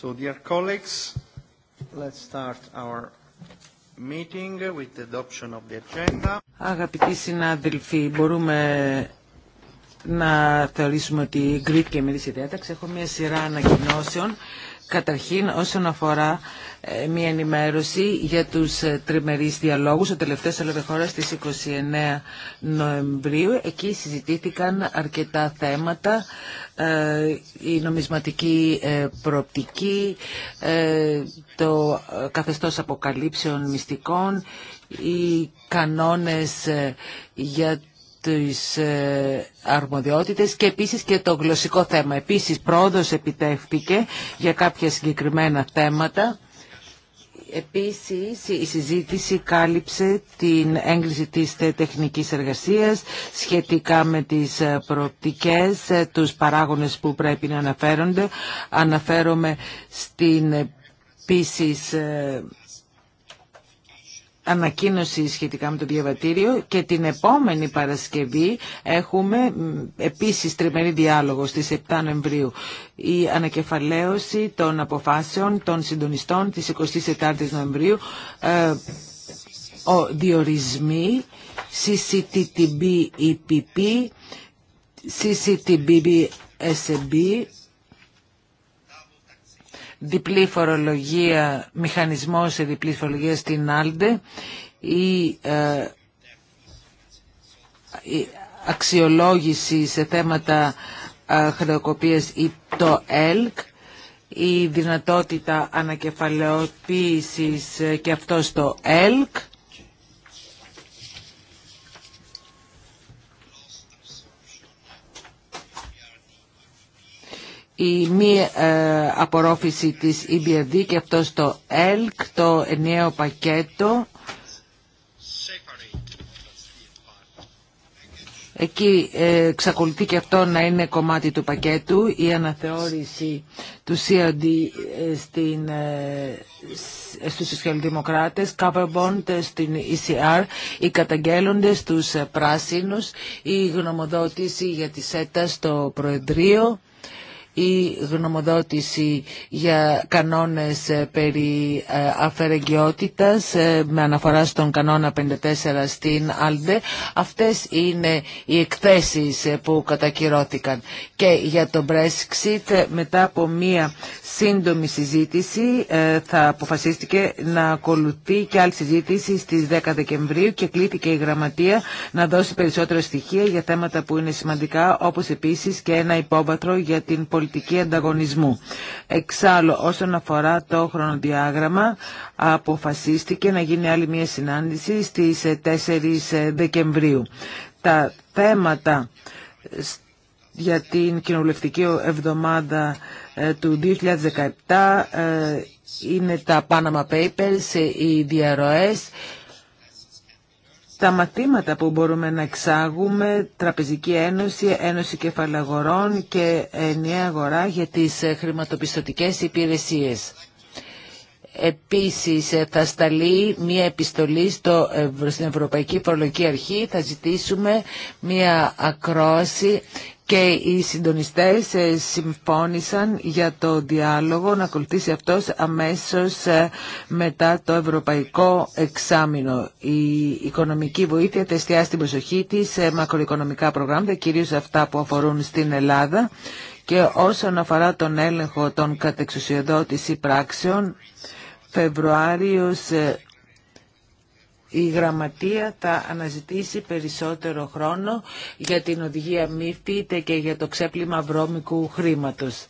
So, dear colleagues, let's start our meeting with the adoption of the agenda. Αγαπητοί συνάδελφοι, μπορούμε να θεωρήσουμε ότι εγκρίθηκε η μερίσια διάταξη. Έχω μια σειρά ανακοινώσεων. Καταρχήν όσον αφορά ε, μια ενημέρωση για τους ε, τριμερείς διαλόγους. Ο τελευταίος έλαβε χώρα στις 29 Νοεμβρίου. Εκεί συζητήθηκαν αρκετά θέματα. Ε, η νομισματική προοπτική, το καθεστώς αποκαλύψεων μυστικών, οι κανόνες για τις ε, αρμοδιότητες και επίσης και το γλωσσικό θέμα. Επίσης πρόοδος επιτεύχθηκε για κάποια συγκεκριμένα θέματα. Επίσης η συζήτηση κάλυψε την έγκριση της τεχνικής εργασίας σχετικά με τις ε, προοπτικές, ε, τους παράγονες που πρέπει να αναφέρονται. Αναφέρομαι στην επίσης ανακοίνωση σχετικά με το διαβατήριο και την επόμενη Παρασκευή έχουμε επίσης τριμερή διάλογο στις 7 Νοεμβρίου. Η ανακεφαλαίωση των αποφάσεων των συντονιστών της 24 Νοεμβρίου ε, ο διορισμοί epp διπλή φορολογία, μηχανισμό σε διπλή φορολογία στην Άλντε, ε, η, αξιολόγηση σε θέματα ε, χρεοκοπίας ή το ΕΛΚ, η δυνατότητα ανακεφαλαιοποίησης ε, και αυτό στο ΕΛΚ, η μη ε, απορρόφηση της EBRD και αυτό στο ΕΛΚ, το νέο πακέτο. Εκεί ε, ξακολουθεί και αυτό να είναι κομμάτι του πακέτου, η αναθεώρηση του CRD ε, στην, στους σοσιαλδημοκράτες, cover bond στην ECR, οι καταγγέλλοντες τους πράσινους, η γνωμοδότηση για τη ΣΕΤΑ στο Προεδρείο η γνωμοδότηση για κανόνες ε, περί ε, αφαιρεγγιότητας ε, με αναφορά στον κανόνα 54 στην ΑΛΔΕ. Αυτές είναι οι εκθέσεις που κατακυρώθηκαν. Και για το Brexit μετά από μία σύντομη συζήτηση θα αποφασίστηκε να ακολουθεί και άλλη συζήτηση στις 10 Δεκεμβρίου και κλείθηκε η Γραμματεία να δώσει περισσότερα στοιχεία για θέματα που είναι σημαντικά όπως επίσης και ένα υπόβαθρο για την πολιτική πολιτική ανταγωνισμού. Εξάλλου, όσον αφορά το χρονοδιάγραμμα, αποφασίστηκε να γίνει άλλη μια συνάντηση στις 4 Δεκεμβρίου. Τα θέματα για την κοινοβουλευτική εβδομάδα ε, του 2017 ε, είναι τα Panama Papers, οι διαρροές τα σταματήματα που μπορούμε να εξάγουμε, Τραπεζική Ένωση, Ένωση Κεφαλαγορών και ε, Νέα Αγορά για τις ε, χρηματοπιστωτικές υπηρεσίες. Επίσης ε, θα σταλεί μια επιστολή στο, στην Ευρωπαϊκή Φορολογική Αρχή, θα ζητήσουμε μια ακρόαση και οι συντονιστές ε, συμφώνησαν για το διάλογο να ακολουθήσει αυτός αμέσως ε, μετά το ευρωπαϊκό εξάμεινο. Η οικονομική βοήθεια τεστιά την προσοχή της σε μακροοικονομικά προγράμματα, κυρίως αυτά που αφορούν στην Ελλάδα και όσον αφορά τον έλεγχο των κατεξουσιοδότηση πράξεων, Φεβρουάριος ε, η γραμματεία θα αναζητήσει περισσότερο χρόνο για την οδηγία μύφτη είτε και για το ξέπλυμα βρώμικου χρήματος.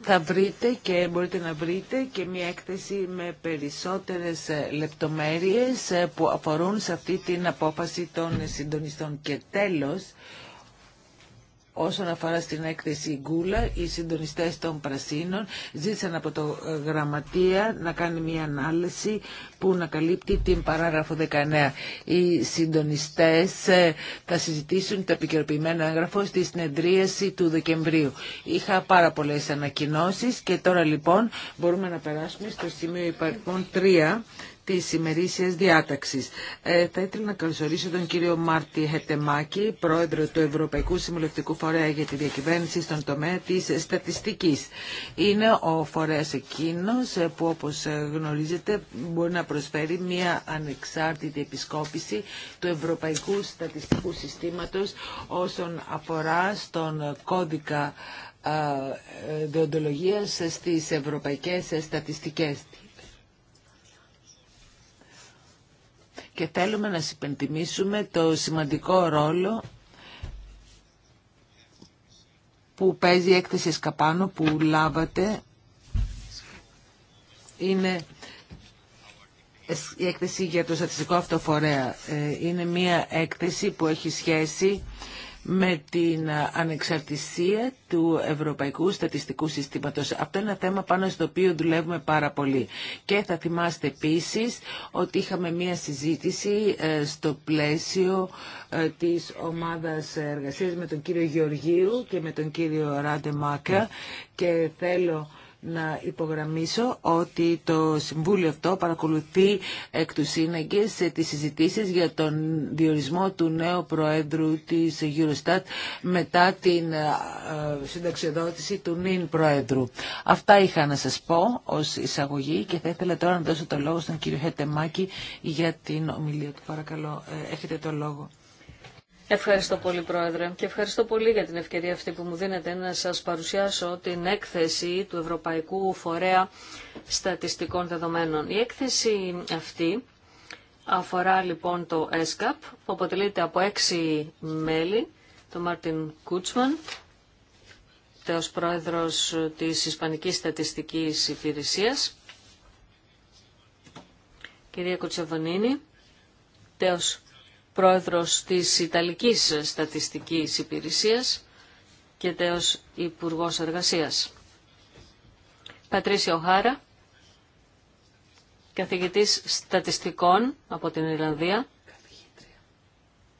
θα βρείτε και μπορείτε να βρείτε και μια έκθεση με περισσότερες λεπτομέρειες που αφορούν σε αυτή την απόφαση των συντονιστών. Και τέλος, Όσον αφορά στην έκθεση Γκούλα, οι συντονιστές των Πρασίνων ζήτησαν από το ε, Γραμματεία να κάνει μια ανάλυση που να καλύπτει την παράγραφο 19. Οι συντονιστές ε, θα συζητήσουν το επικαιροποιημένο έγγραφο στη συνεδρίαση του Δεκεμβρίου. Είχα πάρα πολλές ανακοινώσεις και τώρα λοιπόν μπορούμε να περάσουμε στο σημείο υπαρκών 3 της ημερήσιας διάταξης. Ε, θα ήθελα να καλωσορίσω τον κύριο Μάρτι Χετεμάκη, πρόεδρο του Ευρωπαϊκού Συμβουλευτικού Φορέα για τη Διακυβέρνηση στον τομέα της στατιστικής. Είναι ο φορέας εκείνος που όπως γνωρίζετε μπορεί να προσφέρει μια ανεξάρτητη επισκόπηση του Ευρωπαϊκού Στατιστικού Συστήματος όσον αφορά στον κώδικα ε, ε, διοντολογίας στις ευρωπαϊκές στατιστικές και θέλουμε να συμπεντιμήσουμε το σημαντικό ρόλο που παίζει η έκθεση Σκαπάνο που λάβατε είναι η έκθεση για το στατιστικό αυτοφορέα. Ε, είναι μια έκθεση που έχει σχέση με την ανεξαρτησία του Ευρωπαϊκού Στατιστικού Συστήματος. Αυτό είναι ένα θέμα πάνω στο οποίο δουλεύουμε πάρα πολύ. Και θα θυμάστε επίσης ότι είχαμε μία συζήτηση ε, στο πλαίσιο ε, της ομάδας εργασίας με τον κύριο Γεωργίου και με τον κύριο Ράντε Μάκα ναι. και θέλω να υπογραμμίσω ότι το Συμβούλιο αυτό παρακολουθεί εκ του σύναγκες τις συζητήσεις για τον διορισμό του νέου Προέδρου της Eurostat μετά την ε, συνταξιοδότηση του νυν Προέδρου. Αυτά είχα να σας πω ως εισαγωγή και θα ήθελα τώρα να δώσω το λόγο στον κύριο Χετεμάκη για την ομιλία του. Παρακαλώ, ε, έχετε το λόγο. Ευχαριστώ πολύ Πρόεδρε και ευχαριστώ πολύ για την ευκαιρία αυτή που μου δίνετε να σας παρουσιάσω την έκθεση του Ευρωπαϊκού Φορέα Στατιστικών Δεδομένων. Η έκθεση αυτή αφορά λοιπόν το ΕΣΚΑΠ, που αποτελείται από έξι μέλη, τον Μάρτιν Κούτσμαν, τελευταίος πρόεδρος της Ισπανικής Στατιστικής Υπηρεσίας, κυρία Κουτσεβονίνη, τέος πρόεδρος της Ιταλικής Στατιστικής Υπηρεσίας και τέος Υπουργό Εργασίας. Πατρίσιο Χάρα, καθηγητής στατιστικών από την Ιρλανδία.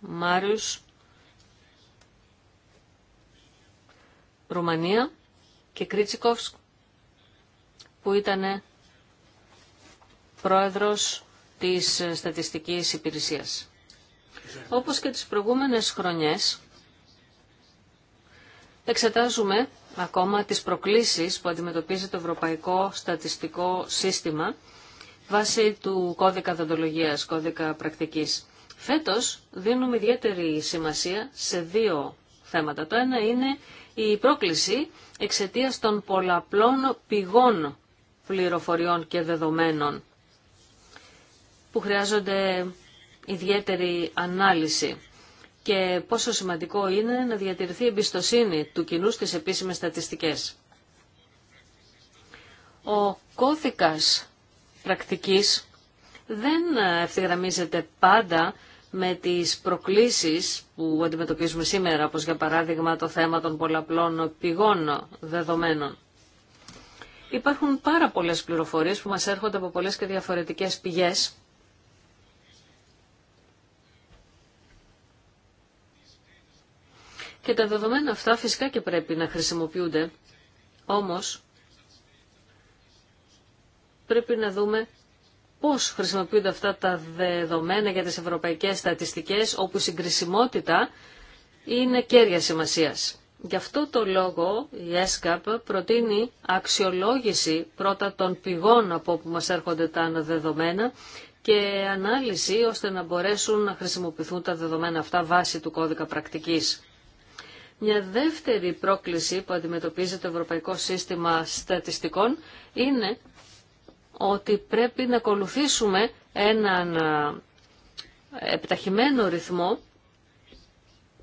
Μάριους, Ρουμανία και Κρίτσικοφς που ήταν πρόεδρος της Στατιστικής Υπηρεσίας. Όπως και τις προηγούμενες χρονιές, εξετάζουμε ακόμα τις προκλήσεις που αντιμετωπίζει το Ευρωπαϊκό Στατιστικό Σύστημα βάσει του κώδικα δοντολογίας, κώδικα πρακτικής. Φέτος δίνουμε ιδιαίτερη σημασία σε δύο θέματα. Το ένα είναι η πρόκληση εξαιτία των πολλαπλών πηγών πληροφοριών και δεδομένων που χρειάζονται ιδιαίτερη ανάλυση και πόσο σημαντικό είναι να διατηρηθεί η εμπιστοσύνη του κοινού στις επίσημες στατιστικές. Ο κώδικας πρακτικής δεν ευθυγραμμίζεται πάντα με τις προκλήσεις που αντιμετωπίζουμε σήμερα, όπως για παράδειγμα το θέμα των πολλαπλών πηγών δεδομένων. Υπάρχουν πάρα πολλές πληροφορίες που μας έρχονται από πολλές και διαφορετικές πηγές Και τα δεδομένα αυτά φυσικά και πρέπει να χρησιμοποιούνται. Όμως, πρέπει να δούμε πώς χρησιμοποιούνται αυτά τα δεδομένα για τις ευρωπαϊκές στατιστικές, όπου η συγκρισιμότητα είναι κέρια σημασίας. Γι' αυτό το λόγο η ΕΣΚΑΠ προτείνει αξιολόγηση πρώτα των πηγών από όπου μας έρχονται τα δεδομένα και ανάλυση ώστε να μπορέσουν να χρησιμοποιηθούν τα δεδομένα αυτά βάσει του κώδικα πρακτικής. Μια δεύτερη πρόκληση που αντιμετωπίζει το Ευρωπαϊκό Σύστημα Στατιστικών είναι ότι πρέπει να ακολουθήσουμε έναν επιταχυμένο ρυθμό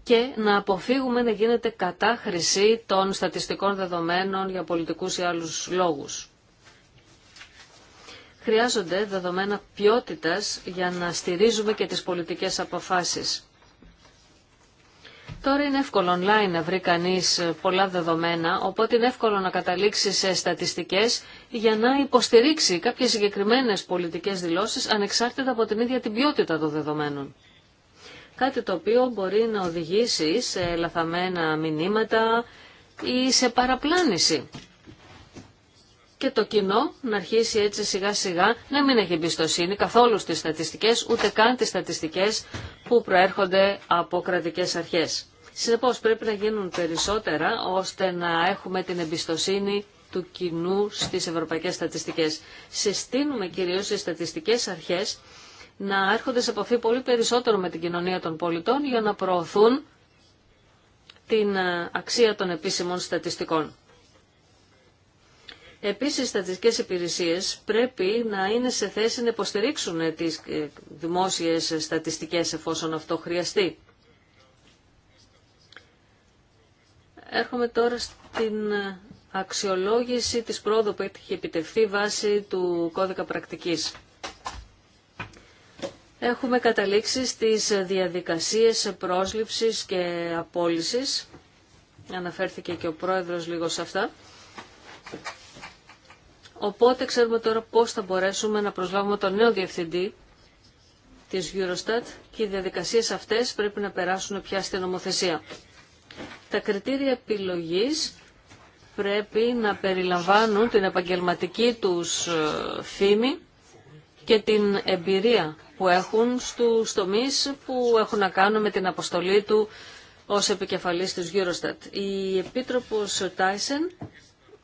και να αποφύγουμε να γίνεται κατάχρηση των στατιστικών δεδομένων για πολιτικούς ή άλλους λόγους. Χρειάζονται δεδομένα ποιότητας για να στηρίζουμε και τις πολιτικές αποφάσεις. Τώρα είναι εύκολο online να βρει κανείς ε, πολλά δεδομένα, οπότε είναι εύκολο να καταλήξει σε στατιστικές για να υποστηρίξει κάποιες συγκεκριμένες πολιτικές δηλώσεις ανεξάρτητα από την ίδια την ποιότητα των δεδομένων. Κάτι το οποίο μπορεί να οδηγήσει σε λαθαμένα μηνύματα ή σε παραπλάνηση. Και το κοινό να αρχίσει έτσι σιγά σιγά να μην έχει εμπιστοσύνη καθόλου στις στατιστικές, ούτε καν τις στατιστικές που προέρχονται από κρατικές αρχές. Συνεπώς πρέπει να γίνουν περισσότερα ώστε να έχουμε την εμπιστοσύνη του κοινού στις ευρωπαϊκές στατιστικές. Συστήνουμε κυρίως οι στατιστικές αρχές να έρχονται σε επαφή πολύ περισσότερο με την κοινωνία των πολιτών για να προωθούν την ε, αξία των επίσημων στατιστικών. Επίσης, οι στατιστικές υπηρεσίες πρέπει να είναι σε θέση να υποστηρίξουν τις ε, δημόσιες στατιστικές εφόσον αυτό χρειαστεί. Έρχομαι τώρα στην αξιολόγηση της πρόοδου που έχει επιτευχθεί βάσει του κώδικα πρακτικής. Έχουμε καταλήξει στις διαδικασίες πρόσληψης και απόλυσης. Αναφέρθηκε και ο πρόεδρος λίγο σε αυτά. Οπότε ξέρουμε τώρα πώς θα μπορέσουμε να προσλάβουμε τον νέο διευθυντή της Eurostat και οι διαδικασίες αυτές πρέπει να περάσουν πια στην νομοθεσία τα κριτήρια επιλογής πρέπει να περιλαμβάνουν την επαγγελματική τους ε, φήμη και την εμπειρία που έχουν στους τομείς που έχουν να κάνουν με την αποστολή του ως επικεφαλής της Eurostat. Η Επίτροπος Τάισεν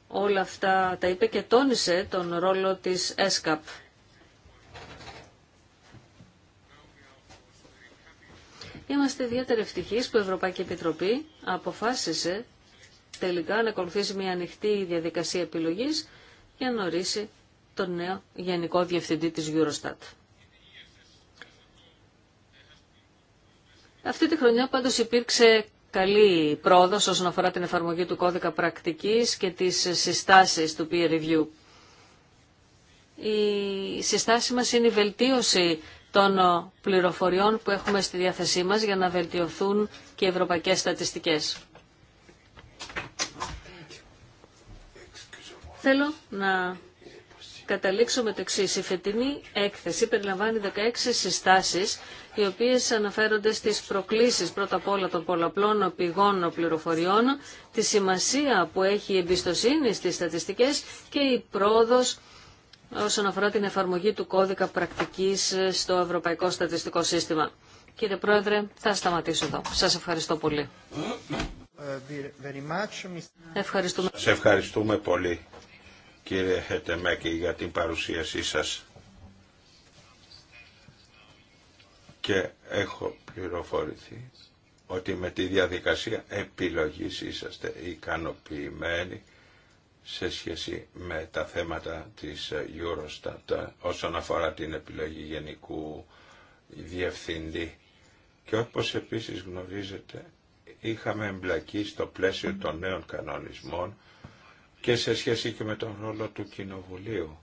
όλα αυτά τα είπε και τόνισε τον ρόλο της ΕΣΚΑΠ Είμαστε ιδιαίτερα ευτυχείς που η Ευρωπαϊκή Επιτροπή αποφάσισε τελικά να ακολουθήσει μια ανοιχτή διαδικασία επιλογής για να ορίσει τον νέο Γενικό Διευθυντή της Eurostat. Αυτή τη χρονιά πάντως υπήρξε καλή πρόοδος όσον αφορά την εφαρμογή του κώδικα πρακτικής και τις συστάσεις του peer review. Η συστάση μας είναι η βελτίωση των ε, πληροφοριών που έχουμε στη διάθεσή μας για να βελτιωθούν και οι ευρωπαϊκές στατιστικές. Θέλω να καταλήξω με το εξή. Η φετινή έκθεση περιλαμβάνει 16 συστάσεις οι οποίες αναφέρονται στις προκλήσεις πρώτα απ' όλα των πολλαπλών πηγών πληροφοριών, τη σημασία που έχει η εμπιστοσύνη στις στατιστικές και η πρόοδος όσον αφορά την εφαρμογή του κώδικα πρακτικής ε, στο Ευρωπαϊκό Στατιστικό Σύστημα. Κύριε Πρόεδρε, θα σταματήσω εδώ. Σας ευχαριστώ πολύ. Ευχαριστούμε. Σας ευχαριστούμε πολύ, κύριε Χετεμέκη, για την παρουσίασή σας. Και έχω πληροφορηθεί ότι με τη διαδικασία επιλογής είσαστε ικανοποιημένοι σε σχέση με τα θέματα της Eurostat όσον αφορά την επιλογή γενικού διευθυντή. Και όπως επίσης γνωρίζετε, είχαμε εμπλακεί στο πλαίσιο των νέων κανονισμών και σε σχέση και με τον ρόλο του Κοινοβουλίου,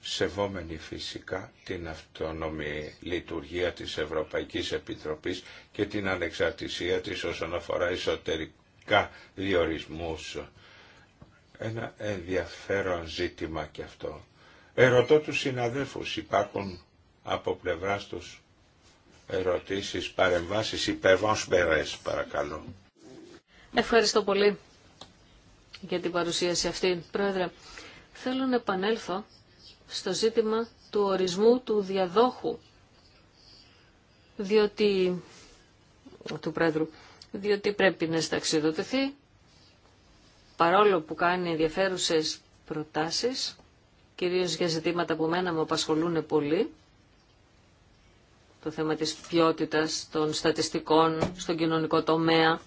σεβόμενη φυσικά την αυτονομή λειτουργία της Ευρωπαϊκής Επιτροπής και την ανεξαρτησία της όσον αφορά εσωτερικά διορισμούς ένα ενδιαφέρον ζήτημα και αυτό. Ερωτώ τους συναδέλφους, υπάρχουν από πλευράς τους ερωτήσεις, παρεμβάσεις, υπερβάνς παρακαλώ. Ευχαριστώ πολύ για την παρουσίαση αυτή. Πρόεδρε, θέλω να επανέλθω στο ζήτημα του ορισμού του διαδόχου, διότι, του πρόεδρου, διότι πρέπει να σταξιδοτηθεί παρόλο που κάνει ενδιαφέρουσες προτάσεις, κυρίως για ζητήματα που μένα με απασχολούν πολύ, το θέμα της ποιότητας των στατιστικών στον κοινωνικό τομέα,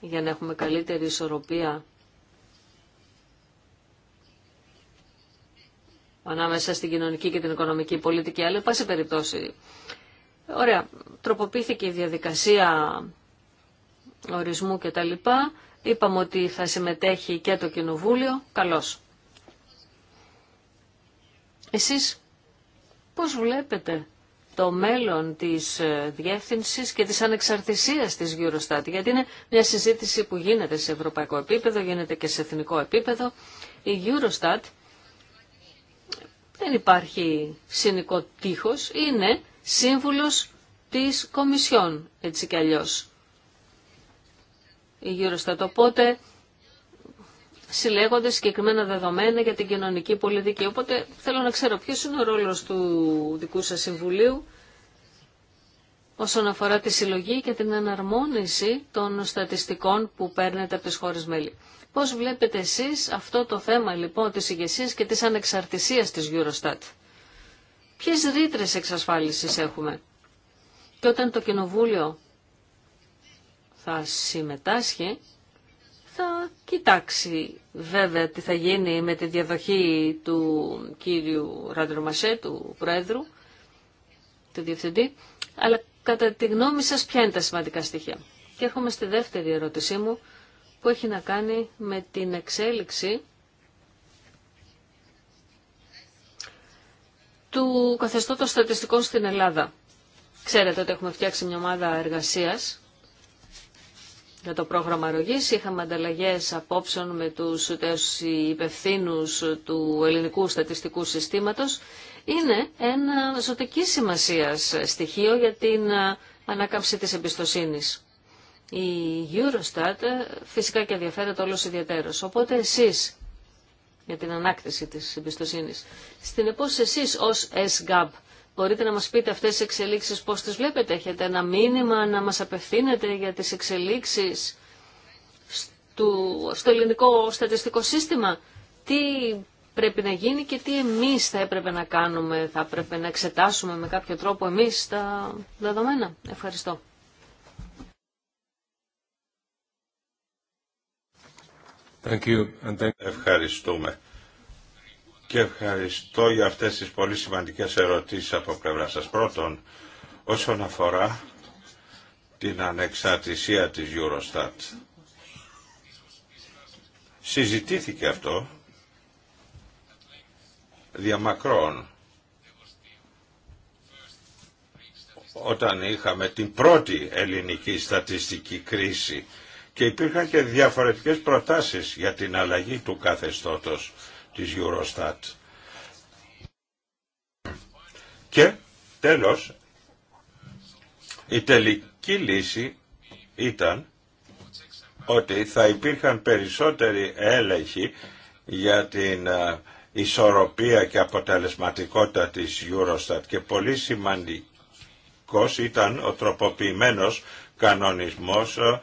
για να έχουμε καλύτερη ισορροπία ανάμεσα στην κοινωνική και την οικονομική πολιτική, αλλά πάση περιπτώσει. Ωραία, τροποποιήθηκε η διαδικασία ορισμού και τα Είπαμε ότι θα συμμετέχει και το Κοινοβούλιο. Καλώς. Εσείς πώς βλέπετε το μέλλον της ε, διεύθυνση και της ανεξαρτησίας της Eurostat, γιατί είναι μια συζήτηση που γίνεται σε ευρωπαϊκό επίπεδο, γίνεται και σε εθνικό επίπεδο. Η Eurostat δεν υπάρχει συνικό τείχος, είναι σύμβουλος της Κομισιόν, έτσι κι αλλιώς η Eurostat. Οπότε συλλέγονται συγκεκριμένα δεδομένα για την κοινωνική πολιτική. Οπότε θέλω να ξέρω ποιος είναι ο ρόλος του δικού σας Συμβουλίου όσον αφορά τη συλλογή και την αναρμόνιση των στατιστικών που παίρνετε από τις χώρες μέλη. Πώς βλέπετε εσείς αυτό το θέμα λοιπόν της ηγεσίας και της ανεξαρτησίας της Eurostat. Ποιες ρήτρες εξασφάλισης έχουμε. Και όταν το Κοινοβούλιο θα συμμετάσχει θα κοιτάξει βέβαια τι θα γίνει με τη διαδοχή του κύριου Ραντρομασέ, του Πρόεδρου, του Διευθυντή, αλλά κατά τη γνώμη σας ποια είναι τα σημαντικά στοιχεία. Και έρχομαι στη δεύτερη ερώτησή μου που έχει να κάνει με την εξέλιξη του καθεστώτος στατιστικών στην Ελλάδα. Ξέρετε ότι έχουμε φτιάξει μια ομάδα εργασίας για το πρόγραμμα αρρωγής. Είχαμε ανταλλαγέ απόψεων με του υπευθύνου του ελληνικού στατιστικού συστήματος. Είναι ένα ζωτική σημασία στοιχείο για την ε, ανάκαμψη της εμπιστοσύνης. Η Eurostat ε, φυσικά και ενδιαφέρεται όλο ιδιαίτερο. Οπότε εσείς για την ανάκτηση της εμπιστοσύνης. Στην επόμενη εσείς ω SGAB Μπορείτε να μας πείτε αυτές τις εξελίξεις πώς τις βλέπετε. Έχετε ένα μήνυμα να μας απευθύνετε για τις εξελίξεις στο ελληνικό στατιστικό σύστημα. Τι πρέπει να γίνει και τι εμείς θα έπρεπε να κάνουμε, θα έπρεπε να εξετάσουμε με κάποιο τρόπο εμείς τα δεδομένα. Ευχαριστώ. Ευχαριστούμε και ευχαριστώ για αυτές τις πολύ σημαντικές ερωτήσεις από πλευρά σας. Πρώτον, όσον αφορά την ανεξαρτησία της Eurostat. Συζητήθηκε αυτό διαμακρών όταν είχαμε την πρώτη ελληνική στατιστική κρίση και υπήρχαν και διαφορετικές προτάσεις για την αλλαγή του καθεστώτος της Eurostat. Και τέλος, η τελική λύση ήταν ότι θα υπήρχαν περισσότεροι έλεγχοι για την ε, ισορροπία και αποτελεσματικότητα της Eurostat και πολύ σημαντικός ήταν ο τροποποιημένος κανονισμός ε,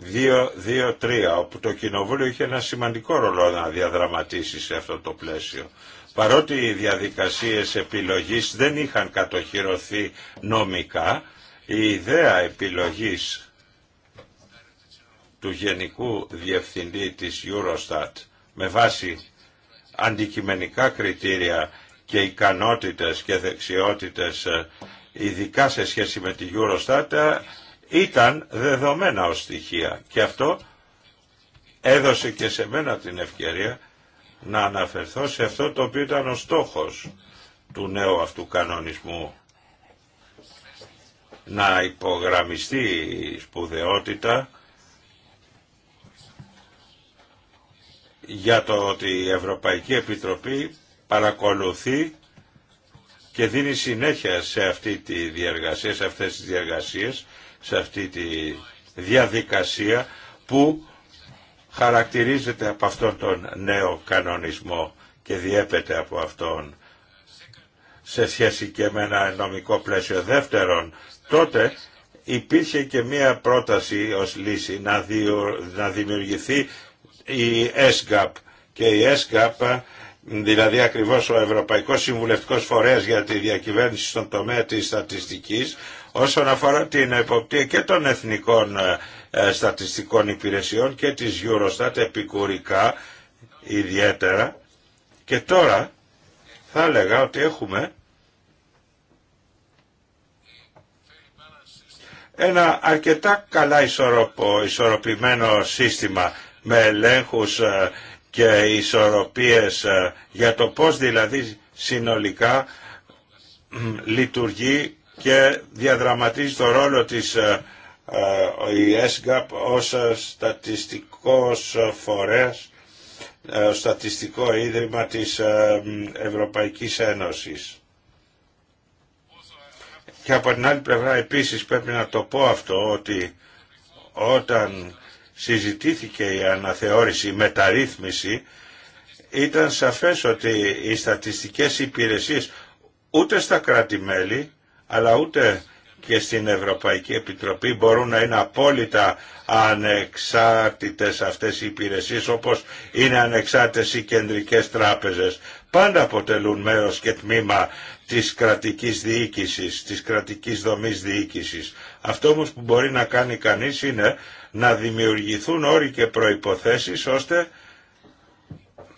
2-3, όπου το Κοινοβούλιο είχε ένα σημαντικό ρολό να διαδραματίσει σε αυτό το πλαίσιο. Παρότι οι διαδικασίες επιλογής δεν είχαν κατοχυρωθεί νομικά, η ιδέα επιλογής του Γενικού Διευθυντή της Eurostat με βάση αντικειμενικά κριτήρια και ικανότητες και δεξιότητες ε, ειδικά σε σχέση με τη Eurostat ε, ήταν δεδομένα ως στοιχεία και αυτό έδωσε και σε μένα την ευκαιρία να αναφερθώ σε αυτό το οποίο ήταν ο στόχος του νέου αυτού κανονισμού να υπογραμμιστεί η σπουδαιότητα για το ότι η Ευρωπαϊκή Επιτροπή παρακολουθεί και δίνει συνέχεια σε αυτή τη διεργασία, σε αυτές τις διεργασίες σε αυτή τη διαδικασία που χαρακτηρίζεται από αυτόν τον νέο κανονισμό και διέπεται από αυτόν σε σχέση και με ένα νομικό πλαίσιο. Δεύτερον, τότε υπήρχε και μία πρόταση ως λύση να δημιουργηθεί η ΕΣΚΑΠ και η ΕΣΚΑΠ δηλαδή ακριβώς ο Ευρωπαϊκός Συμβουλευτικός Φορέας για τη Διακυβέρνηση στον τομέα της στατιστικής όσον αφορά την εποπτεία και των εθνικών ε, ε, στατιστικών υπηρεσιών και της Eurostat επικουρικά ιδιαίτερα. Και τώρα θα έλεγα ότι έχουμε ένα αρκετά καλά ισορροπο, ισορροπημένο σύστημα με ελέγχους ε, και ισορροπίες για το πώς δηλαδή συνολικά λειτουργεί και διαδραματίζει το ρόλο της ε, ε, η ΕΣΓΑΠ ως ε, στατιστικός φορέας, στατιστικό ίδρυμα της Ευρωπαϊκής Ένωσης. Και από την άλλη πλευρά επίσης πρέπει να το πω αυτό ότι όταν συζητήθηκε η αναθεώρηση, η μεταρρύθμιση, ήταν σαφές ότι οι στατιστικές υπηρεσίες ούτε στα κράτη-μέλη, αλλά ούτε και στην Ευρωπαϊκή Επιτροπή μπορούν να είναι απόλυτα ανεξάρτητες αυτές οι υπηρεσίες όπως είναι ανεξάρτητες οι κεντρικές τράπεζες. Πάντα αποτελούν μέρος και τμήμα της κρατικής διοίκησης, της κρατικής δομής διοίκησης. Αυτό όμως που μπορεί να κάνει κανείς είναι να δημιουργηθούν όροι και προϋποθέσεις ώστε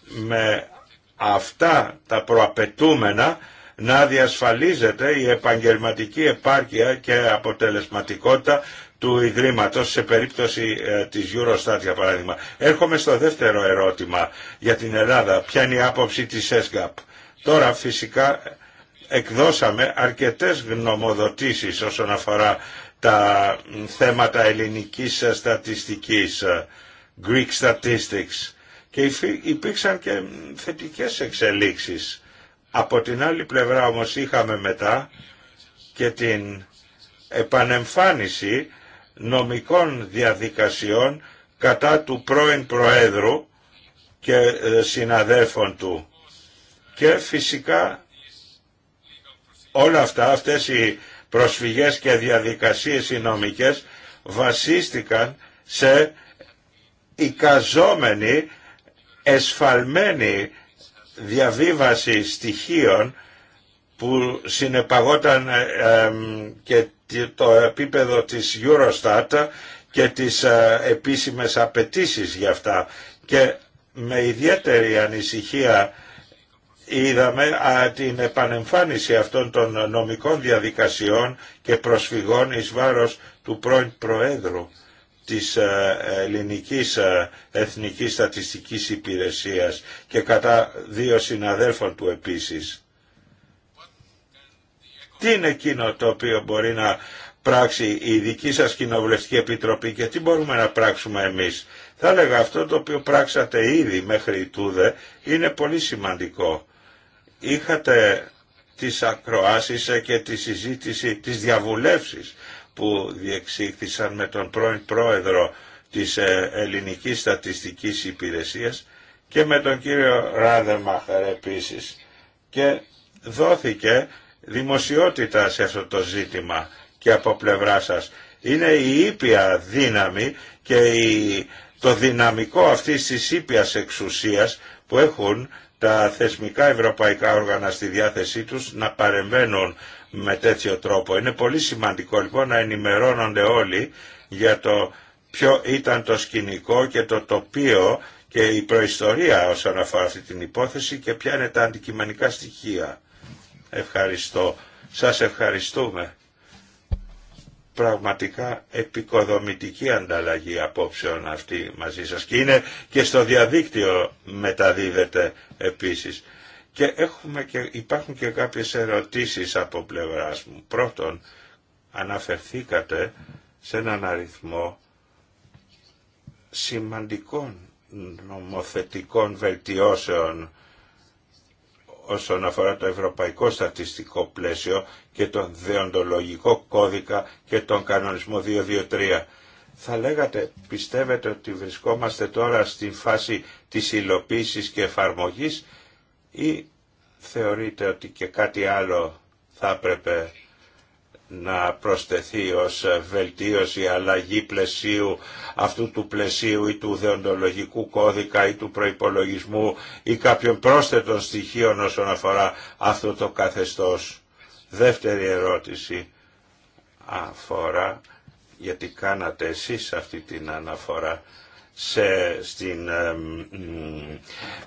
με αυτά τα προαπαιτούμενα να διασφαλίζεται η επαγγελματική επάρκεια και αποτελεσματικότητα του Ιδρύματος σε περίπτωση ε, της Eurostat για παράδειγμα. Έρχομαι στο δεύτερο ερώτημα για την Ελλάδα. Ποια είναι η άποψη της ΕΣΓΑΠ. Τώρα φυσικά εκδώσαμε αρκετές γνωμοδοτήσεις όσον αφορά τα θέματα ελληνικής στατιστικής, Greek statistics, και υπήρξαν και θετικές εξελίξεις από την άλλη πλευρά όμως είχαμε μετά και την επανεμφάνιση νομικών διαδικασιών κατά του πρώην Προέδρου και ε, συναδέλφων του. Και φυσικά όλα αυτά, αυτές οι προσφυγές και διαδικασίες οι νομικές βασίστηκαν σε εικαζόμενη, εσφαλμένη διαβίβαση στοιχείων που συνεπαγόταν ε, και το επίπεδο της Eurostat και τις ε, επίσημες απαιτήσει για αυτά. Και με ιδιαίτερη ανησυχία είδαμε την επανεμφάνιση αυτών των νομικών διαδικασιών και προσφυγών εις βάρος του πρώην Προέδρου της ε, ελληνικής ε, εθνικής στατιστικής υπηρεσίας και κατά δύο συναδέλφων του επίσης. Τι είναι εκείνο το οποίο μπορεί να πράξει η δική σας κοινοβουλευτική επιτροπή και τι μπορούμε να πράξουμε εμείς. Θα έλεγα αυτό το οποίο πράξατε ήδη μέχρι τούδε είναι πολύ σημαντικό. Είχατε τις ακροάσεις και τη συζήτηση, τις διαβουλεύσεις που διεξήχθησαν με τον πρώην πρόεδρο της ε, Ελληνικής Στατιστικής Υπηρεσίας και με τον κύριο Ράδερμαχερ επίσης. Και δόθηκε δημοσιότητα σε αυτό το ζήτημα και από πλευρά σας. Είναι η ήπια δύναμη και η, το δυναμικό αυτής της ήπιας εξουσίας που έχουν τα θεσμικά ευρωπαϊκά όργανα στη διάθεσή τους να παρεμβαίνουν με τέτοιο τρόπο. Είναι πολύ σημαντικό λοιπόν να ενημερώνονται όλοι για το ποιο ήταν το σκηνικό και το τοπίο και η προϊστορία όσον αφορά αυτή την υπόθεση και ποια είναι τα αντικειμενικά στοιχεία. Ευχαριστώ. Σας ευχαριστούμε. Πραγματικά επικοδομητική ανταλλαγή απόψεων αυτή μαζί σας και είναι και στο διαδίκτυο μεταδίδεται επίσης. Και, έχουμε και υπάρχουν και κάποιες ερωτήσεις από πλευράς μου. Πρώτον, αναφερθήκατε σε έναν αριθμό σημαντικών νομοθετικών βελτιώσεων όσον αφορά το ευρωπαϊκό στατιστικό πλαίσιο και τον δεοντολογικό κώδικα και τον κανονισμό 223. Θα λέγατε, πιστεύετε ότι βρισκόμαστε τώρα στην φάση της υλοποίησης και εφαρμογής ή θεωρείτε ότι και κάτι άλλο θα έπρεπε να προσθεθεί ως βελτίωση, αλλαγή πλαισίου αυτού του πλαισίου ή του δεοντολογικού κώδικα ή του προϋπολογισμού ή κάποιων πρόσθετων στοιχείων όσον αφορά αυτό το καθεστώς. Δεύτερη ερώτηση αφορά, γιατί κάνατε εσείς αυτή την αναφορά σε, στην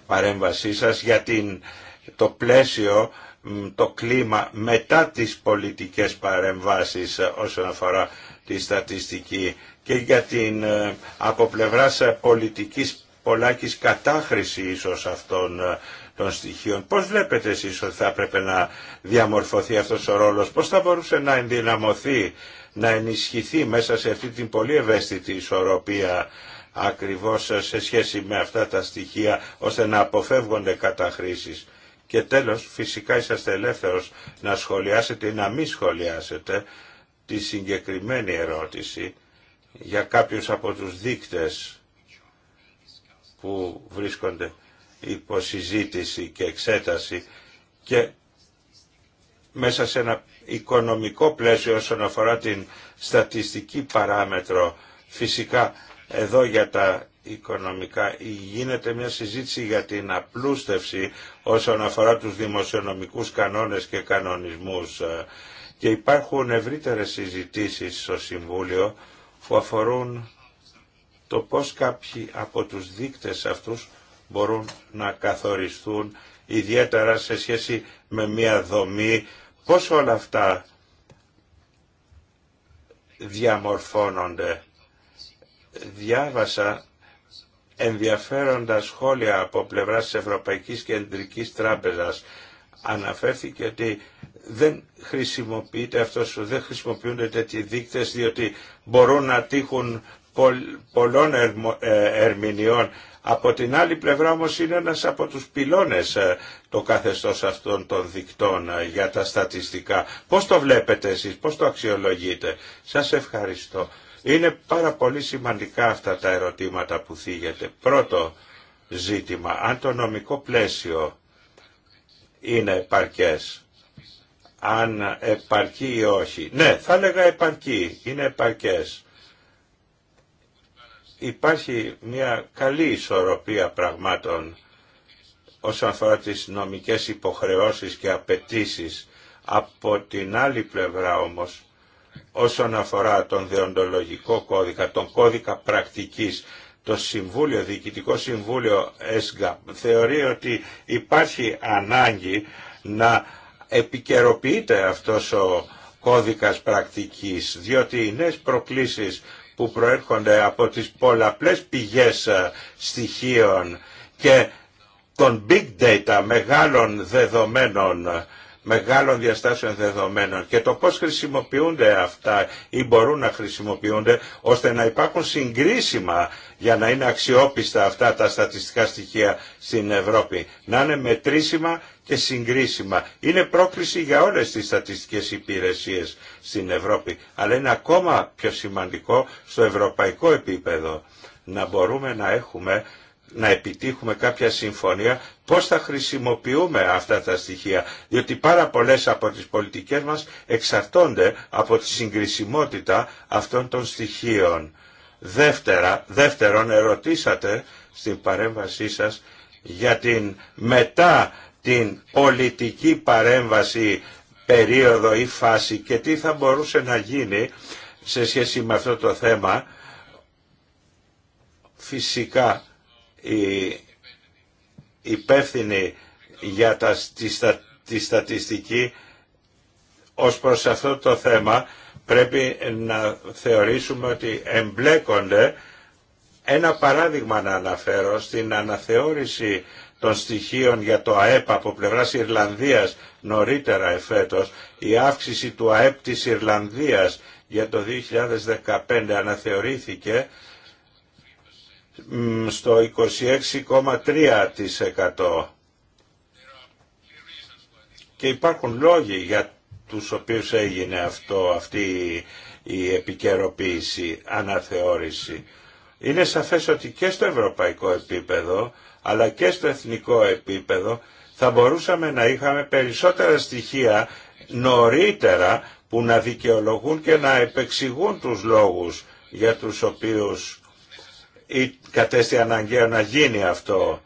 παρέμβασή σας για την, το πλαίσιο, το κλίμα μετά τις πολιτικές παρεμβάσεις όσον αφορά τη στατιστική και για την ε, από πολιτικής πολλάκης κατάχρηση ίσως αυτών ε, των στοιχείων. Πώς βλέπετε εσείς ότι θα έπρεπε να διαμορφωθεί αυτός ο ρόλος, πώς θα μπορούσε να ενδυναμωθεί, να ενισχυθεί μέσα σε αυτή την πολύ ευαίσθητη ισορροπία ακριβώς σε σχέση με αυτά τα στοιχεία ώστε να αποφεύγονται καταχρήσεις. Και τέλος φυσικά είσαστε ελεύθερος να σχολιάσετε ή να μην σχολιάσετε τη συγκεκριμένη ερώτηση για κάποιους από τους δείκτες που βρίσκονται υπό συζήτηση και εξέταση και μέσα σε ένα οικονομικό πλαίσιο όσον αφορά την στατιστική παράμετρο φυσικά εδώ για τα οικονομικά γίνεται μια συζήτηση για την απλούστευση όσον αφορά τους δημοσιονομικούς κανόνες και κανονισμούς και υπάρχουν ευρύτερες συζητήσεις στο Συμβούλιο που αφορούν το πώς κάποιοι από τους δείκτες αυτούς μπορούν να καθοριστούν ιδιαίτερα σε σχέση με μια δομή, πώς όλα αυτά διαμορφώνονται διάβασα ενδιαφέροντα σχόλια από πλευρά της Ευρωπαϊκής Κεντρικής Τράπεζας. Αναφέρθηκε ότι δεν χρησιμοποιείται αυτός, δεν χρησιμοποιούνται τέτοιοι δείκτες διότι μπορούν να τύχουν πολλών ε, ερμηνεών. Από την άλλη πλευρά όμως είναι ένας από τους πυλώνες ε, το καθεστώς αυτών των δικτών ε, για τα στατιστικά. Πώς το βλέπετε εσείς, πώς το αξιολογείτε. Σας ευχαριστώ. Είναι πάρα πολύ σημαντικά αυτά τα ερωτήματα που θίγεται. Πρώτο ζήτημα, αν το νομικό πλαίσιο είναι επαρκές, αν επαρκεί ή όχι. Ναι, θα έλεγα επαρκεί, είναι επαρκές. Υπάρχει μια καλή ισορροπία πραγμάτων όσον αφορά τις νομικές υποχρεώσεις και απαιτήσει. Από την άλλη πλευρά όμως όσον αφορά τον δεοντολογικό κώδικα, τον κώδικα πρακτικής, το Συμβούλιο, Διοικητικό Συμβούλιο ΕΣΓΑ θεωρεί ότι υπάρχει ανάγκη να επικαιροποιείται αυτός ο κώδικας πρακτικής, διότι οι νέες προκλήσεις που προέρχονται από τις πολλαπλές πηγές ε, στοιχείων και των big data μεγάλων δεδομένων μεγάλων διαστάσεων δεδομένων και το πώς χρησιμοποιούνται αυτά ή μπορούν να χρησιμοποιούνται ώστε να υπάρχουν συγκρίσιμα για να είναι αξιόπιστα αυτά τα στατιστικά στοιχεία στην Ευρώπη. Να είναι μετρήσιμα και συγκρίσιμα. Είναι πρόκληση για όλες τις στατιστικές υπηρεσίες στην Ευρώπη, αλλά είναι ακόμα πιο σημαντικό στο ευρωπαϊκό επίπεδο να μπορούμε να έχουμε να επιτύχουμε κάποια συμφωνία, πώς θα χρησιμοποιούμε αυτά τα στοιχεία. Διότι πάρα πολλές από τις πολιτικές μας εξαρτώνται από τη συγκρισιμότητα αυτών των στοιχείων. Δεύτερα, δεύτερον, ερωτήσατε στην παρέμβασή σας για την μετά την πολιτική παρέμβαση περίοδο ή φάση και τι θα μπορούσε να γίνει σε σχέση με αυτό το θέμα. Φυσικά οι υπεύθυνοι για τα, τη, στα, τη στατιστική ως προς αυτό το θέμα πρέπει να θεωρήσουμε ότι εμπλέκονται ένα παράδειγμα να αναφέρω στην αναθεώρηση των στοιχείων για το ΑΕΠ από πλευράς Ιρλανδίας νωρίτερα εφέτος, η αύξηση του ΑΕΠ της Ιρλανδίας για το 2015 αναθεωρήθηκε στο 26,3%. Και υπάρχουν λόγοι για τους οποίους έγινε αυτό, αυτή η επικαιροποίηση, αναθεώρηση. Είναι σαφές ότι και στο ευρωπαϊκό επίπεδο, αλλά και στο εθνικό επίπεδο, θα μπορούσαμε να είχαμε περισσότερα στοιχεία νωρίτερα που να δικαιολογούν και να επεξηγούν τους λόγους για τους οποίους ή κατέστη αναγκαίο να γίνει αυτό.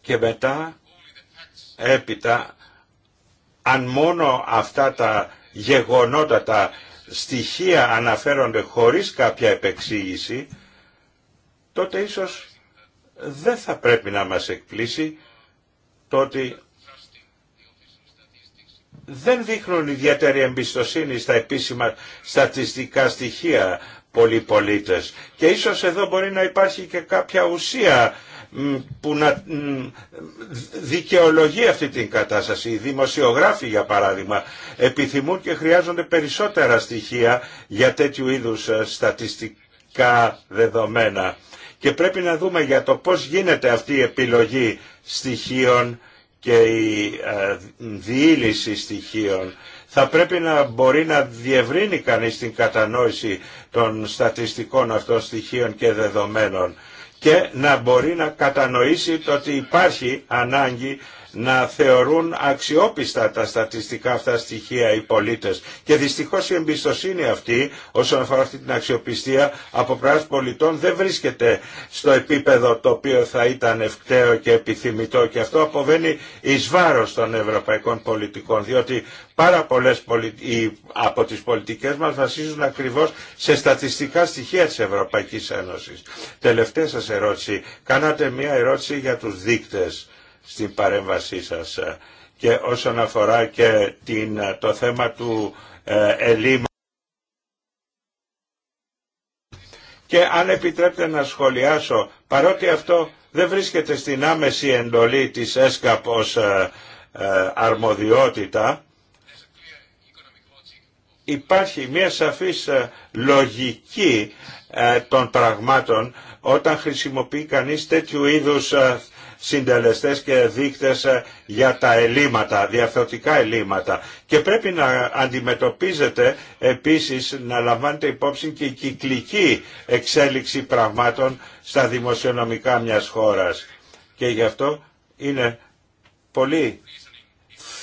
Και μετά, έπειτα, αν μόνο αυτά τα γεγονότα, τα στοιχεία αναφέρονται χωρίς κάποια επεξήγηση, τότε ίσως δεν θα πρέπει να μας εκπλήσει το ότι δεν δείχνουν ιδιαίτερη εμπιστοσύνη στα επίσημα στατιστικά στοιχεία πολυπολίτες Και ίσως εδώ μπορεί να υπάρχει και κάποια ουσία που να δικαιολογεί αυτή την κατάσταση. Οι δημοσιογράφοι για παράδειγμα επιθυμούν και χρειάζονται περισσότερα στοιχεία για τέτοιου είδους ε, στατιστικά δεδομένα. Και πρέπει να δούμε για το πώς γίνεται αυτή η επιλογή στοιχείων και η ε, διήλυση στοιχείων θα πρέπει να μπορεί να διευρύνει κανείς την κατανόηση των στατιστικών αυτών στοιχείων και δεδομένων και να μπορεί να κατανοήσει το ότι υπάρχει ανάγκη να θεωρούν αξιόπιστα τα στατιστικά αυτά στοιχεία οι πολίτες. Και δυστυχώς η εμπιστοσύνη αυτή όσον αφορά αυτή την αξιοπιστία από πράγμα πολιτών δεν βρίσκεται στο επίπεδο το οποίο θα ήταν ευκταίο και επιθυμητό και αυτό αποβαίνει εις βάρος των ευρωπαϊκών πολιτικών διότι πάρα πολλές από τις πολιτικές μας βασίζουν ακριβώς σε στατιστικά στοιχεία της Ευρωπαϊκής Ένωσης. Τελευταία σας ερώτηση. Κάνατε μία ερώτηση για τους δείκτες στην παρέμβασή σας και όσον αφορά και την, το θέμα του ε, ελίμα και αν επιτρέπετε να σχολιάσω παρότι αυτό δεν βρίσκεται στην άμεση εντολή της ΕΣΚΑΠ ως ε, ε, αρμοδιότητα υπάρχει μια σαφής λογική των πραγμάτων όταν χρησιμοποιεί κανείς τέτοιου είδους συντελεστές και δείκτες ε, για τα ελλείμματα, διαφορετικά ελλείμματα. Και πρέπει να αντιμετωπίζετε επίσης να λαμβάνετε υπόψη και η κυκλική εξέλιξη πραγμάτων στα δημοσιονομικά μιας χώρας. Και γι' αυτό είναι πολύ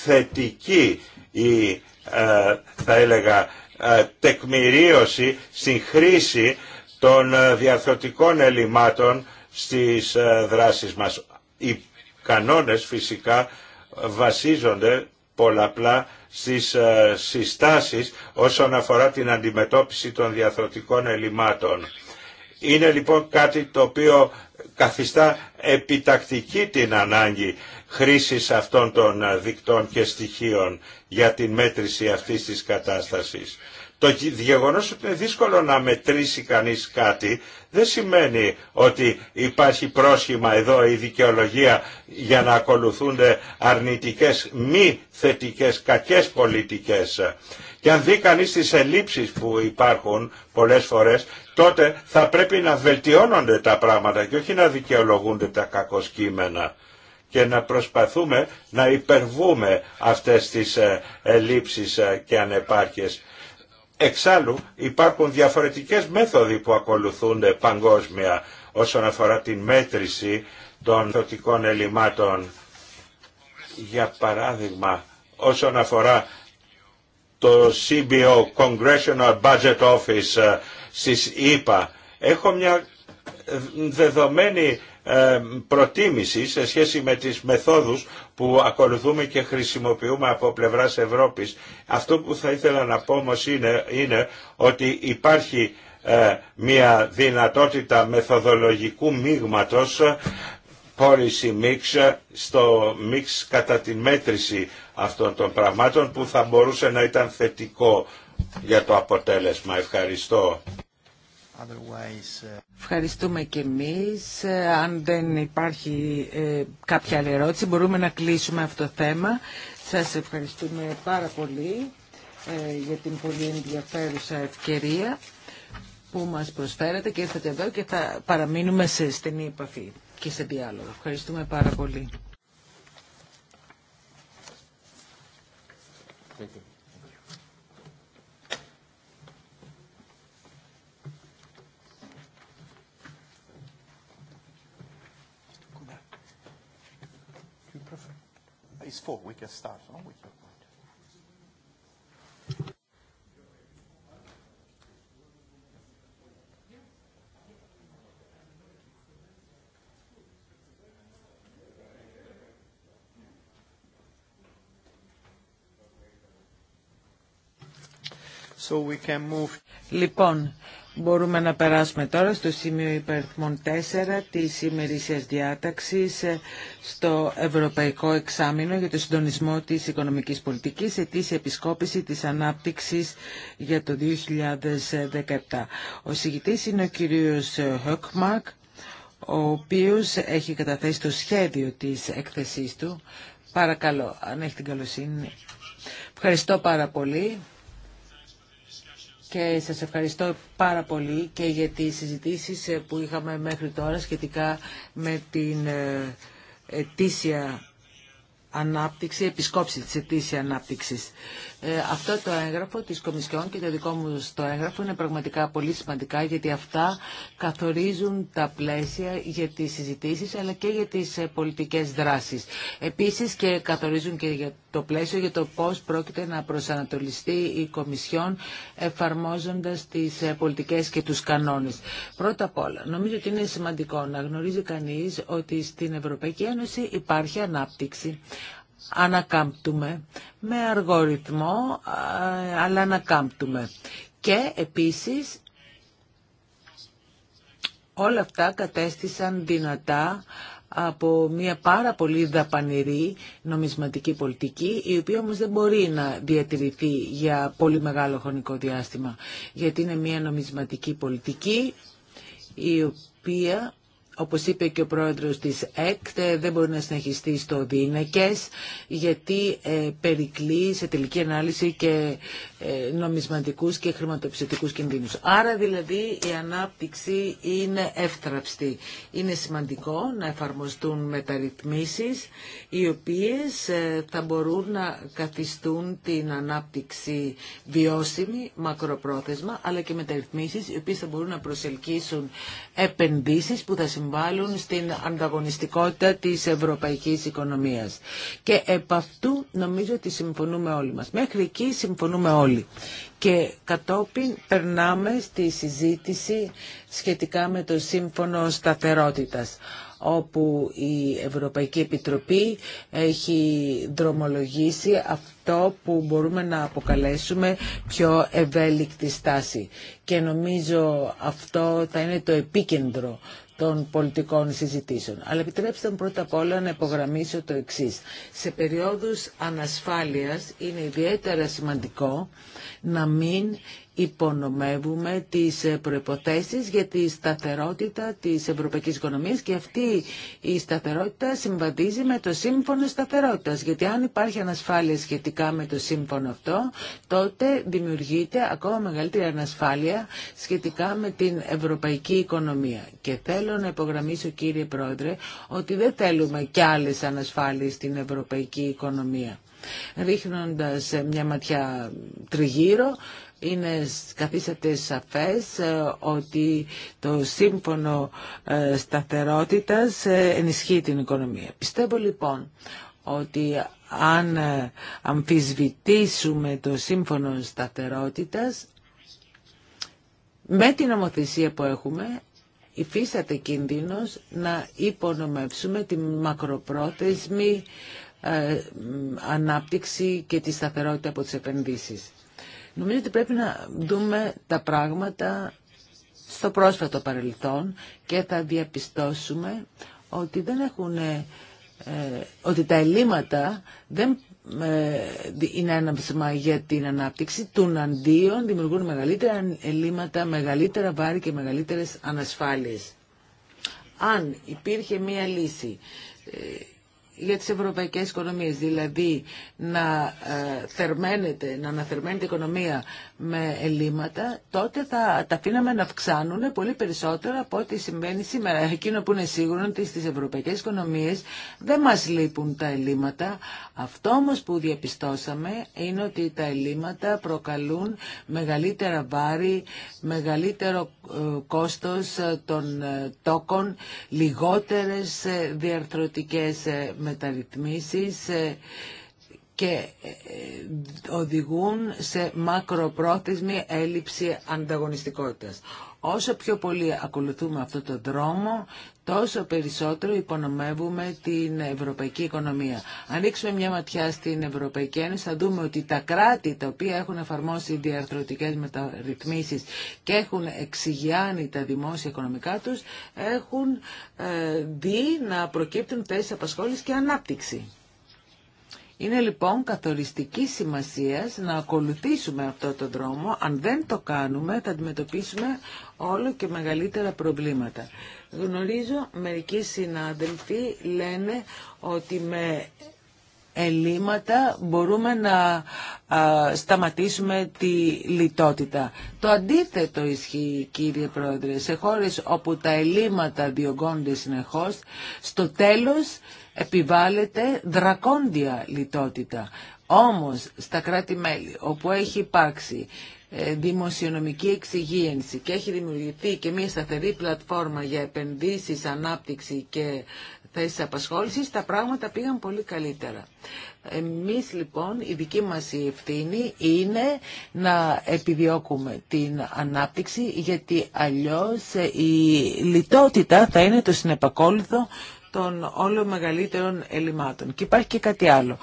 θετική η ε, θα έλεγα ε, τεκμηρίωση στην χρήση των διαρθρωτικών ελλημάτων στις δράσεις μας. Οι κανόνες φυσικά βασίζονται πολλαπλά στις ε, συστάσεις όσον αφορά την αντιμετώπιση των διαθροτικών ελλημάτων. Είναι λοιπόν κάτι το οποίο καθιστά επιτακτική την ανάγκη χρήσης αυτών των δικτών και στοιχείων για την μέτρηση αυτής της κατάστασης. Το γεγονό ότι είναι δύσκολο να μετρήσει κανείς κάτι δεν σημαίνει ότι υπάρχει πρόσχημα εδώ η δικαιολογία για να ακολουθούνται αρνητικές, μη θετικές, κακές πολιτικές. Και αν δει κανεί τι ελλείψεις που υπάρχουν πολλές φορές, τότε θα πρέπει να βελτιώνονται τα πράγματα και όχι να δικαιολογούνται τα κακοσκήμενα και να προσπαθούμε να υπερβούμε αυτές τις ε, ελλείψεις ε, και ανεπάρκειες. Εξάλλου υπάρχουν διαφορετικές μέθοδοι που ακολουθούνται παγκόσμια όσον αφορά την μέτρηση των θωτικών ελλημάτων. Για παράδειγμα, όσον αφορά το CBO, Congressional Budget Office, ε, στις ΗΠΑ, έχω μια δεδομένη ε, προτίμηση σε σχέση με τις μεθόδους που ακολουθούμε και χρησιμοποιούμε από πλευράς Ευρώπης. Αυτό που θα ήθελα να πω όμω είναι, είναι ότι υπάρχει ε, μια δυνατότητα μεθοδολογικού μείγματος policy mix στο mix κατά τη μέτρηση αυτών των πραγμάτων που θα μπορούσε να ήταν θετικό για το αποτέλεσμα. Ευχαριστώ. Uh, ευχαριστούμε και εμείς. Αν δεν υπάρχει ε, κάποια άλλη ερώτηση, μπορούμε να κλείσουμε αυτό το θέμα. Σας ευχαριστούμε πάρα πολύ ε, για την πολύ ενδιαφέρουσα ευκαιρία που μας προσφέρατε και ήρθατε εδώ και θα παραμείνουμε σε στενή επαφή και σε διάλογο. Ευχαριστούμε πάρα πολύ. is four. We can start no? So we can move. Λοιπόν, Μπορούμε να περάσουμε τώρα στο σημείο υπερθμών 4 της ημερήσιας διάταξης ε, στο Ευρωπαϊκό Εξάμεινο για το συντονισμό της οικονομικής πολιτικής ετήσια επισκόπηση της ανάπτυξης για το 2017. Ο συγητής είναι ο κύριος Χοκμάκ, ε, ο οποίος έχει καταθέσει το σχέδιο της έκθεσής του. Παρακαλώ, αν έχει την καλοσύνη. Ευχαριστώ πάρα πολύ και σας ευχαριστώ πάρα πολύ και για τις συζητήσεις ε, που είχαμε μέχρι τώρα σχετικά με την ε, ετήσια ανάπτυξη, επισκόψη της ετήσια ανάπτυξης. Ε, αυτό το έγγραφο της Κομισιόν και το δικό μου το έγγραφο είναι πραγματικά πολύ σημαντικά γιατί αυτά καθορίζουν τα πλαίσια για τις συζητήσεις αλλά και για τις ε, πολιτικές δράσεις. Επίσης και καθορίζουν και για το πλαίσιο για το πώς πρόκειται να προσανατολιστεί η Κομισιόν εφαρμόζοντας τις ε, πολιτικές και τους κανόνες. Πρώτα απ' όλα, νομίζω ότι είναι σημαντικό να γνωρίζει κανείς ότι στην Ευρωπαϊκή Ένωση υπάρχει ανάπτυξη ανακάμπτουμε με αργό ρυθμό, αλλά ανακάμπτουμε. Και επίσης όλα αυτά κατέστησαν δυνατά από μια πάρα πολύ δαπανηρή νομισματική πολιτική, η οποία όμως δεν μπορεί να διατηρηθεί για πολύ μεγάλο χρονικό διάστημα, γιατί είναι μια νομισματική πολιτική η οποία όπως είπε και ο πρόεδρος της ΕΚΤ, ε, δεν μπορεί να συνεχιστεί στο δίνεκες γιατί ε, περικλεί σε τελική ανάλυση και ε, νομισματικούς και χρηματοψητικούς κινδύνους. Άρα δηλαδή η ανάπτυξη είναι εύθραυστη. Είναι σημαντικό να εφαρμοστούν μεταρρυθμίσεις, οι οποίες θα μπορούν να καθιστούν την ανάπτυξη βιώσιμη, μακροπρόθεσμα, αλλά και μεταρρυθμίσεις, οι οποίες θα μπορούν να προσελκύσουν επενδύσεις που θα συμβάλλουν στην ανταγωνιστικότητα της ευρωπαϊκής οικονομίας. Και επ' αυτού νομίζω ότι συμφωνούμε όλοι μας. Μέχρι εκεί συμφωνούμε όλοι. Και κατόπιν περνάμε στη συζήτηση σχετικά με το Σύμφωνο Σταθερότητας όπου η Ευρωπαϊκή Επιτροπή έχει δρομολογήσει αυτό που μπορούμε να αποκαλέσουμε πιο ευέλικτη στάση. Και νομίζω αυτό θα είναι το επίκεντρο των πολιτικών συζητήσεων. Αλλά επιτρέψτε μου πρώτα απ' όλα να υπογραμμίσω το εξή. Σε περιόδους ανασφάλειας είναι ιδιαίτερα σημαντικό να μην υπονομεύουμε τις ε, προϋποθέσεις για τη σταθερότητα της ευρωπαϊκής οικονομίας και αυτή η σταθερότητα συμβαδίζει με το σύμφωνο σταθερότητας γιατί αν υπάρχει ανασφάλεια σχετικά με το σύμφωνο αυτό τότε δημιουργείται ακόμα μεγαλύτερη ανασφάλεια σχετικά με την ευρωπαϊκή οικονομία και θέλω να υπογραμμίσω κύριε Πρόεδρε ότι δεν θέλουμε κι άλλες ανασφάλειες στην ευρωπαϊκή οικονομία ρίχνοντας ε, μια ματιά τριγύρω είναι καθίσατε σαφές ε, ότι το σύμφωνο ε, σταθερότητας ε, ενισχύει την οικονομία. Πιστεύω λοιπόν ότι αν αμφισβητήσουμε το σύμφωνο σταθερότητας με την νομοθεσία που έχουμε υφίσταται κίνδυνος να υπονομεύσουμε τη μακροπρόθεσμη ανάπτυξη και τη σταθερότητα από τις επενδύσεις. Νομίζω ότι πρέπει να δούμε τα πράγματα στο πρόσφατο παρελθόν και θα διαπιστώσουμε ότι δεν έχουν ε, ότι τα ελλείμματα δεν ε, είναι ένα ψημά για την ανάπτυξη των αντίον δημιουργούν μεγαλύτερα ελλείμματα, μεγαλύτερα βάρη και μεγαλύτερες ανασφάλειες. Αν υπήρχε μία λύση ε, για τις ευρωπαϊκές οικονομίες, δηλαδή να ε, θερμαίνεται, να αναθερμαίνεται η οικονομία με ελλείμματα, τότε θα τα αφήναμε να αυξάνουν πολύ περισσότερο από ό,τι συμβαίνει σήμερα. Εκείνο που είναι σίγουρο ότι στις ευρωπαϊκές οικονομίες δεν μας λείπουν τα ελλείμματα. Αυτό όμως που διαπιστώσαμε είναι ότι τα ελλείμματα προκαλούν μεγαλύτερα βάρη, μεγαλύτερο ε, κόστος ε, των τόκων, λιγότερες διαρθρωτικές μεταρρυθμίσεις ε, και ε, ε, οδηγούν σε μακροπρόθεσμη έλλειψη ανταγωνιστικότητας. Όσο πιο πολύ ακολουθούμε αυτό το δρόμο, τόσο περισσότερο υπονομεύουμε την ευρωπαϊκή οικονομία. Ανοίξουμε μια ματιά στην Ευρωπαϊκή Ένωση, θα δούμε ότι τα κράτη τα οποία έχουν εφαρμόσει διαρθρωτικές μεταρρυθμίσεις και έχουν εξηγιάνει τα δημόσια οικονομικά τους, έχουν ε, δει να προκύπτουν θέσεις απασχόλησης και ανάπτυξη. Είναι λοιπόν καθοριστική σημασία να ακολουθήσουμε αυτό τον δρόμο. Αν δεν το κάνουμε θα αντιμετωπίσουμε όλο και μεγαλύτερα προβλήματα. Γνωρίζω μερικοί συνάδελφοι λένε ότι με ελλείμματα μπορούμε να σταματήσουμε τη λιτότητα. Το αντίθετο ισχύει κύριε Πρόεδρε. Σε χώρες όπου τα ελλείμματα διωγγώνται συνεχώς, στο τέλος επιβάλλεται δρακόντια λιτότητα. Όμως στα κράτη-μέλη όπου έχει υπάρξει ε, δημοσιονομική εξυγίανση και έχει δημιουργηθεί και μια σταθερή πλατφόρμα για επενδύσεις, ανάπτυξη και θέσεις απασχόλησης, τα πράγματα πήγαν πολύ καλύτερα. Εμείς λοιπόν η δική μας ευθύνη είναι να επιδιώκουμε την ανάπτυξη γιατί αλλιώς ε, η λιτότητα θα είναι το συνεπακόλουθο των όλο μεγαλύτερων ελλημάτων. Και υπάρχει και κάτι άλλο.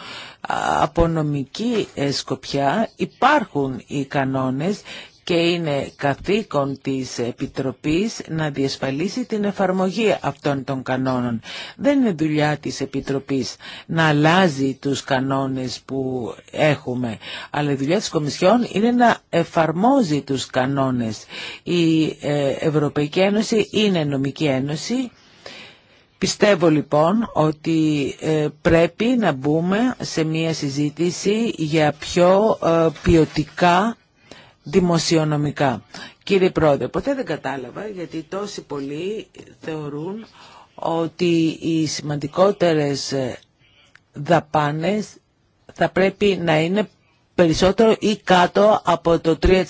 Από νομική ε, σκοπιά υπάρχουν οι κανόνες και είναι καθήκον της Επιτροπής να διασφαλίσει την εφαρμογή αυτών των κανόνων. Δεν είναι δουλειά της Επιτροπής να αλλάζει τους κανόνες που έχουμε, αλλά η δουλειά της Κομισιόν είναι να εφαρμόζει τους κανόνες. Η ε, Ευρωπαϊκή Ένωση είναι νομική ένωση Πιστεύω λοιπόν ότι ε, πρέπει να μπούμε σε μία συζήτηση για πιο ε, ποιοτικά δημοσιονομικά. Κύριε Πρόεδρε, ποτέ δεν κατάλαβα γιατί τόσοι πολλοί θεωρούν ότι οι σημαντικότερες ε, δαπάνες θα πρέπει να είναι περισσότερο ή κάτω από το 3%.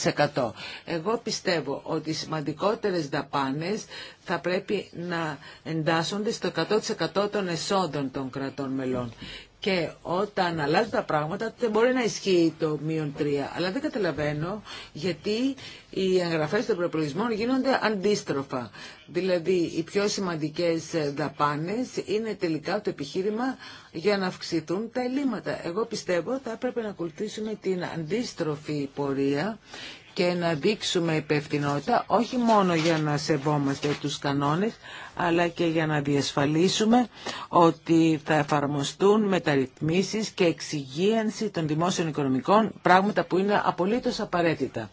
Εγώ πιστεύω ότι οι σημαντικότερες δαπάνες θα πρέπει να εντάσσονται στο 100% των εσόδων των κρατών μελών. Και όταν αλλάζουν τα πράγματα δεν μπορεί να ισχύει το μείον τρία. Αλλά δεν καταλαβαίνω γιατί οι εγγραφές των προπολογισμών γίνονται αντίστροφα. Δηλαδή οι πιο σημαντικές δαπάνες είναι τελικά το επιχείρημα για να αυξηθούν τα ελλείμματα. Εγώ πιστεύω ότι θα έπρεπε να ακολουθήσουμε την αντίστροφη πορεία και να δείξουμε υπευθυνότητα όχι μόνο για να σεβόμαστε τους κανόνες αλλά και για να διασφαλίσουμε ότι θα εφαρμοστούν μεταρρυθμίσεις και εξυγίανση των δημόσιων οικονομικών, πράγματα που είναι απολύτως απαραίτητα.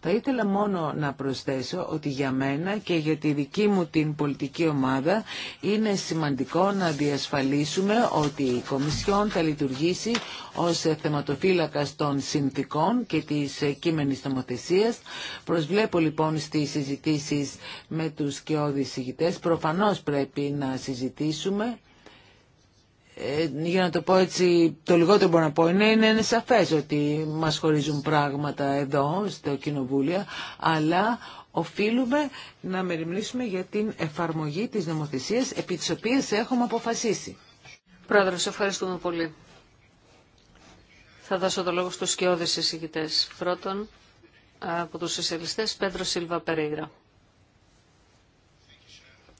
Θα ήθελα μόνο να προσθέσω ότι για μένα και για τη δική μου την πολιτική ομάδα είναι σημαντικό να διασφαλίσουμε ότι η Κομισιόν θα λειτουργήσει ως θεματοφύλακας των συνθήκων και της κείμενης νομοθεσίας. Προσβλέπω λοιπόν στις συζητήσεις με τους και ηγητές προφανώς πρέπει να συζητήσουμε. Ε, για να το πω έτσι, το λιγότερο μπορώ να πω είναι, είναι, σαφές ότι μας χωρίζουν πράγματα εδώ, στο Κοινοβούλιο, αλλά οφείλουμε να μεριμνήσουμε για την εφαρμογή της νομοθεσίας επί της οποίας έχουμε αποφασίσει. Πρόεδρος, ευχαριστούμε πολύ. Θα δώσω το λόγο στους σκιώδες εισηγητές. Πρώτον, από τους σοσιαλιστές, Πέτρο Σίλβα Περίγρα.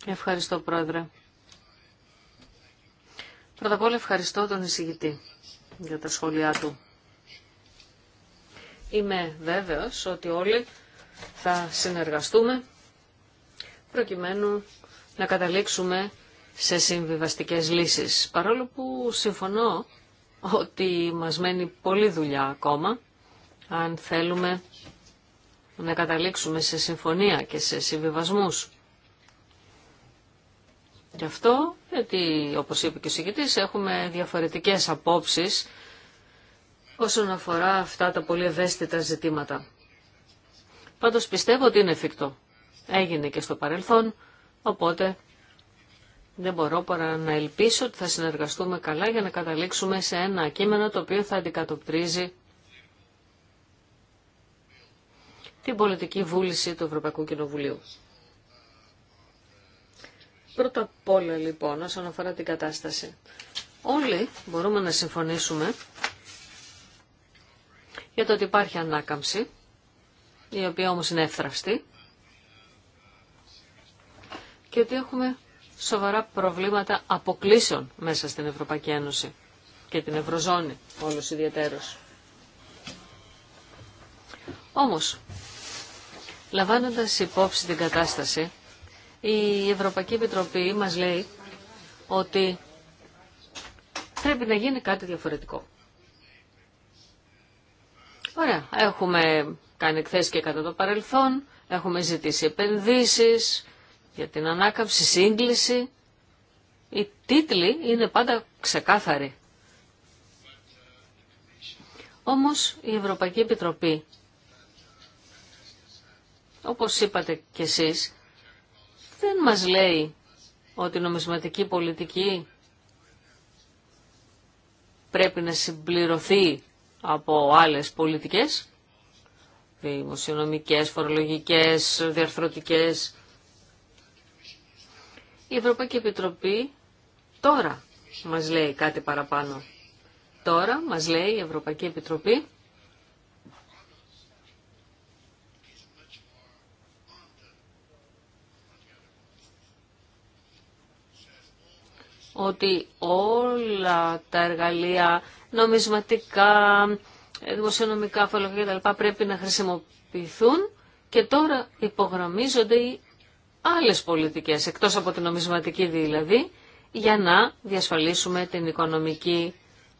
Ευχαριστώ, Πρόεδρε. Πρώτα απ' όλα ευχαριστώ τον εισηγητή για τα σχόλιά του. Είμαι βέβαιος ότι όλοι θα συνεργαστούμε προκειμένου να καταλήξουμε σε συμβιβαστικές λύσεις. Παρόλο που συμφωνώ ότι μας μένει πολλή δουλειά ακόμα, αν θέλουμε να καταλήξουμε σε συμφωνία και σε συμβιβασμούς. Γι' αυτό, γιατί όπως είπε και ο συγκεκριτής, έχουμε διαφορετικές απόψεις όσον αφορά αυτά τα πολύ ευαίσθητα ζητήματα. Πάντως πιστεύω ότι είναι εφικτό. Έγινε και στο παρελθόν, οπότε δεν μπορώ παρά να ελπίσω ότι θα συνεργαστούμε καλά για να καταλήξουμε σε ένα κείμενο το οποίο θα αντικατοπτρίζει την πολιτική βούληση του Ευρωπαϊκού Κοινοβουλίου. Πρώτα απ' όλα λοιπόν όσον αφορά την κατάσταση. Όλοι μπορούμε να συμφωνήσουμε για το ότι υπάρχει ανάκαμψη, η οποία όμως είναι εύθραυστη, και ότι έχουμε σοβαρά προβλήματα αποκλήσεων μέσα στην Ευρωπαϊκή Ένωση και την Ευρωζώνη, όλος ιδιαίτερος. Όμως, λαμβάνοντας υπόψη την κατάσταση, η Ευρωπαϊκή Επιτροπή μας λέει ότι πρέπει να γίνει κάτι διαφορετικό. Ωραία, έχουμε κάνει εκθέσεις και κατά το παρελθόν, έχουμε ζητήσει επενδύσεις για την ανάκαμψη, σύγκληση. Οι τίτλοι είναι πάντα ξεκάθαροι. Όμως η Ευρωπαϊκή Επιτροπή, όπως είπατε κι εσείς, δεν μας λέει ότι η νομισματική πολιτική πρέπει να συμπληρωθεί από άλλες πολιτικές, δημοσιονομικές, φορολογικές, διαρθρωτικές. Η Ευρωπαϊκή Επιτροπή τώρα μας λέει κάτι παραπάνω. Τώρα μας λέει η Ευρωπαϊκή Επιτροπή ότι όλα τα εργαλεία, νομισματικά, δημοσιονομικά, φορολογικά κτλ. πρέπει να χρησιμοποιηθούν και τώρα υπογραμμίζονται οι άλλες πολιτικές, εκτός από την νομισματική δηλαδή, για να διασφαλίσουμε την οικονομική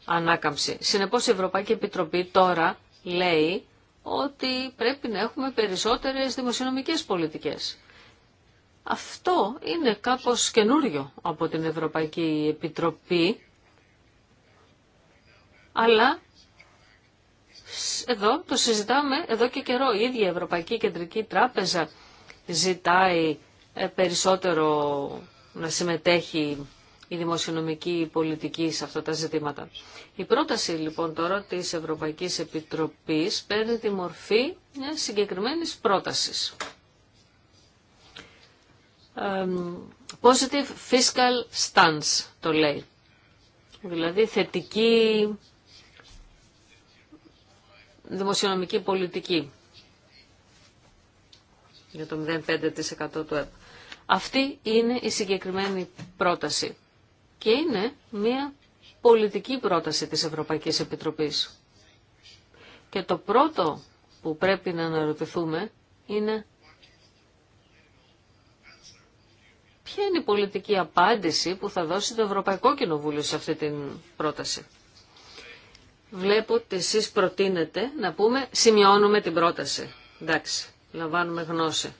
ανάκαμψη. Συνεπώς η Ευρωπαϊκή Επιτροπή τώρα λέει ότι πρέπει να έχουμε περισσότερες δημοσιονομικές πολιτικές. Αυτό είναι κάπως καινούριο από την Ευρωπαϊκή Επιτροπή, αλλά εδώ το συζητάμε εδώ και καιρό. Η ίδια η Ευρωπαϊκή Κεντρική Τράπεζα ζητάει ε, περισσότερο να συμμετέχει η δημοσιονομική πολιτική σε αυτά τα ζητήματα. Η πρόταση λοιπόν τώρα της Ευρωπαϊκής Επιτροπής παίρνει τη μορφή μιας συγκεκριμένης πρότασης. Positive Fiscal Stance το λέει. Δηλαδή θετική δημοσιονομική πολιτική για το 0,5% του ΕΠ. Αυτή είναι η συγκεκριμένη πρόταση και είναι μια πολιτική πρόταση της Ευρωπαϊκής Επιτροπής. Και το πρώτο που πρέπει να αναρωτηθούμε είναι Ποια είναι η πολιτική απάντηση που θα δώσει το Ευρωπαϊκό Κοινοβούλιο σε αυτή την πρόταση. Βλέπω ότι εσείς προτείνετε να πούμε σημειώνουμε την πρόταση. Εντάξει, λαμβάνουμε γνώση.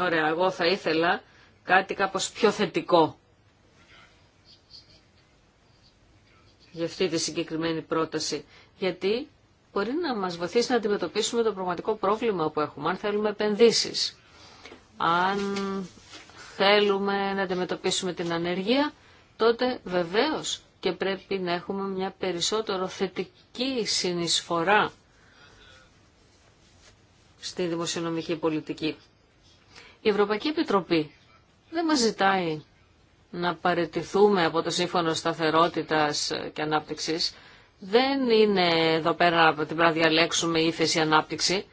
Ωραία, εγώ θα ήθελα κάτι κάπως πιο θετικό για αυτή τη συγκεκριμένη πρόταση. Γιατί μπορεί να μας βοηθήσει να αντιμετωπίσουμε το πραγματικό πρόβλημα που έχουμε, αν θέλουμε επενδύσεις. Αν θέλουμε να αντιμετωπίσουμε την ανεργία, τότε βεβαίως και πρέπει να έχουμε μια περισσότερο θετική συνεισφορά στη δημοσιονομική πολιτική. Η Ευρωπαϊκή Επιτροπή δεν μας ζητάει να παρετηθούμε από το Σύμφωνο Σταθερότητας και Ανάπτυξης. Δεν είναι εδώ πέρα από την πράγμα διαλέξουμε ύφεση ανάπτυξη.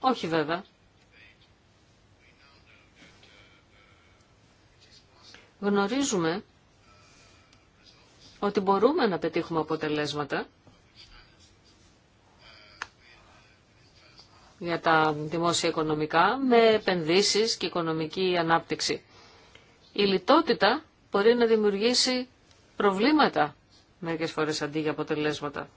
Όχι βέβαια. γνωρίζουμε ότι μπορούμε να πετύχουμε αποτελέσματα για τα δημόσια οικονομικά με επενδύσεις και οικονομική ανάπτυξη. Η λιτότητα μπορεί να δημιουργήσει προβλήματα μερικές φορές αντί για αποτελέσματα.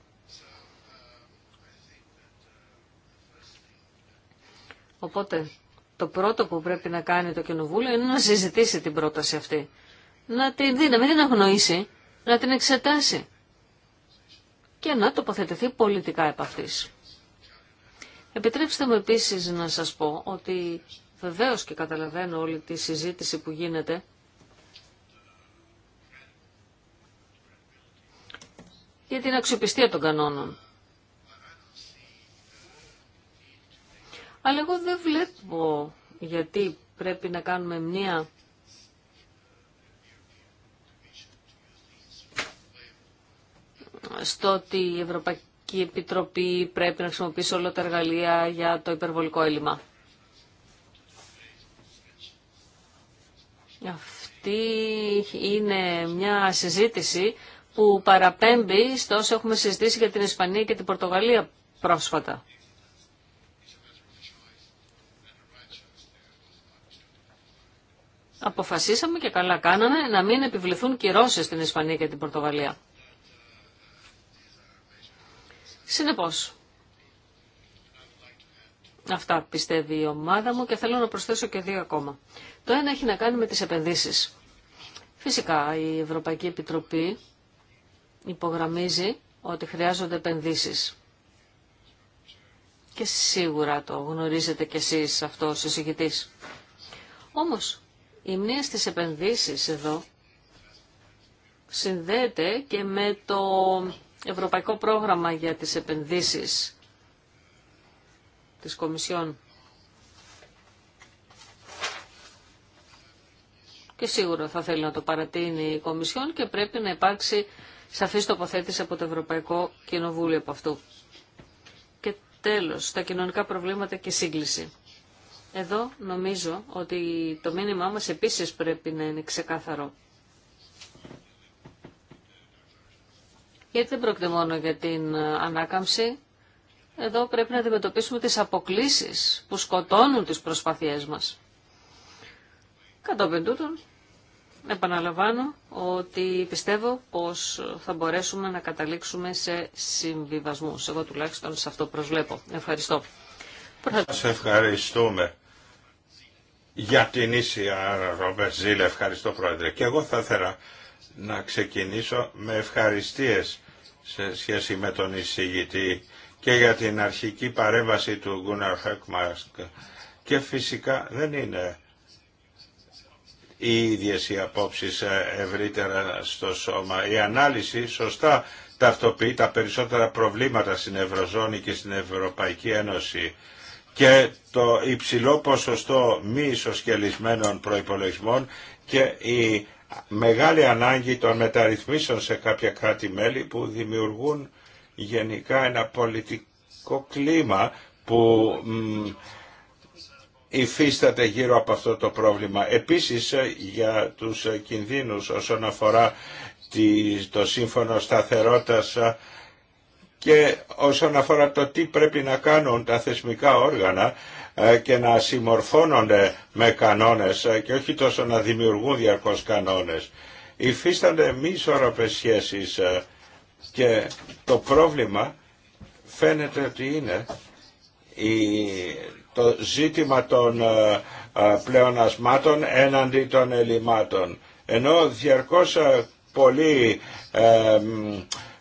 Οπότε το πρώτο που πρέπει να κάνει το Κοινοβούλιο είναι να συζητήσει την πρόταση αυτή. Να την δει, να μην την αγνοήσει, να την εξετάσει και να τοποθετηθεί πολιτικά επ' αυτής. Επιτρέψτε μου επίσης να σας πω ότι βεβαίως και καταλαβαίνω όλη τη συζήτηση που γίνεται για την αξιοπιστία των κανόνων. Αλλά εγώ δεν βλέπω γιατί πρέπει να κάνουμε μια στο ότι η Ευρωπαϊκή Επιτροπή πρέπει να χρησιμοποιήσει όλα τα εργαλεία για το υπερβολικό έλλειμμα. Αυτή είναι μια συζήτηση που παραπέμπει στο όσο έχουμε συζητήσει για την Ισπανία και την Πορτογαλία πρόσφατα. αποφασίσαμε και καλά κάναμε να μην επιβληθούν κυρώσει στην Ισπανία και την Πορτογαλία. Συνεπώς, αυτά πιστεύει η ομάδα μου και θέλω να προσθέσω και δύο ακόμα. Το ένα έχει να κάνει με τις επενδύσεις. Φυσικά η Ευρωπαϊκή Επιτροπή υπογραμμίζει ότι χρειάζονται επενδύσεις. Και σίγουρα το γνωρίζετε κι εσείς αυτό ο συζητητής. Όμως η μνήμα στις επενδύσεις εδώ συνδέεται και με το Ευρωπαϊκό Πρόγραμμα για τις Επενδύσεις της Κομισιόν. Και σίγουρα θα θέλει να το παρατείνει η Κομισιόν και πρέπει να υπάρξει σαφής τοποθέτηση από το Ευρωπαϊκό Κοινοβούλιο από αυτού. Και τέλος, τα κοινωνικά προβλήματα και σύγκληση. Εδώ νομίζω ότι το μήνυμά μας επίσης πρέπει να είναι ξεκάθαρο. Γιατί δεν πρόκειται μόνο για την ανάκαμψη. Εδώ πρέπει να αντιμετωπίσουμε τις αποκλίσεις που σκοτώνουν τις προσπάθειές μας. Κατόπιν τούτων, επαναλαμβάνω ότι πιστεύω πως θα μπορέσουμε να καταλήξουμε σε συμβιβασμούς. Εγώ τουλάχιστον σε αυτό προσβλέπω. Ευχαριστώ. Σας ευχαριστούμε. Για την ίσια, Ρόμπερτ Ζήλε, ευχαριστώ Πρόεδρε. Και εγώ θα ήθελα να ξεκινήσω με ευχαριστίες σε σχέση με τον εισηγητή και για την αρχική παρέμβαση του Γκούναρ Χεκμάσκ. Και φυσικά δεν είναι οι ίδιες οι απόψεις ε, ευρύτερα στο σώμα. Η ανάλυση σωστά ταυτοποιεί τα περισσότερα προβλήματα στην Ευρωζώνη και στην Ευρωπαϊκή Ένωση και το υψηλό ποσοστό μη ισοσκελισμένων προϋπολογισμών και η μεγάλη ανάγκη των μεταρρυθμίσεων σε κάποια κράτη-μέλη που δημιουργούν γενικά ένα πολιτικό κλίμα που υφίσταται γύρω από αυτό το πρόβλημα. Επίσης για τους κινδύνους όσον αφορά το σύμφωνο σταθερότητας και όσον αφορά το τι πρέπει να κάνουν τα θεσμικά όργανα ε, και να συμμορφώνονται με κανόνες ε, και όχι τόσο να δημιουργούν διαρκώς κανόνες. Υφίστανται μη ισορροπές σχέσεις ε, και το πρόβλημα φαίνεται ότι είναι το ζήτημα των πλεονασμάτων έναντι των ελλημάτων. Ενώ διαρκώς πολλοί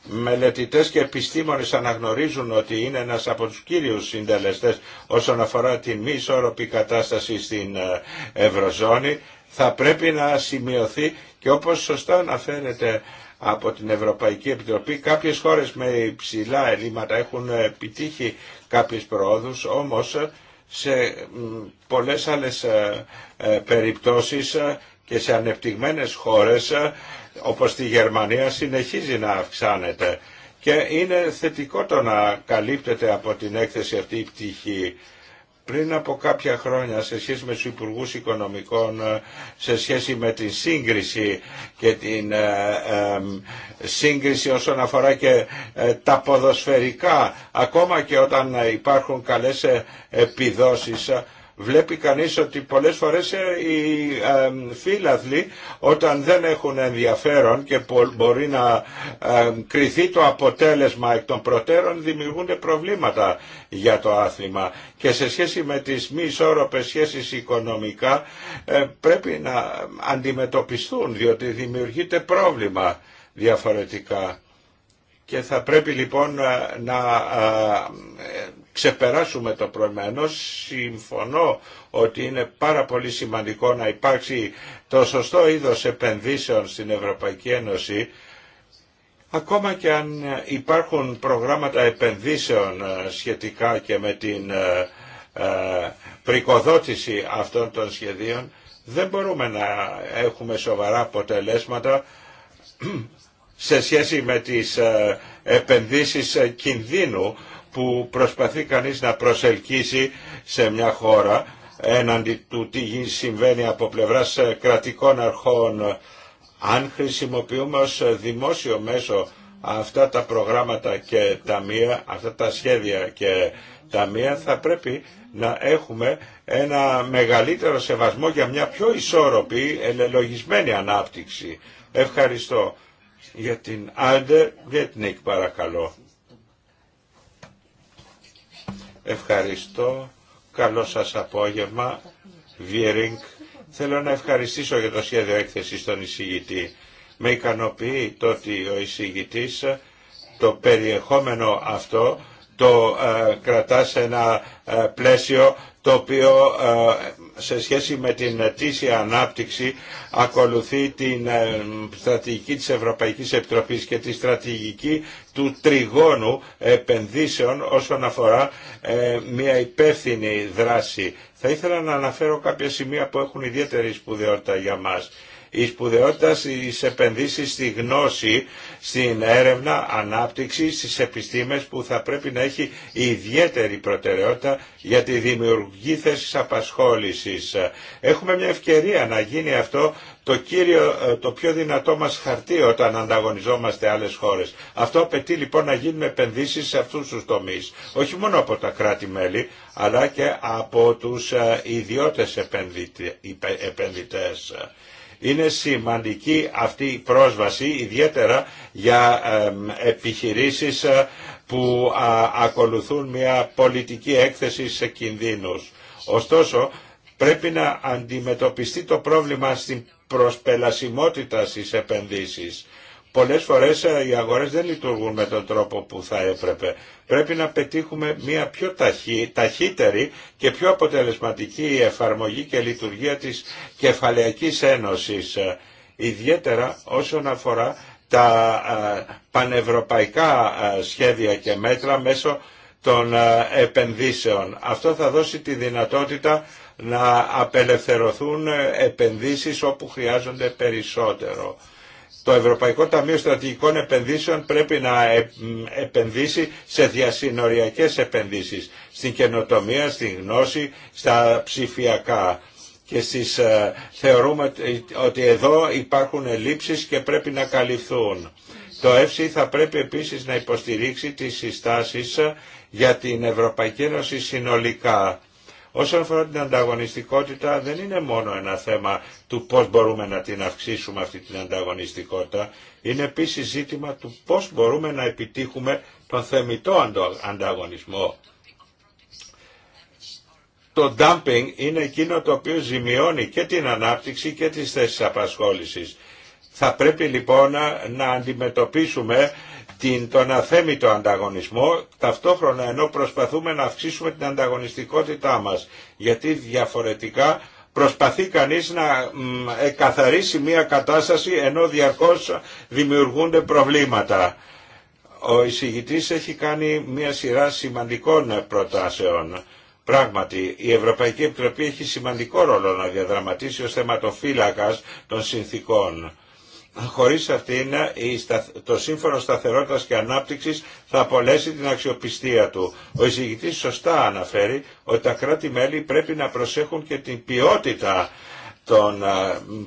Μελετητές και επιστήμονες αναγνωρίζουν ότι είναι ένας από τους κύριους συντελεστές όσον αφορά τη μη ισορροπή κατάσταση στην ε, Ευρωζώνη. Θα πρέπει να σημειωθεί και όπως σωστά αναφέρεται από την Ευρωπαϊκή Επιτροπή κάποιες χώρες με υψηλά ελλείμματα έχουν επιτύχει κάποιες προόδους όμως σε πολλές άλλες ε, ε, περιπτώσεις και σε ανεπτυγμένες χώρες όπως στη Γερμανία συνεχίζει να αυξάνεται και είναι θετικό το να καλύπτεται από την έκθεση αυτή η πτυχή πριν από κάποια χρόνια σε σχέση με τους Υπουργούς Οικονομικών, σε σχέση με την σύγκριση και την ε, σύγκριση όσον αφορά και ε, τα ποδοσφαιρικά, ακόμα και όταν υπάρχουν καλές ε, επιδόσεις, βλέπει κανείς ότι πολλές φορές ε, οι ε, φύλαθλοι όταν δεν έχουν ενδιαφέρον και μπορεί να ε, κριθεί το αποτέλεσμα εκ των προτέρων δημιουργούνται προβλήματα για το άθλημα και σε σχέση με τις μη ισόρροπες σχέσεις οικονομικά πρέπει να αντιμετωπιστούν διότι δημιουργείται πρόβλημα διαφορετικά και θα πρέπει λοιπόν ε, να ε, ξεπεράσουμε το προεμένος Συμφωνώ ότι είναι πάρα πολύ σημαντικό να υπάρξει το σωστό είδος επενδύσεων στην Ευρωπαϊκή Ένωση ακόμα και αν υπάρχουν προγράμματα επενδύσεων ε, σχετικά και με την πρικοδότηση αυτών των σχεδίων δεν μπορούμε να έχουμε σοβαρά αποτελέσματα σε σχέση με τις ε, επενδύσεις ε, κινδύνου που προσπαθεί κανείς να προσελκύσει σε μια χώρα έναντι του τι συμβαίνει από πλευράς ε, κρατικών αρχών. Αν χρησιμοποιούμε ως δημόσιο μέσο αυτά τα προγράμματα και ταμεία, αυτά τα σχέδια και ταμεία θα πρέπει να έχουμε ένα μεγαλύτερο σεβασμό για μια πιο ισόρροπη, ελελογισμένη ανάπτυξη. Ευχαριστώ. Για την Άντε Βιετνίκ παρακαλώ. Ευχαριστώ. Καλό σας απόγευμα. Βιερίνκ. Θέλω να ευχαριστήσω για το σχέδιο έκθεσης στον εισηγητή. Με ικανοποιεί το ότι ο εισηγητής το περιεχόμενο αυτό το ε, κρατά σε ένα ε, πλαίσιο το οποίο ε, σε σχέση με την ετήσια ανάπτυξη ακολουθεί την στρατηγική της Ευρωπαϊκής Επιτροπής και τη στρατηγική του τριγώνου επενδύσεων όσον αφορά μια υπεύθυνη δράση. Θα ήθελα να αναφέρω κάποια σημεία που έχουν ιδιαίτερη σπουδαιότητα για μας. Η σπουδαιότητα στις επενδύσεις στη γνώση, στην έρευνα, ανάπτυξη, στις επιστήμες που θα πρέπει να έχει ιδιαίτερη προτεραιότητα για τη δημιουργή θέσης απασχόλησης. Έχουμε μια ευκαιρία να γίνει αυτό το, κύριο, ε, το πιο δυνατό μας χαρτί όταν ανταγωνιζόμαστε άλλες χώρες. Αυτό απαιτεί λοιπόν να γίνουν επενδύσεις σε αυτούς τους τομείς. Όχι μόνο από τα κράτη-μέλη, αλλά και από τους ε, ιδιώτες επενδυτές. Είναι σημαντική αυτή η πρόσβαση ιδιαίτερα για επιχειρήσεις ε, που ακολουθούν μια πολιτική έκθεση σε κινδύνους. Ωστόσο, πρέπει να αντιμετωπιστεί το πρόβλημα στην προσπελασιμότητα στις επενδύσεις. Πολλές φορές ε, οι αγορές δεν λειτουργούν με τον τρόπο που θα έπρεπε. Πρέπει να πετύχουμε μια πιο ταχύτερη και πιο αποτελεσματική εφαρμογή και λειτουργία της Κεφαλαιακής Ένωσης. Ε, ιδιαίτερα όσον αφορά τα ε, πανευρωπαϊκά σχέδια και μέτρα μέσω των επενδύσεων. Αυτό θα δώσει τη δυνατότητα να απελευθερωθούν επενδύσεις όπου χρειάζονται περισσότερο το Ευρωπαϊκό Ταμείο Στρατηγικών Επενδύσεων πρέπει να ε, επενδύσει σε διασυνοριακές επενδύσεις, στην καινοτομία, στην γνώση, στα ψηφιακά. Και στις, ε, θεωρούμε ε, ότι εδώ υπάρχουν ελλείψεις και πρέπει να καλυφθούν. Το ΕΦΣΥ θα πρέπει επίσης να υποστηρίξει τις συστάσεις για την Ευρωπαϊκή Ένωση συνολικά Όσον αφορά την ανταγωνιστικότητα δεν είναι μόνο ένα θέμα του πώς μπορούμε να την αυξήσουμε αυτή την ανταγωνιστικότητα, είναι επίσης ζήτημα του πώς μπορούμε να επιτύχουμε τον θεμητό ανταγωνισμό. Το dumping είναι εκείνο το οποίο ζημιώνει και την ανάπτυξη και τις θέσεις απασχόλησης. Θα πρέπει λοιπόν να αντιμετωπίσουμε την, τον αθέμητο ανταγωνισμό ταυτόχρονα ενώ προσπαθούμε να αυξήσουμε την ανταγωνιστικότητά μας γιατί διαφορετικά προσπαθεί κανείς να εκαθαρίσει μια κατάσταση ενώ διαρκώς δημιουργούνται προβλήματα. Ο εισηγητής έχει κάνει μια σειρά σημαντικών προτάσεων. Πράγματι, η Ευρωπαϊκή Επιτροπή έχει σημαντικό ρόλο να διαδραματίσει ως θεματοφύλακας των συνθήκων χωρίς αυτήν το Σύμφωνο Σταθερότητας και Ανάπτυξης θα απολέσει την αξιοπιστία του. Ο εισηγητής σωστά αναφέρει ότι τα κράτη-μέλη πρέπει να προσέχουν και την ποιότητα των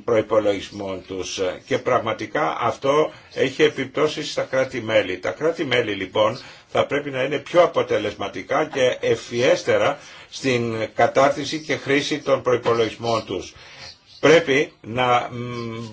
προϋπολογισμών τους και πραγματικά αυτό έχει επιπτώσεις στα κράτη-μέλη. Τα κράτη-μέλη λοιπόν θα πρέπει να είναι πιο αποτελεσματικά και ευφιέστερα στην κατάρτιση και χρήση των προϋπολογισμών τους πρέπει να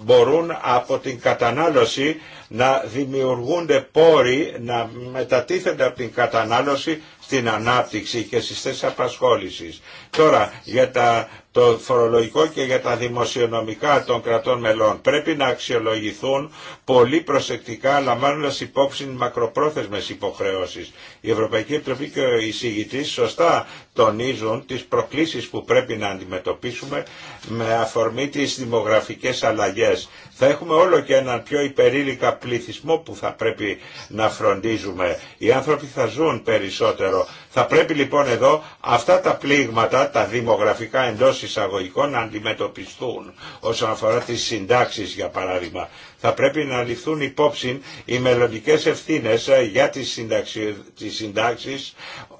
μπορούν από την κατανάλωση να δημιουργούνται πόροι, να μετατίθενται από την κατανάλωση στην ανάπτυξη και στις θέσεις απασχόλησης. Τώρα για τα το φορολογικό και για τα δημοσιονομικά των κρατών μελών. Πρέπει να αξιολογηθούν πολύ προσεκτικά λαμβάνοντας υπόψη μακροπρόθεσμες υποχρεώσεις. Η Ευρωπαϊκή Επιτροπή και ο εισηγητής σωστά τονίζουν τις προκλήσεις που πρέπει να αντιμετωπίσουμε με αφορμή τις δημογραφικές αλλαγές. Θα έχουμε όλο και έναν πιο υπερήλικα πληθυσμό που θα πρέπει να φροντίζουμε. Οι άνθρωποι θα ζουν περισσότερο θα πρέπει λοιπόν εδώ αυτά τα πλήγματα, τα δημογραφικά εντός εισαγωγικών να αντιμετωπιστούν όσον αφορά τις συντάξεις για παράδειγμα. Θα πρέπει να ληφθούν υπόψη οι μελλοντικές ευθύνες ε, για τις, τις συντάξεις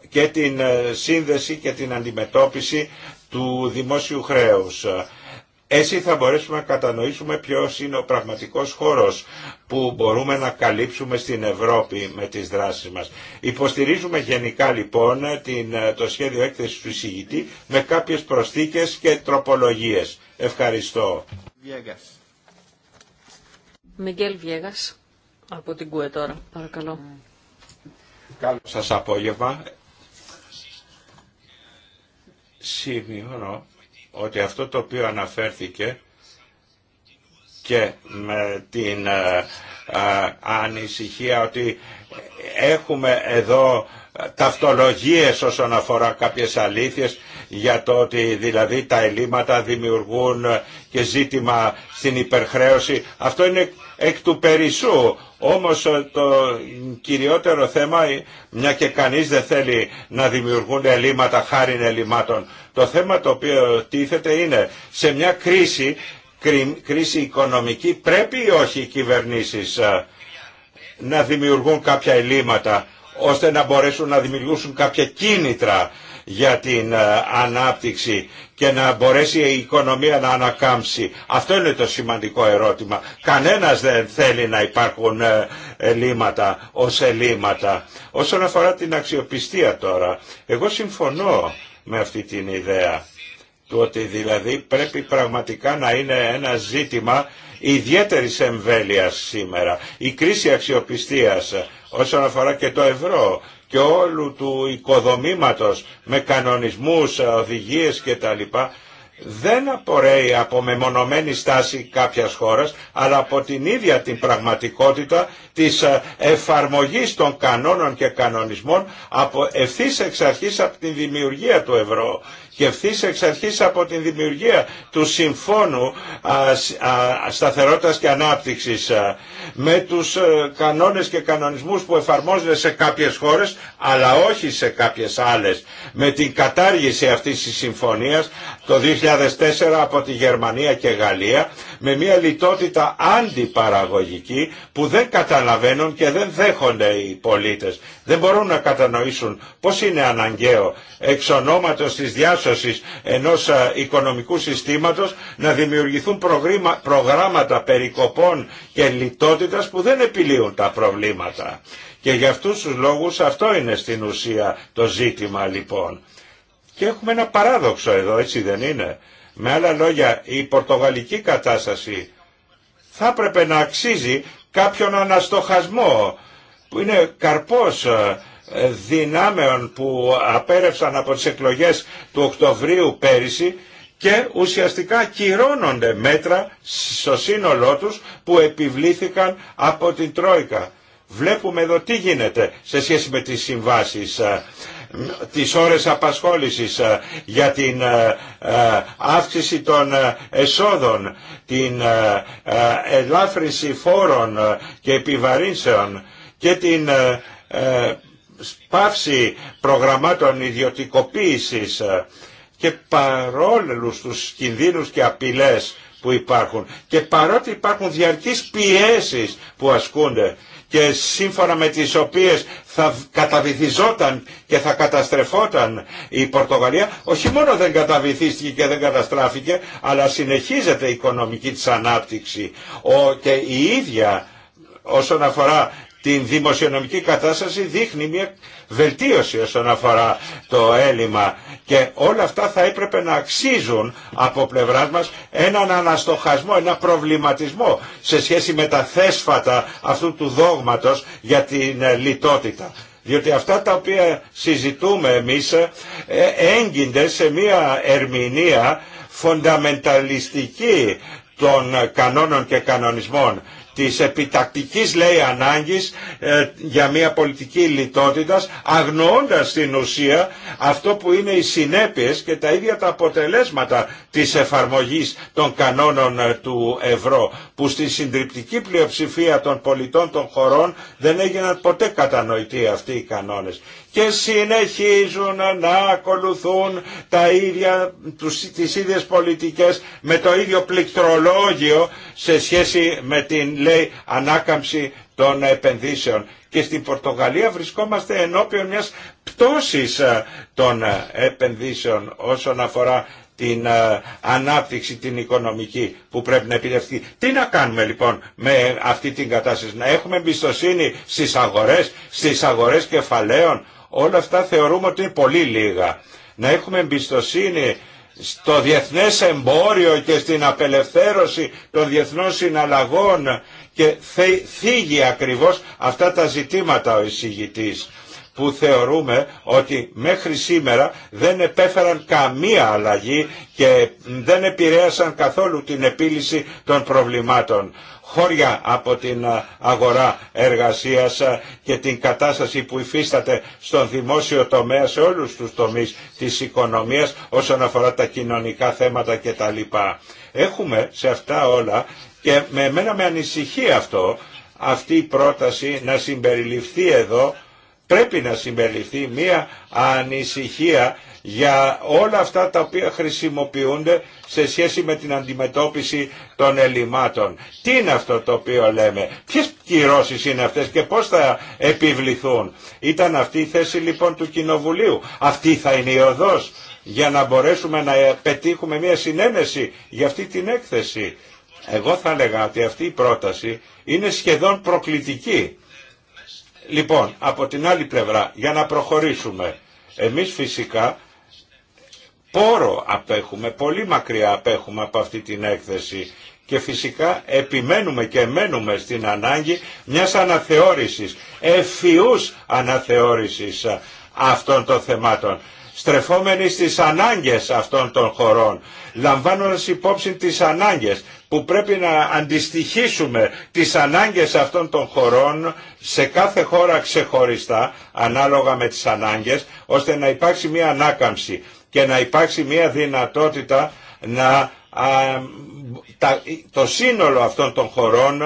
και την ε, σύνδεση και την αντιμετώπιση του δημόσιου χρέους. Έτσι θα μπορέσουμε να κατανοήσουμε ποιος είναι ο πραγματικός χώρος που μπορούμε να καλύψουμε στην Ευρώπη με τις δράσεις μας. Υποστηρίζουμε γενικά λοιπόν την, το σχέδιο έκθεσης του εισηγητή με κάποιες προσθήκες και τροπολογίες. Ευχαριστώ. Μιγγέλ Βιέγας από την ΚΟΕ τώρα, παρακαλώ. Mm. Καλό σας απόγευμα. Σημειώνω ότι αυτό το οποίο αναφέρθηκε και με την ε, ανησυχία ότι έχουμε εδώ ταυτολογίες όσον αφορά κάποιες αλήθειες για το ότι δηλαδή τα ελλείμματα δημιουργούν και ζήτημα στην υπερχρέωση. Αυτό είναι εκ του περισσού. Όμως ε, το κυριότερο θέμα, ε, μια και κανείς δεν θέλει να δημιουργούν ελλείμματα χάρη ελλειμμάτων το θέμα το οποίο τίθεται είναι σε μια κρίση, κρίση οικονομική, πρέπει ή όχι οι κυβερνήσεις ε, να δημιουργούν κάποια ελλείμματα ώστε να μπορέσουν να δημιουργήσουν κάποια κίνητρα για την ε, ανάπτυξη και να μπορέσει η οικονομία να ανακάμψει. Αυτό είναι το σημαντικό ερώτημα. Κανένας δεν θέλει να υπάρχουν ε, ελλείμματα ως ελλείμματα. Όσον αφορά την αξιοπιστία τώρα, εγώ συμφωνώ με αυτή την ιδέα του ότι δηλαδή πρέπει πραγματικά να είναι ένα ζήτημα ιδιαίτερης εμβέλειας σήμερα. Η κρίση αξιοπιστίας όσον αφορά και το ευρώ και όλου του οικοδομήματος με κανονισμούς, οδηγίες κτλ δεν απορρέει από μεμονωμένη στάση κάποιας χώρας, αλλά από την ίδια την πραγματικότητα της ε, εφαρμογής των κανόνων και κανονισμών από ευθύς εξ αρχής από την δημιουργία του ευρώ. Και ευθύ εξ αρχή από την δημιουργία του Συμφώνου Σταθερότητα και Ανάπτυξη με του ε, κανόνε και κανονισμού που εφαρμόζονται σε κάποιε χώρες αλλά όχι σε κάποιε άλλε. Με την κατάργηση αυτή τη συμφωνία το 2004 από τη Γερμανία και Γαλλία με μια λιτότητα αντιπαραγωγική που δεν καταλαβαίνουν και δεν δέχονται οι πολίτες. Δεν μπορούν να κατανοήσουν πώς είναι αναγκαίο εξ ονόματος της διάσωσης ενός οικονομικού συστήματος να δημιουργηθούν προγράμματα περικοπών και λιτότητας που δεν επιλύουν τα προβλήματα. Και για αυτούς τους λόγους αυτό είναι στην ουσία το ζήτημα λοιπόν. Και έχουμε ένα παράδοξο εδώ, έτσι δεν είναι. Με άλλα λόγια, η πορτογαλική κατάσταση θα έπρεπε να αξίζει κάποιον αναστοχασμό που είναι καρπός ε, δυνάμεων που απέρευσαν από τις εκλογές του Οκτωβρίου πέρυσι και ουσιαστικά κυρώνονται μέτρα στο σύνολό τους που επιβλήθηκαν από την Τρόικα. Βλέπουμε εδώ τι γίνεται σε σχέση με τις συμβάσεις. Ε, τις ώρες απασχόλησης, ε, για την ε, ε, αύξηση των εσόδων, την ελάφρυνση φόρων και επιβαρύνσεων και την σπάυση προγραμμάτων ιδιωτικοποίησης και παρόλους τους κινδύνους και απειλές που υπάρχουν και παρότι υπάρχουν διαρκείς πιέσεις που ασκούνται και σύμφωνα με τις οποίες θα καταβυθιζόταν και θα καταστρεφόταν η Πορτογαλία, όχι μόνο δεν καταβυθίστηκε και δεν καταστράφηκε, αλλά συνεχίζεται η οικονομική της ανάπτυξη. Ο, και η ίδια όσον αφορά την δημοσιονομική κατάσταση δείχνει μια βελτίωση όσον αφορά το έλλειμμα και όλα αυτά θα έπρεπε να αξίζουν από πλευράς μας έναν αναστοχασμό, ένα προβληματισμό σε σχέση με τα θέσφατα αυτού του δόγματος για την ε, λιτότητα. Διότι αυτά τα οποία συζητούμε εμείς ε, έγκυνται σε μια ερμηνεία φονταμενταλιστική των κανόνων και κανονισμών της επιτακτικής λέει ανάγκης ε, για μια πολιτική λιτότητας αγνοώντας την ουσία αυτό που είναι οι συνέπειες και τα ίδια τα αποτελέσματα της εφαρμογής των κανόνων ε, του ευρώ που στη συντριπτική πλειοψηφία των πολιτών των χωρών δεν έγιναν ποτέ κατανοητοί αυτοί οι κανόνες και συνεχίζουν να ακολουθούν τα ίδια, τους, τις ίδιες πολιτικές με το ίδιο πληκτρολόγιο σε σχέση με την λέει ανάκαμψη των επενδύσεων. Και στην Πορτογαλία βρισκόμαστε ενώπιον μιας πτώσης ε, των ε, επενδύσεων όσον αφορά την ε, ανάπτυξη την οικονομική που πρέπει να επιτευχθεί. Τι να κάνουμε λοιπόν με αυτή την κατάσταση, να έχουμε εμπιστοσύνη στις αγορές, στις αγορές κεφαλαίων, όλα αυτά θεωρούμε ότι είναι πολύ λίγα. Να έχουμε εμπιστοσύνη στο διεθνές εμπόριο και στην απελευθέρωση των διεθνών συναλλαγών και θίγει ακριβώς αυτά τα ζητήματα ο εισηγητής που θεωρούμε ότι μέχρι σήμερα δεν επέφεραν καμία αλλαγή και δεν επηρέασαν καθόλου την επίλυση των προβλημάτων χώρια από την αγορά εργασίας και την κατάσταση που υφίσταται στον δημόσιο τομέα σε όλους τους τομείς της οικονομίας όσον αφορά τα κοινωνικά θέματα κτλ. Έχουμε σε αυτά όλα και με εμένα με ανησυχεί αυτό αυτή η πρόταση να συμπεριληφθεί εδώ πρέπει να συμπεριληφθεί μία ανησυχία για όλα αυτά τα οποία χρησιμοποιούνται σε σχέση με την αντιμετώπιση των ελλημάτων. Τι είναι αυτό το οποίο λέμε, ποιες κυρώσεις είναι αυτές και πώς θα επιβληθούν. Ήταν αυτή η θέση λοιπόν του Κοινοβουλίου. Αυτή θα είναι η οδός για να μπορέσουμε να πετύχουμε μια συνένεση για αυτή την έκθεση. Εγώ θα λέγα ότι αυτή η πρόταση είναι σχεδόν προκλητική Λοιπόν, από την άλλη πλευρά, για να προχωρήσουμε, εμείς φυσικά πόρο απέχουμε, πολύ μακριά απέχουμε από αυτή την έκθεση και φυσικά επιμένουμε και μένουμε στην ανάγκη μιας αναθεώρησης, ευφυούς αναθεώρησης αυτών των θεμάτων στρεφόμενοι στις ανάγκες αυτών των χωρών, λαμβάνοντας υπόψη τις ανάγκες, που πρέπει να αντιστοιχίσουμε τις ανάγκες αυτών των χωρών σε κάθε χώρα ξεχωριστά, ανάλογα με τις ανάγκες, ώστε να υπάρξει μια ανάκαμψη και να υπάρξει μια δυνατότητα να το σύνολο αυτών των χωρών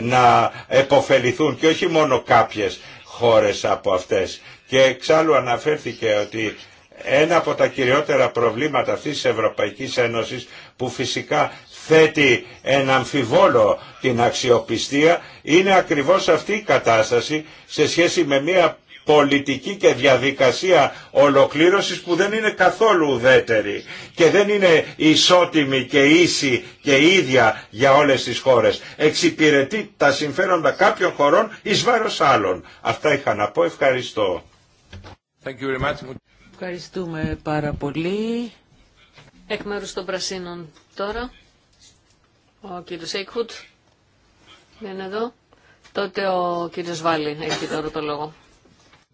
να επωφεληθούν και όχι μόνο κάποιες χώρες από αυτές. Και εξάλλου αναφέρθηκε ότι ένα από τα κυριότερα προβλήματα αυτής της Ευρωπαϊκής Ένωσης που φυσικά θέτει εν αμφιβόλο την αξιοπιστία είναι ακριβώς αυτή η κατάσταση σε σχέση με μια πολιτική και διαδικασία ολοκλήρωσης που δεν είναι καθόλου ουδέτερη και δεν είναι ισότιμη και ίση και ίδια για όλες τις χώρες. Εξυπηρετεί τα συμφέροντα κάποιων χωρών εις βάρος άλλων. Αυτά είχα να πω. Ευχαριστώ. Ευχαριστούμε πάρα πολύ. Εκ μέρους των Πρασίνων τώρα. Ο κύριος Έικχουτ δεν είναι εδώ. Τότε ο κύριος Βάλλη έχει τώρα το λόγο.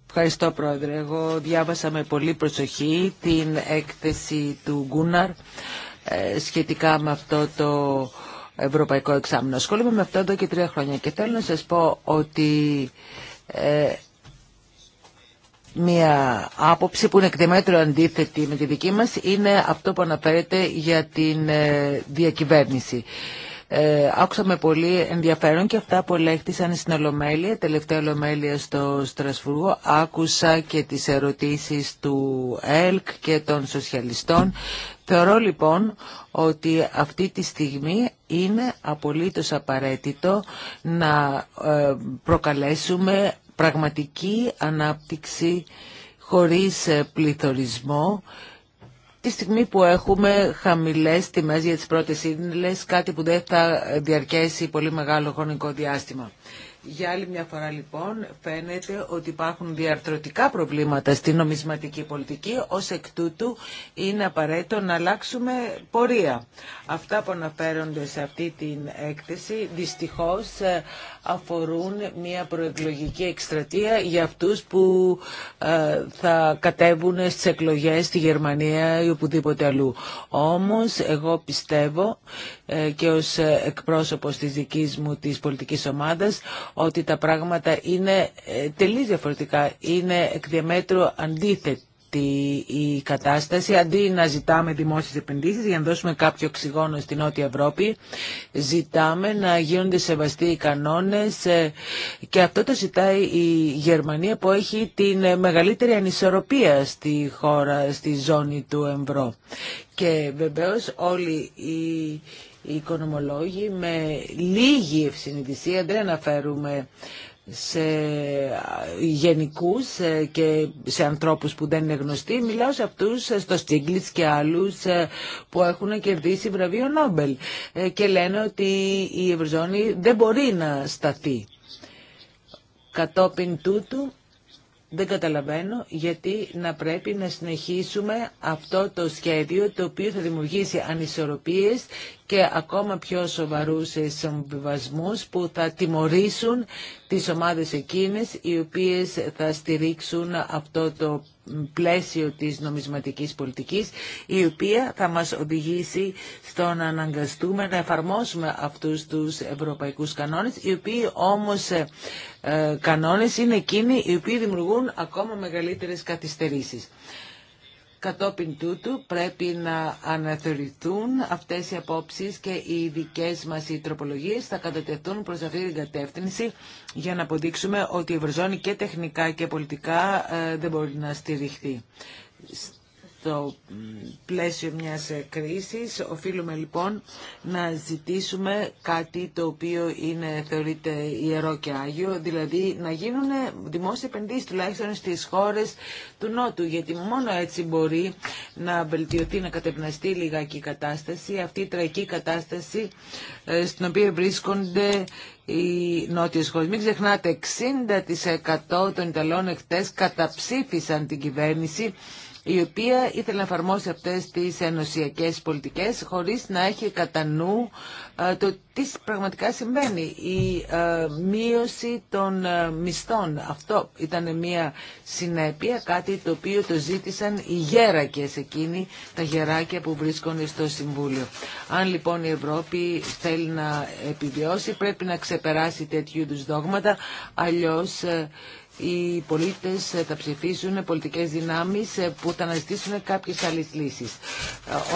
Ευχαριστώ πρόεδρε. Εγώ διάβασα με πολύ προσοχή την έκθεση του Γκούναρ ε, σχετικά με αυτό το ευρωπαϊκό εξάμεινο. Ασχολούμαι με αυτό εδώ και τρία χρόνια και θέλω να σας πω ότι ε, Μία άποψη που είναι εκτεμέτρο αντίθετη με τη δική μας είναι αυτό που αναφέρεται για την ε, διακυβέρνηση. Ε, άκουσα με πολύ ενδιαφέρον και αυτά που ελέγχθησαν στην Ολομέλεια, τελευταία Ολομέλεια στο Στρασβούργο. Άκουσα και τις ερωτήσεις του ΕΛΚ και των σοσιαλιστών. Θεωρώ λοιπόν ότι αυτή τη στιγμή είναι απολύτως απαραίτητο να ε, προκαλέσουμε πραγματική ανάπτυξη χωρίς ε, πληθωρισμό τη στιγμή που έχουμε χαμηλές τιμές για τις πρώτες σύνδελες κάτι που δεν θα διαρκέσει πολύ μεγάλο χρονικό διάστημα. Για άλλη μια φορά λοιπόν φαίνεται ότι υπάρχουν διαρθρωτικά προβλήματα στην νομισματική πολιτική, ως εκ τούτου είναι απαραίτητο να αλλάξουμε πορεία. Αυτά που αναφέρονται σε αυτή την έκθεση δυστυχώς ε, αφορούν μια προεκλογική εκστρατεία για αυτούς που ε, θα κατέβουν στις εκλογές στη Γερμανία ή οπουδήποτε αλλού. Όμως εγώ πιστεύω ε, και ως ε, εκπρόσωπος της δικής μου της πολιτικής ομάδας ότι τα πράγματα είναι τελείως διαφορετικά. Είναι εκ διαμέτρου αντίθετη αυτή η κατάσταση. Αντί να ζητάμε δημόσιες επενδύσεις για να δώσουμε κάποιο οξυγόνο στην Νότια Ευρώπη, ζητάμε να γίνονται σεβαστοί οι κανόνες ε, και αυτό το ζητάει η Γερμανία που έχει την μεγαλύτερη ανισορροπία στη χώρα, στη ζώνη του ΕΜΒΡΟ. Και βεβαίως όλοι οι οικονομολόγοι με λίγη ευσυνειδησία, δεν αναφέρουμε σε ε, γενικούς ε, και σε ανθρώπους που δεν είναι γνωστοί. Μιλάω σε αυτούς, ε, στο Στίγκλιτς και άλλους που έχουν κερδίσει βραβείο Νόμπελ και λένε ότι η Ευρωζώνη δεν μπορεί να σταθεί. Κατόπιν τούτου δεν καταλαβαίνω γιατί να πρέπει να συνεχίσουμε αυτό το σχέδιο το οποίο θα δημιουργήσει ανισορροπίες και ακόμα πιο σοβαρούς συμβιβασμούς που θα τιμωρήσουν τις ομάδες εκείνες οι οποίες θα στηρίξουν αυτό το πλαίσιο της νομισματικής πολιτικής η οποία θα μας οδηγήσει στο να αναγκαστούμε να εφαρμόσουμε αυτούς τους ευρωπαϊκούς κανόνες οι οποίοι όμως ε, κανόνες είναι εκείνοι οι οποίοι δημιουργούν ακόμα μεγαλύτερες καθυστερήσεις. Κατόπιν τούτου πρέπει να αναθεωρηθούν αυτές οι απόψεις και οι δικέ μας οι τροπολογίες θα κατατεθούν προς αυτή την κατεύθυνση για να αποδείξουμε ότι η Ευρωζώνη και τεχνικά και πολιτικά ε, δεν μπορεί να στηριχθεί στο πλαίσιο μιας κρίσης. Οφείλουμε λοιπόν να ζητήσουμε κάτι το οποίο είναι, θεωρείται ιερό και άγιο, δηλαδή να γίνουν δημόσια επενδύσεις τουλάχιστον στις χώρες του Νότου, γιατί μόνο έτσι μπορεί να βελτιωθεί, να κατευναστεί λιγάκι η κατάσταση, αυτή η τραγική κατάσταση ε, στην οποία βρίσκονται οι νότιες χώρες. Μην ξεχνάτε, 60% των Ιταλών εχθές καταψήφισαν την κυβέρνηση η οποία ήθελε να εφαρμόσει αυτές τις ενωσιακές πολιτικές χωρίς να έχει κατά νου ε, το τι πραγματικά συμβαίνει. Η ε, μείωση των ε, μισθών. Αυτό ήταν μια συνέπεια, κάτι το οποίο το ζήτησαν οι γέρακες εκείνοι, τα γεράκια που βρίσκονται στο Συμβούλιο. Αν λοιπόν η Ευρώπη θέλει να επιβιώσει πρέπει να ξεπεράσει τέτοιου είδους δόγματα, αλλιώς οι πολίτες θα ψηφίσουν πολιτικές δυνάμεις που θα αναζητήσουν κάποιες άλλες λύσεις.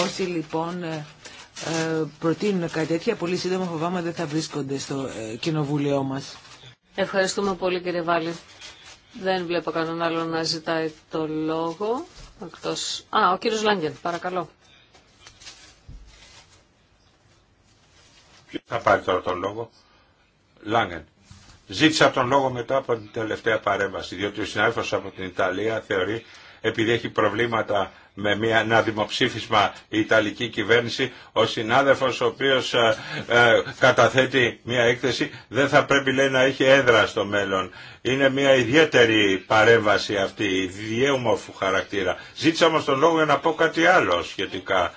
Όσοι λοιπόν ε, προτείνουν κάτι τέτοια, πολύ σύντομα φοβάμαι δεν θα βρίσκονται στο ε, κοινοβούλιο μας. Ευχαριστούμε πολύ κύριε Βάλλη. Δεν βλέπω κανέναν άλλο να ζητάει το λόγο. Εκτός... Α, ο κύριος Λάγκεν, παρακαλώ. Ποιος θα πάρει τώρα τον λόγο. Λάγκεν. Ζήτησα τον λόγο μετά από την τελευταία παρέμβαση, διότι ο συνάδελφος από την Ιταλία θεωρεί, επειδή έχει προβλήματα με μια, ένα δημοψήφισμα η Ιταλική κυβέρνηση, ο συνάδελφος ο οποίος ε, ε, καταθέτει μια έκθεση δεν θα πρέπει λέει να έχει έδρα στο μέλλον. Είναι μια ιδιαίτερη παρέμβαση αυτή, ιδιαίμορφου χαρακτήρα. Ζήτησα όμως τον λόγο για να πω κάτι άλλο σχετικά.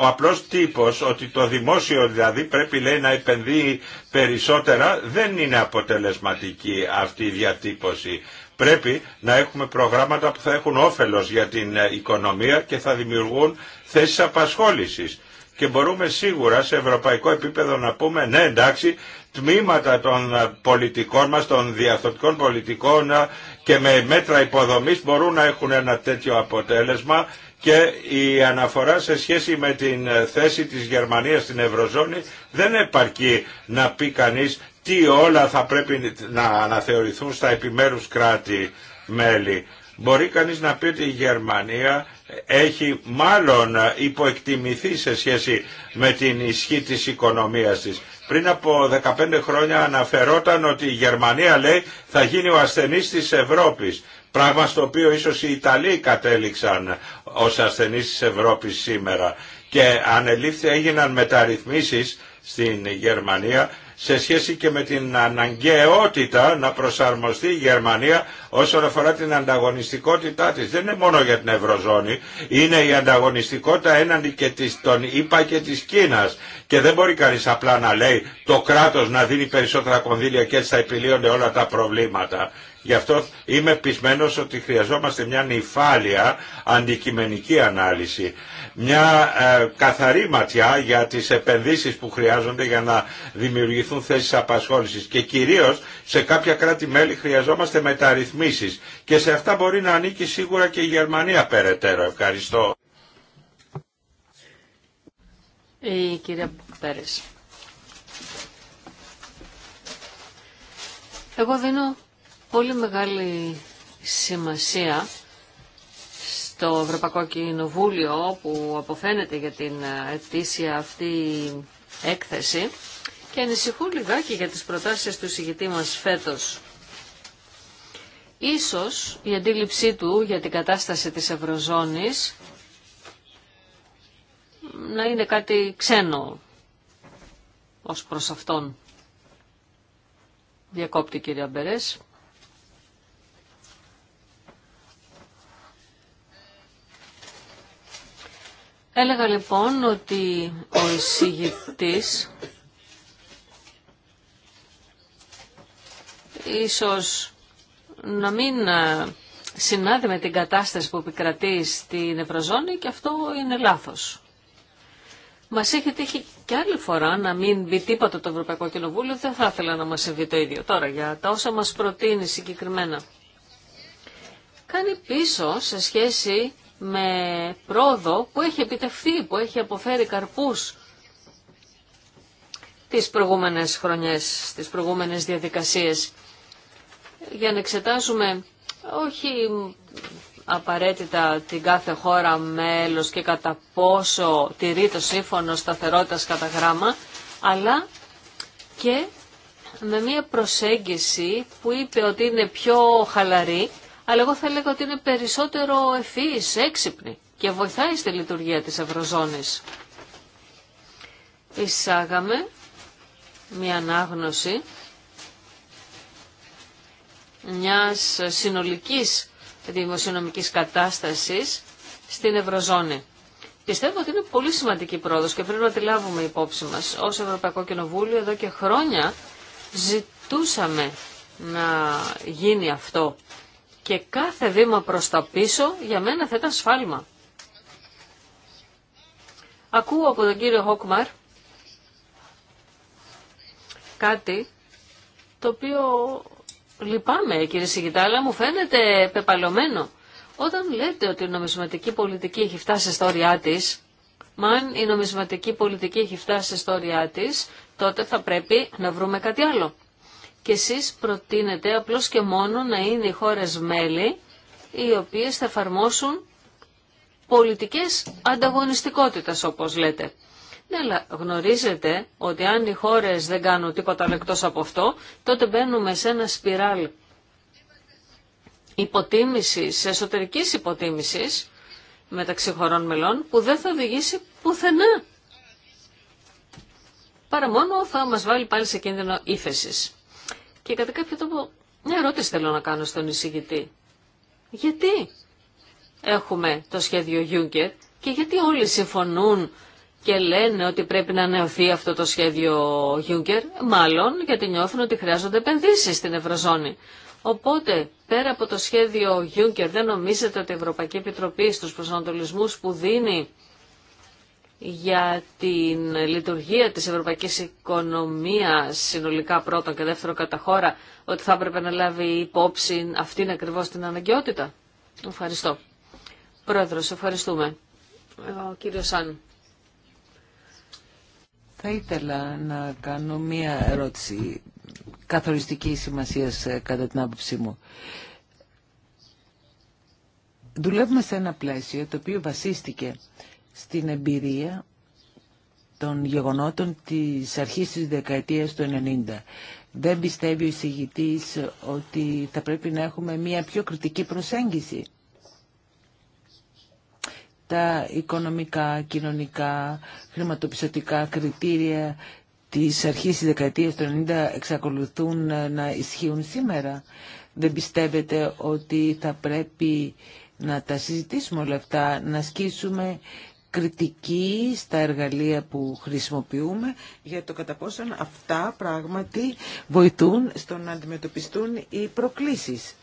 ο απλός τύπος ότι το δημόσιο δηλαδή πρέπει λέει να επενδύει περισσότερα δεν είναι αποτελεσματική αυτή η διατύπωση. Πρέπει να έχουμε προγράμματα που θα έχουν όφελος για την ε, οικονομία και θα δημιουργούν θέσεις απασχόλησης. Και μπορούμε σίγουρα σε ευρωπαϊκό επίπεδο να πούμε ναι εντάξει τμήματα των ε, πολιτικών μας, των διαθωτικών πολιτικών ε, και με μέτρα υποδομής μπορούν να έχουν ένα τέτοιο αποτέλεσμα και η αναφορά σε σχέση με την θέση της Γερμανίας στην Ευρωζώνη δεν επαρκεί να πει κανείς τι όλα θα πρέπει να αναθεωρηθούν στα επιμέρους κράτη-μέλη. Μπορεί κανείς να πει ότι η Γερμανία έχει μάλλον υποεκτιμηθεί σε σχέση με την ισχύ της οικονομίας της. Πριν από 15 χρόνια αναφερόταν ότι η Γερμανία λέει θα γίνει ο ασθενής της Ευρώπης. Πράγμα στο οποίο ίσως οι Ιταλοί κατέληξαν ως ασθενείς της Ευρώπης σήμερα. Και ανελήφθη έγιναν μεταρρυθμίσεις στην Γερμανία σε σχέση και με την αναγκαιότητα να προσαρμοστεί η Γερμανία όσον αφορά την ανταγωνιστικότητά της. Δεν είναι μόνο για την Ευρωζώνη, είναι η ανταγωνιστικότητα έναντι και της, των ΙΠΑ και της Κίνας. Και δεν μπορεί κανείς απλά να λέει το κράτος να δίνει περισσότερα κονδύλια και έτσι θα επιλύονται όλα τα προβλήματα. Γι' αυτό είμαι πεισμένος ότι χρειαζόμαστε μια νυφάλια αντικειμενική ανάλυση μια ε, καθαρή ματιά για τις επενδύσεις που χρειάζονται για να δημιουργηθούν θέσεις απασχόλησης και κυρίως σε κάποια κράτη-μέλη χρειαζόμαστε μεταρρυθμίσεις και σε αυτά μπορεί να ανήκει σίγουρα και η Γερμανία περαιτέρω. Ευχαριστώ. Η κυρία Πέρες. Εγώ δίνω πολύ μεγάλη σημασία στο Ευρωπαϊκό Κοινοβούλιο που αποφαίνεται για την ετήσια αυτή έκθεση και ανησυχούν λιγάκι για τις προτάσεις του συγητή μας φέτος. Ίσως η αντίληψή του για την κατάσταση της Ευρωζώνης να είναι κάτι ξένο ως προς αυτόν. Διακόπτη κυρία Μπερές. Έλεγα λοιπόν ότι ο εισηγητής ίσως να μην ε, συνάδει με την κατάσταση που επικρατεί στην Ευρωζώνη και αυτό είναι λάθος. Μα έχει τύχει και άλλη φορά να μην μπει τίποτα το Ευρωπαϊκό Κοινοβούλιο, δεν θα ήθελα να μα συμβεί το ίδιο. Τώρα για τα όσα μα προτείνει συγκεκριμένα. Κάνει πίσω σε σχέση με πρόοδο που έχει επιτευχθεί, που έχει αποφέρει καρπούς τις προηγούμενες χρονιές, τις προηγούμενες διαδικασίες, για να εξετάσουμε όχι απαραίτητα την κάθε χώρα μέλος και κατά πόσο τηρεί το σύμφωνο σταθερότητας κατά γράμμα, αλλά και με μια προσέγγιση που είπε ότι είναι πιο χαλαρή αλλά εγώ θα έλεγα ότι είναι περισσότερο ευφύης, έξυπνη και βοηθάει στη λειτουργία της Ευρωζώνης. Εισάγαμε μια ανάγνωση μιας συνολικής δημοσιονομικής κατάστασης στην Ευρωζώνη. Πιστεύω ότι είναι πολύ σημαντική πρόοδος και πρέπει να τη λάβουμε υπόψη μας. Ως Ευρωπαϊκό Κοινοβούλιο εδώ και χρόνια ζητούσαμε να γίνει αυτό και κάθε βήμα προς τα πίσω για μένα θα ήταν σφάλμα. Ακούω από τον κύριο Χόκμαρ κάτι το οποίο λυπάμαι κύριε Σιγητά, αλλά μου φαίνεται πεπαλωμένο. Όταν λέτε ότι η νομισματική πολιτική έχει φτάσει στα όρια της, μα αν η νομισματική πολιτική έχει φτάσει στα όρια της, τότε θα πρέπει να βρούμε κάτι άλλο και εσείς προτείνετε απλώς και μόνο να είναι οι χώρες μέλη οι οποίες θα εφαρμόσουν πολιτικές ανταγωνιστικότητας όπως λέτε. Ναι, αλλά γνωρίζετε ότι αν οι χώρες δεν κάνουν τίποτα λεκτό από αυτό, τότε μπαίνουμε σε ένα σπιράλ υποτίμησης, εσωτερικής υποτίμησης μεταξύ χωρών μελών που δεν θα οδηγήσει πουθενά. Παρά μόνο θα μας βάλει πάλι σε κίνδυνο ύφεσης. Και κατά κάποιο τρόπο μια ερώτηση θέλω να κάνω στον εισηγητή. Γιατί έχουμε το σχέδιο Juncker και γιατί όλοι συμφωνούν και λένε ότι πρέπει να νεωθεί αυτό το σχέδιο Juncker, μάλλον γιατί νιώθουν ότι χρειάζονται επενδύσει στην Ευρωζώνη. Οπότε, πέρα από το σχέδιο Juncker, δεν νομίζετε ότι η Ευρωπαϊκή Επιτροπή στους προσανατολισμούς που δίνει για την λειτουργία της ευρωπαϊκής οικονομίας συνολικά πρώτον και δεύτερο κατά χώρα ότι θα έπρεπε να λάβει υπόψη αυτήν ακριβώς την αναγκαιότητα. Ευχαριστώ. Πρόεδρος, ευχαριστούμε. Ο κύριος Σάν. Θα ήθελα να κάνω μία ερώτηση καθοριστική σημασίας κατά την άποψή μου. Δουλεύουμε σε ένα πλαίσιο το οποίο βασίστηκε στην εμπειρία των γεγονότων της αρχής της δεκαετίας του 90. Δεν πιστεύει ο εισηγητής ότι θα πρέπει να έχουμε μια πιο κριτική προσέγγιση. Τα οικονομικά, κοινωνικά, χρηματοπιστωτικά κριτήρια της αρχής της δεκαετίας του 90 εξακολουθούν να ισχύουν σήμερα. Δεν πιστεύετε ότι θα πρέπει να τα συζητήσουμε όλα αυτά, να ασκήσουμε κριτική στα εργαλεία που χρησιμοποιούμε για το κατά πόσον αυτά πράγματι βοηθούν στο να αντιμετωπιστούν οι προκλήσεις.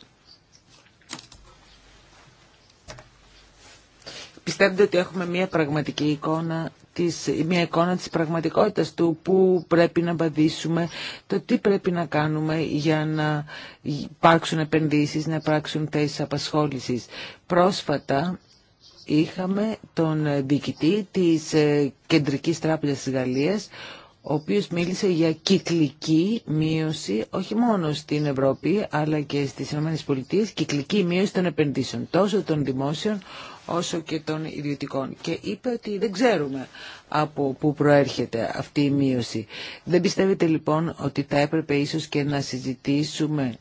Πιστεύετε ότι έχουμε μια πραγματική εικόνα της, μια εικόνα της πραγματικότητας του που πρέπει να απαντήσουμε, το τι πρέπει να κάνουμε για να υπάρξουν επενδύσεις, να υπάρξουν θέσεις απασχόλησης. Πρόσφατα είχαμε τον διοικητή της ε, Κεντρικής Τράπεζας της Γαλλίας, ο οποίος μίλησε για κυκλική μείωση όχι μόνο στην Ευρώπη αλλά και στις ΗΠΑ, κυκλική μείωση των επενδύσεων, τόσο των δημόσιων όσο και των ιδιωτικών. Και είπε ότι δεν ξέρουμε από πού προέρχεται αυτή η μείωση. Δεν πιστεύετε λοιπόν ότι θα έπρεπε ίσως και να συζητήσουμε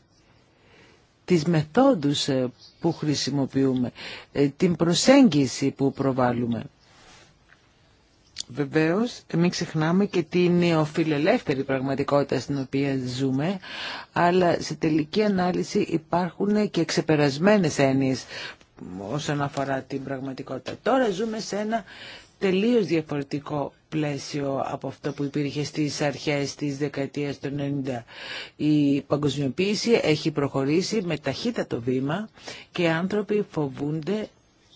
τις μεθόδους ε, που χρησιμοποιούμε, ε, την προσέγγιση που προβάλλουμε. Βεβαίως, μην ξεχνάμε και την νεοφιλελεύθερη πραγματικότητα στην οποία ζούμε, αλλά σε τελική ανάλυση υπάρχουν και ξεπερασμένες έννοιες όσον αφορά την πραγματικότητα. Τώρα ζούμε σε ένα τελείως διαφορετικό πλαίσιο από αυτό που υπήρχε στις αρχές της δεκαετίας των 90. Η παγκοσμιοποίηση έχει προχωρήσει με ταχύτατο βήμα και οι άνθρωποι φοβούνται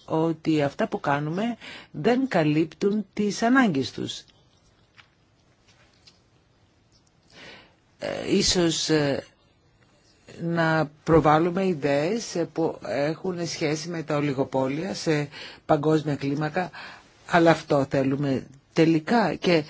ότι αυτά που κάνουμε δεν καλύπτουν τις ανάγκες τους. Ε, ίσως ε, να προβάλλουμε ιδέες που έχουν σχέση με τα ολιγοπόλια σε παγκόσμια κλίμακα. Αλλά αυτό θέλουμε τελικά και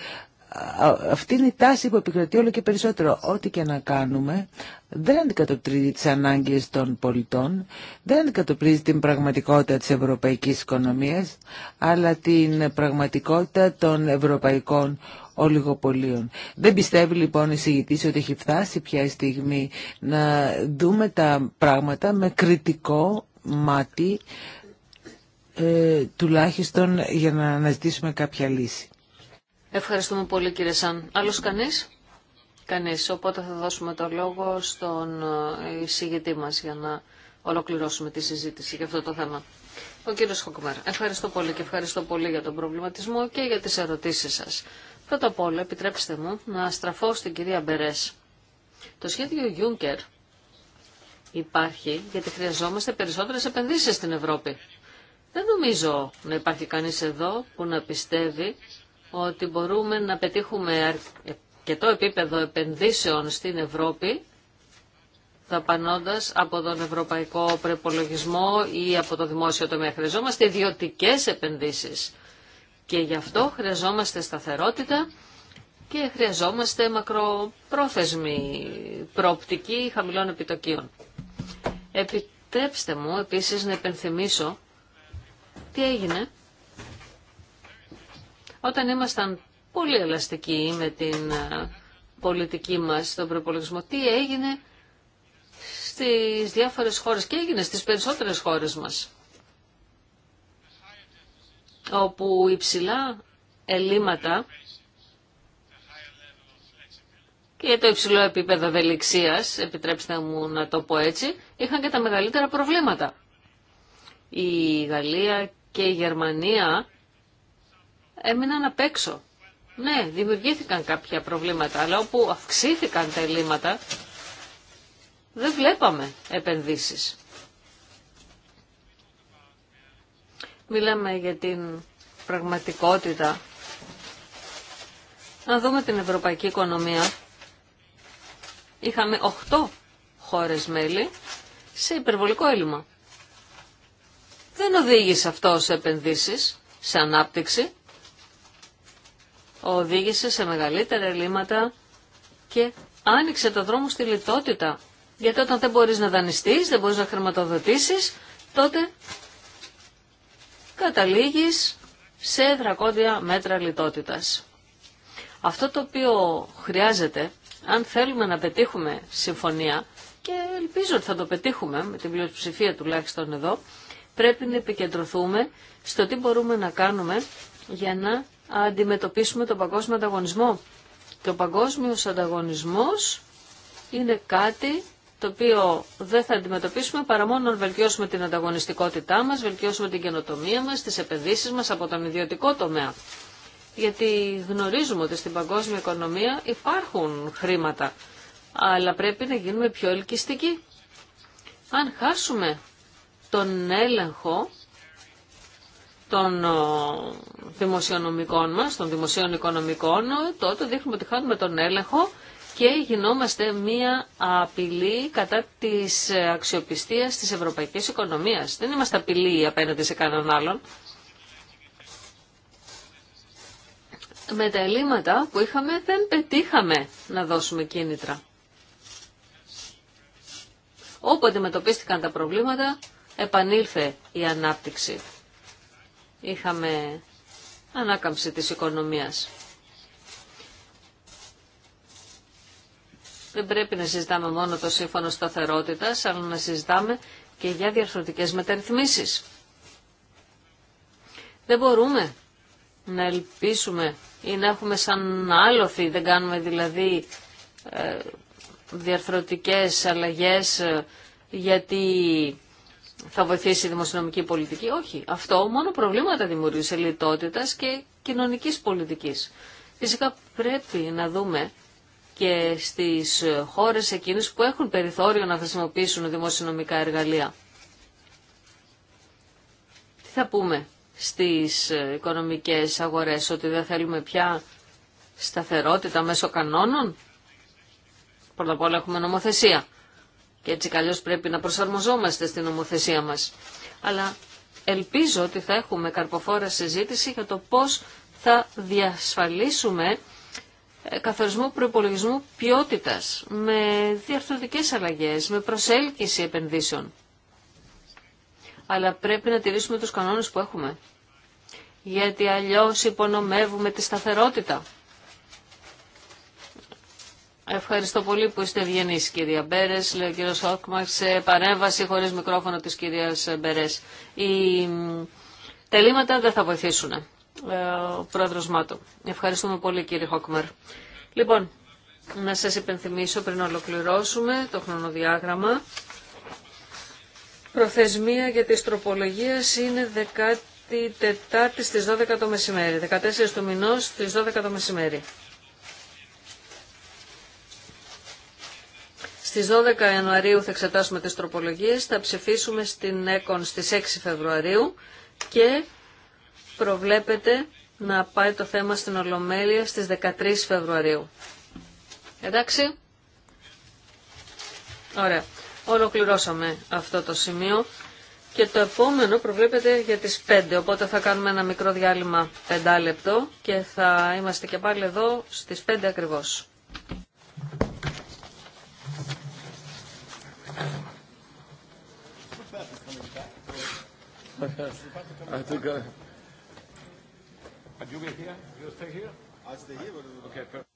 αυτή είναι η τάση που επικρατεί όλο και περισσότερο. Ό,τι και να κάνουμε δεν αντικατοπτρίζει τις ανάγκες των πολιτών, δεν αντικατοπτρίζει την πραγματικότητα της ευρωπαϊκής οικονομίας, αλλά την πραγματικότητα των ευρωπαϊκών ολιγοπολίων. Δεν πιστεύει λοιπόν η συγητής ότι έχει φτάσει πια η στιγμή να δούμε τα πράγματα με κριτικό μάτι, ε, τουλάχιστον για να αναζητήσουμε κάποια λύση. Ευχαριστούμε πολύ κύριε Σαν. Άλλος κανείς? Κανείς. Οπότε θα δώσουμε το λόγο στον ε, εισηγητή μας για να ολοκληρώσουμε τη συζήτηση για αυτό το θέμα. Ο κύριο Χοκμέρ, ευχαριστώ πολύ και ευχαριστώ πολύ για τον προβληματισμό και για τις ερωτήσεις σας. Πρώτα απ' όλα, επιτρέψτε μου να στραφώ στην κυρία Μπερές. Το σχέδιο Juncker υπάρχει γιατί χρειαζόμαστε περισσότερες επενδύσεις στην Ευρώπη. Δεν νομίζω να υπάρχει κανείς εδώ που να πιστεύει ότι μπορούμε να πετύχουμε και το επίπεδο επενδύσεων στην Ευρώπη δαπανώντας από τον ευρωπαϊκό προπολογισμό ή από το δημόσιο τομέα. Χρειαζόμαστε ιδιωτικέ επενδύσεις και γι' αυτό χρειαζόμαστε σταθερότητα και χρειαζόμαστε μακροπρόθεσμη προοπτική χαμηλών επιτοκίων. Επιτρέψτε μου επίσης να επενθυμίσω τι έγινε. Όταν ήμασταν πολύ ελαστικοί με την ε, πολιτική μας τον προπολογισμό, τι έγινε στις διάφορες χώρες και έγινε στις περισσότερες χώρες μας όπου υψηλά ελλείμματα και το υψηλό επίπεδο ευελιξίας, επιτρέψτε μου να το πω έτσι, είχαν και τα μεγαλύτερα προβλήματα. Η Γαλλία και η Γερμανία έμειναν απ' έξω. Ναι, δημιουργήθηκαν κάποια προβλήματα, αλλά όπου αυξήθηκαν τα ελλείμματα, δεν βλέπαμε επενδύσεις. Μιλάμε για την πραγματικότητα. Να δούμε την ευρωπαϊκή οικονομία. Είχαμε 8 χώρες μέλη σε υπερβολικό έλλειμμα δεν οδήγησε αυτό σε επενδύσεις, σε ανάπτυξη. Οδήγησε σε μεγαλύτερα ελλείμματα και άνοιξε το δρόμο στη λιτότητα. Γιατί όταν δεν μπορείς να δανειστείς, δεν μπορείς να χρηματοδοτήσεις, τότε καταλήγεις σε δρακόντια μέτρα λιτότητας. Αυτό το οποίο χρειάζεται, αν θέλουμε να πετύχουμε συμφωνία, και ελπίζω ότι θα το πετύχουμε, με την πλειοψηφία τουλάχιστον εδώ, πρέπει να επικεντρωθούμε στο τι μπορούμε να κάνουμε για να αντιμετωπίσουμε τον παγκόσμιο ανταγωνισμό. Και ο παγκόσμιος ανταγωνισμός είναι κάτι το οποίο δεν θα αντιμετωπίσουμε παρά μόνο αν βελτιώσουμε την ανταγωνιστικότητά μας, βελτιώσουμε την καινοτομία μας, τις επενδύσεις μας από τον ιδιωτικό τομέα. Γιατί γνωρίζουμε ότι στην παγκόσμια οικονομία υπάρχουν χρήματα, αλλά πρέπει να γίνουμε πιο ελκυστικοί. Αν χάσουμε τον έλεγχο των ε, δημοσιονομικών μας, των δημοσίων οικονομικών, ε, τότε δείχνουμε ότι χάνουμε τον έλεγχο και γινόμαστε μία απειλή κατά της ε, αξιοπιστίας της ευρωπαϊκής οικονομίας. Δεν είμαστε απειλή απέναντι σε κανέναν άλλον. Με τα ελλείμματα που είχαμε δεν πετύχαμε να δώσουμε κίνητρα. Όπου αντιμετωπίστηκαν τα προβλήματα, επανήλθε η ανάπτυξη. Είχαμε ανάκαμψη της οικονομίας. Δεν πρέπει να συζητάμε μόνο το σύμφωνο σταθερότητας, αλλά να συζητάμε και για διαρθρωτικές μεταρρυθμίσεις. Δεν μπορούμε να ελπίσουμε ή να έχουμε σαν άλοθη, δεν κάνουμε δηλαδή ε, διαρθρωτικές αλλαγές ε, γιατί θα βοηθήσει η δημοσιονομική πολιτική. Όχι. Αυτό μόνο προβλήματα σε λιτότητα και κοινωνικής πολιτικής. Φυσικά πρέπει να δούμε και στις χώρες εκείνες που έχουν περιθώριο να χρησιμοποιήσουν δημοσιονομικά εργαλεία. Τι θα πούμε στις οικονομικές αγορές, ότι δεν θέλουμε πια σταθερότητα μέσω κανόνων. Πρώτα απ' όλα έχουμε νομοθεσία και έτσι πρέπει να προσαρμοζόμαστε στην νομοθεσία μας. Αλλά ελπίζω ότι θα έχουμε καρποφόρα συζήτηση για το πώς θα διασφαλίσουμε ε, καθορισμό προπολογισμού ποιότητας, με διαρθρωτικές αλλαγές, με προσέλκυση επενδύσεων. Αλλά πρέπει να τηρήσουμε τους κανόνες που έχουμε. Γιατί αλλιώς υπονομεύουμε τη σταθερότητα. Ευχαριστώ πολύ που είστε ευγενεί, κυρία Μπέρε. Λέει ο κύριο Χόκμαρ σε παρέμβαση χωρί μικρόφωνο τη κυρία Μπέρε. Οι τελήματα δεν θα βοηθήσουν. Ε, ο πρόεδρο Μάτο. Ευχαριστούμε πολύ, κύριε Χόκμαρ. Λοιπόν, να σας υπενθυμίσω πριν ολοκληρώσουμε το χρονοδιάγραμμα. Προθεσμία για τις τροπολογίες είναι 14 στις 12 το μεσημέρι. 14 του μηνός στις 12 το μεσημέρι. Στις 12 Ιανουαρίου θα εξετάσουμε τι τροπολογίε, θα ψηφίσουμε στην ΕΚΟΝ στις 6 Φεβρουαρίου και προβλέπεται να πάει το θέμα στην Ολομέλεια στις 13 Φεβρουαρίου. Εντάξει. Ωραία. Ολοκληρώσαμε αυτό το σημείο και το επόμενο προβλέπεται για τις 5, οπότε θα κάνουμε ένα μικρό διάλειμμα 5 λεπτό και θα είμαστε και πάλι εδώ στις 5 ακριβώς. I think. I. And you will here? You stay here? I stay here. Okay. perfect.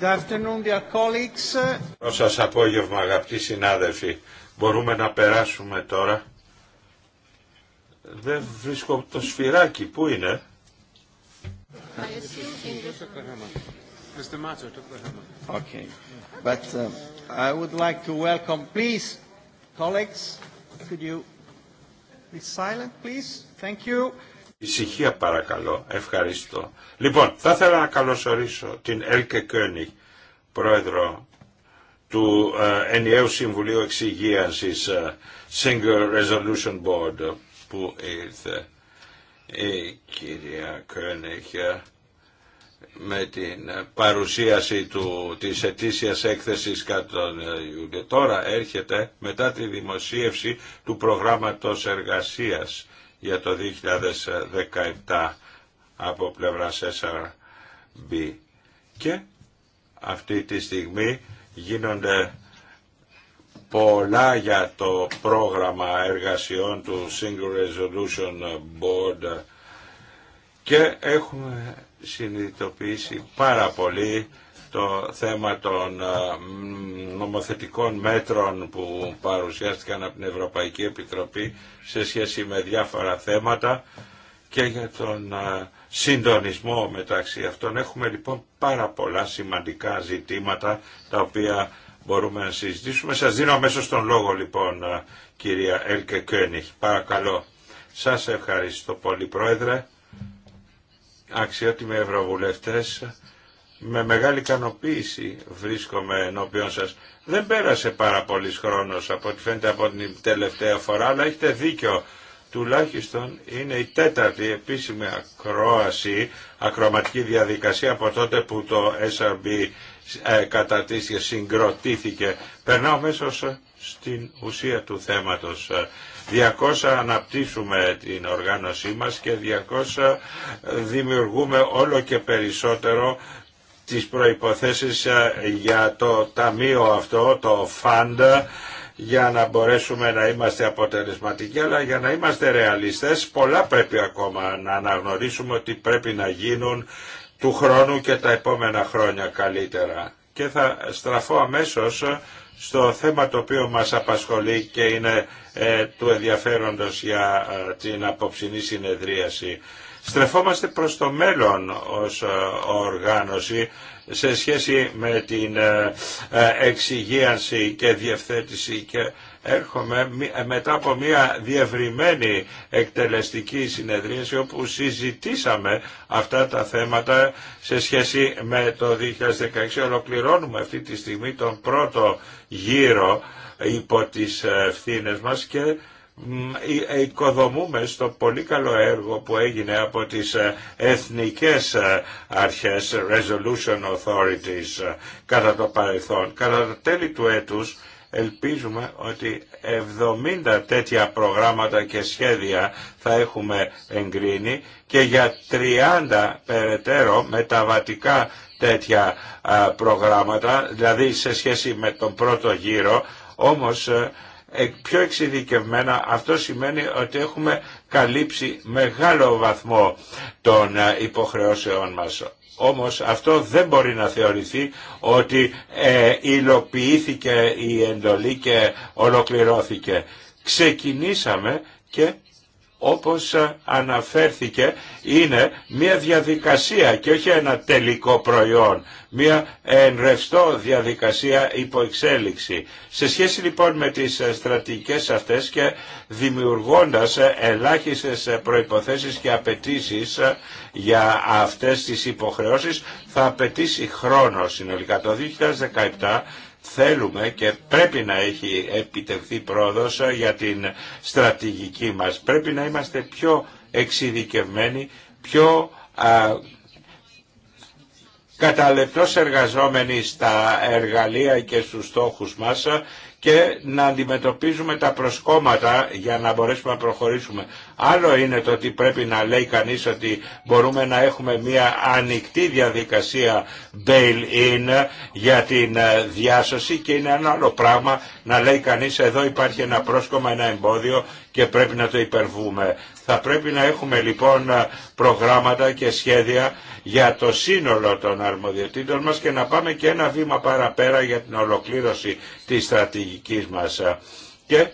Good afternoon, dear colleagues. Σας απόγευμα αγαπητοί συνάδελφοι. Μπορούμε να περάσουμε τώρα. Δεν βρίσκω το σφυράκι. Πού είναι? Okay. But um, I would like to welcome, please, colleagues, could you be silent, please? Thank you. Ησυχία παρακαλώ. Ευχαριστώ. Λοιπόν, θα ήθελα να καλωσορίσω την Έλκε Κόνιχ, πρόεδρο του ε, Ενιαίου Συμβουλίου Εξυγίανσης ε, Single Resolution Board που ήρθε η κυρία Κόνιχ ε, με την παρουσίαση του, της ετήσιας έκθεσης κατά τον Ιούλιο. Τώρα έρχεται μετά τη δημοσίευση του προγράμματος εργασίας για το 2017 από πλευρά SRB. Και αυτή τη στιγμή γίνονται πολλά για το πρόγραμμα εργασιών του Single Resolution Board και έχουμε συνειδητοποιήσει πάρα πολύ το θέμα των ε, νομοθετικών μέτρων που παρουσιάστηκαν από την Ευρωπαϊκή Επιτροπή σε σχέση με διάφορα θέματα και για τον ε, συντονισμό μεταξύ αυτών. Έχουμε λοιπόν πάρα πολλά σημαντικά ζητήματα τα οποία μπορούμε να συζητήσουμε. Σας δίνω αμέσως τον λόγο λοιπόν ε, κυρία Έλκε Κένιχ. Παρακαλώ. Σας ευχαριστώ πολύ Πρόεδρε, αξιότιμοι Ευρωβουλευτές με μεγάλη ικανοποίηση βρίσκομαι ενώπιον σας. Δεν πέρασε πάρα πολύς χρόνος από ό,τι φαίνεται από την τελευταία φορά, αλλά έχετε δίκιο. Τουλάχιστον είναι η τέταρτη επίσημη ακρόαση, ακροματική διαδικασία από τότε που το SRB ε, κατατίστηκε, συγκροτήθηκε. Περνάω μέσα στην ουσία του θέματος. 200 αναπτύσσουμε την οργάνωσή μας και 200 δημιουργούμε όλο και περισσότερο τις προϋποθέσεις ε, για το ταμείο αυτό, το FUND, για να μπορέσουμε να είμαστε αποτελεσματικοί, αλλά για να είμαστε ρεαλιστές πολλά πρέπει ακόμα να αναγνωρίσουμε ότι πρέπει να γίνουν του χρόνου και τα επόμενα χρόνια καλύτερα. Και θα στραφώ αμέσως στο θέμα το οποίο μας απασχολεί και είναι ε, του ενδιαφέροντος για ε, την απόψινή συνεδρίαση. Στρεφόμαστε προς το μέλλον ως ε, οργάνωση σε σχέση με την ε, ε, εξυγίανση και διευθέτηση και έρχομαι μετά από μια διευρυμένη εκτελεστική συνεδρίαση όπου συζητήσαμε αυτά τα θέματα σε σχέση με το 2016. Ολοκληρώνουμε αυτή τη στιγμή τον πρώτο γύρο υπό τις ευθύνε μας και ε, οικοδομούμε στο πολύ καλό έργο που έγινε από τις ε, εθνικές ε, αρχές Resolution Authorities κατά το παρελθόν. Κατά τα τέλη του έτους ελπίζουμε ότι 70 τέτοια προγράμματα και σχέδια θα έχουμε εγκρίνει και για 30 περαιτέρω μεταβατικά τέτοια προγράμματα, δηλαδή σε σχέση με τον πρώτο γύρο, όμως πιο εξειδικευμένα αυτό σημαίνει ότι έχουμε καλύψει μεγάλο βαθμό των ε, υποχρεώσεών μας. Όμως αυτό δεν μπορεί να θεωρηθεί ότι ε, υλοποιήθηκε η εντολή και ολοκληρώθηκε. Ξεκινήσαμε και όπως ε, αναφέρθηκε είναι μια διαδικασία και όχι ένα τελικό προϊόν, μια ενρευστό διαδικασία υποεξέλιξη. Σε σχέση λοιπόν με τις ε, στρατηγικές αυτές και δημιουργώντας ε, ελάχιστες προϋποθέσεις και απαιτήσει για αυτές τις υποχρεώσεις θα απαιτήσει χρόνο συνολικά. Το 2017 θέλουμε και πρέπει να έχει επιτευχθεί πρόοδος για την στρατηγική μας. Πρέπει να είμαστε πιο εξειδικευμένοι, πιο α, καταλεπτός εργαζόμενοι στα εργαλεία και στους στόχους μας και να αντιμετωπίζουμε τα προσκόμματα για να μπορέσουμε να προχωρήσουμε. Άλλο είναι το ότι πρέπει να λέει κανείς ότι μπορούμε να έχουμε μια ανοιχτή διαδικασία bail-in για την ε, διάσωση και είναι ένα άλλο πράγμα να λέει κανείς εδώ υπάρχει ένα πρόσκομα, ένα εμπόδιο και πρέπει να το υπερβούμε. Θα πρέπει να έχουμε λοιπόν προγράμματα και σχέδια για το σύνολο των αρμοδιοτήτων μας και να πάμε και ένα βήμα παραπέρα για την ολοκλήρωση της στρατηγικής μας. Και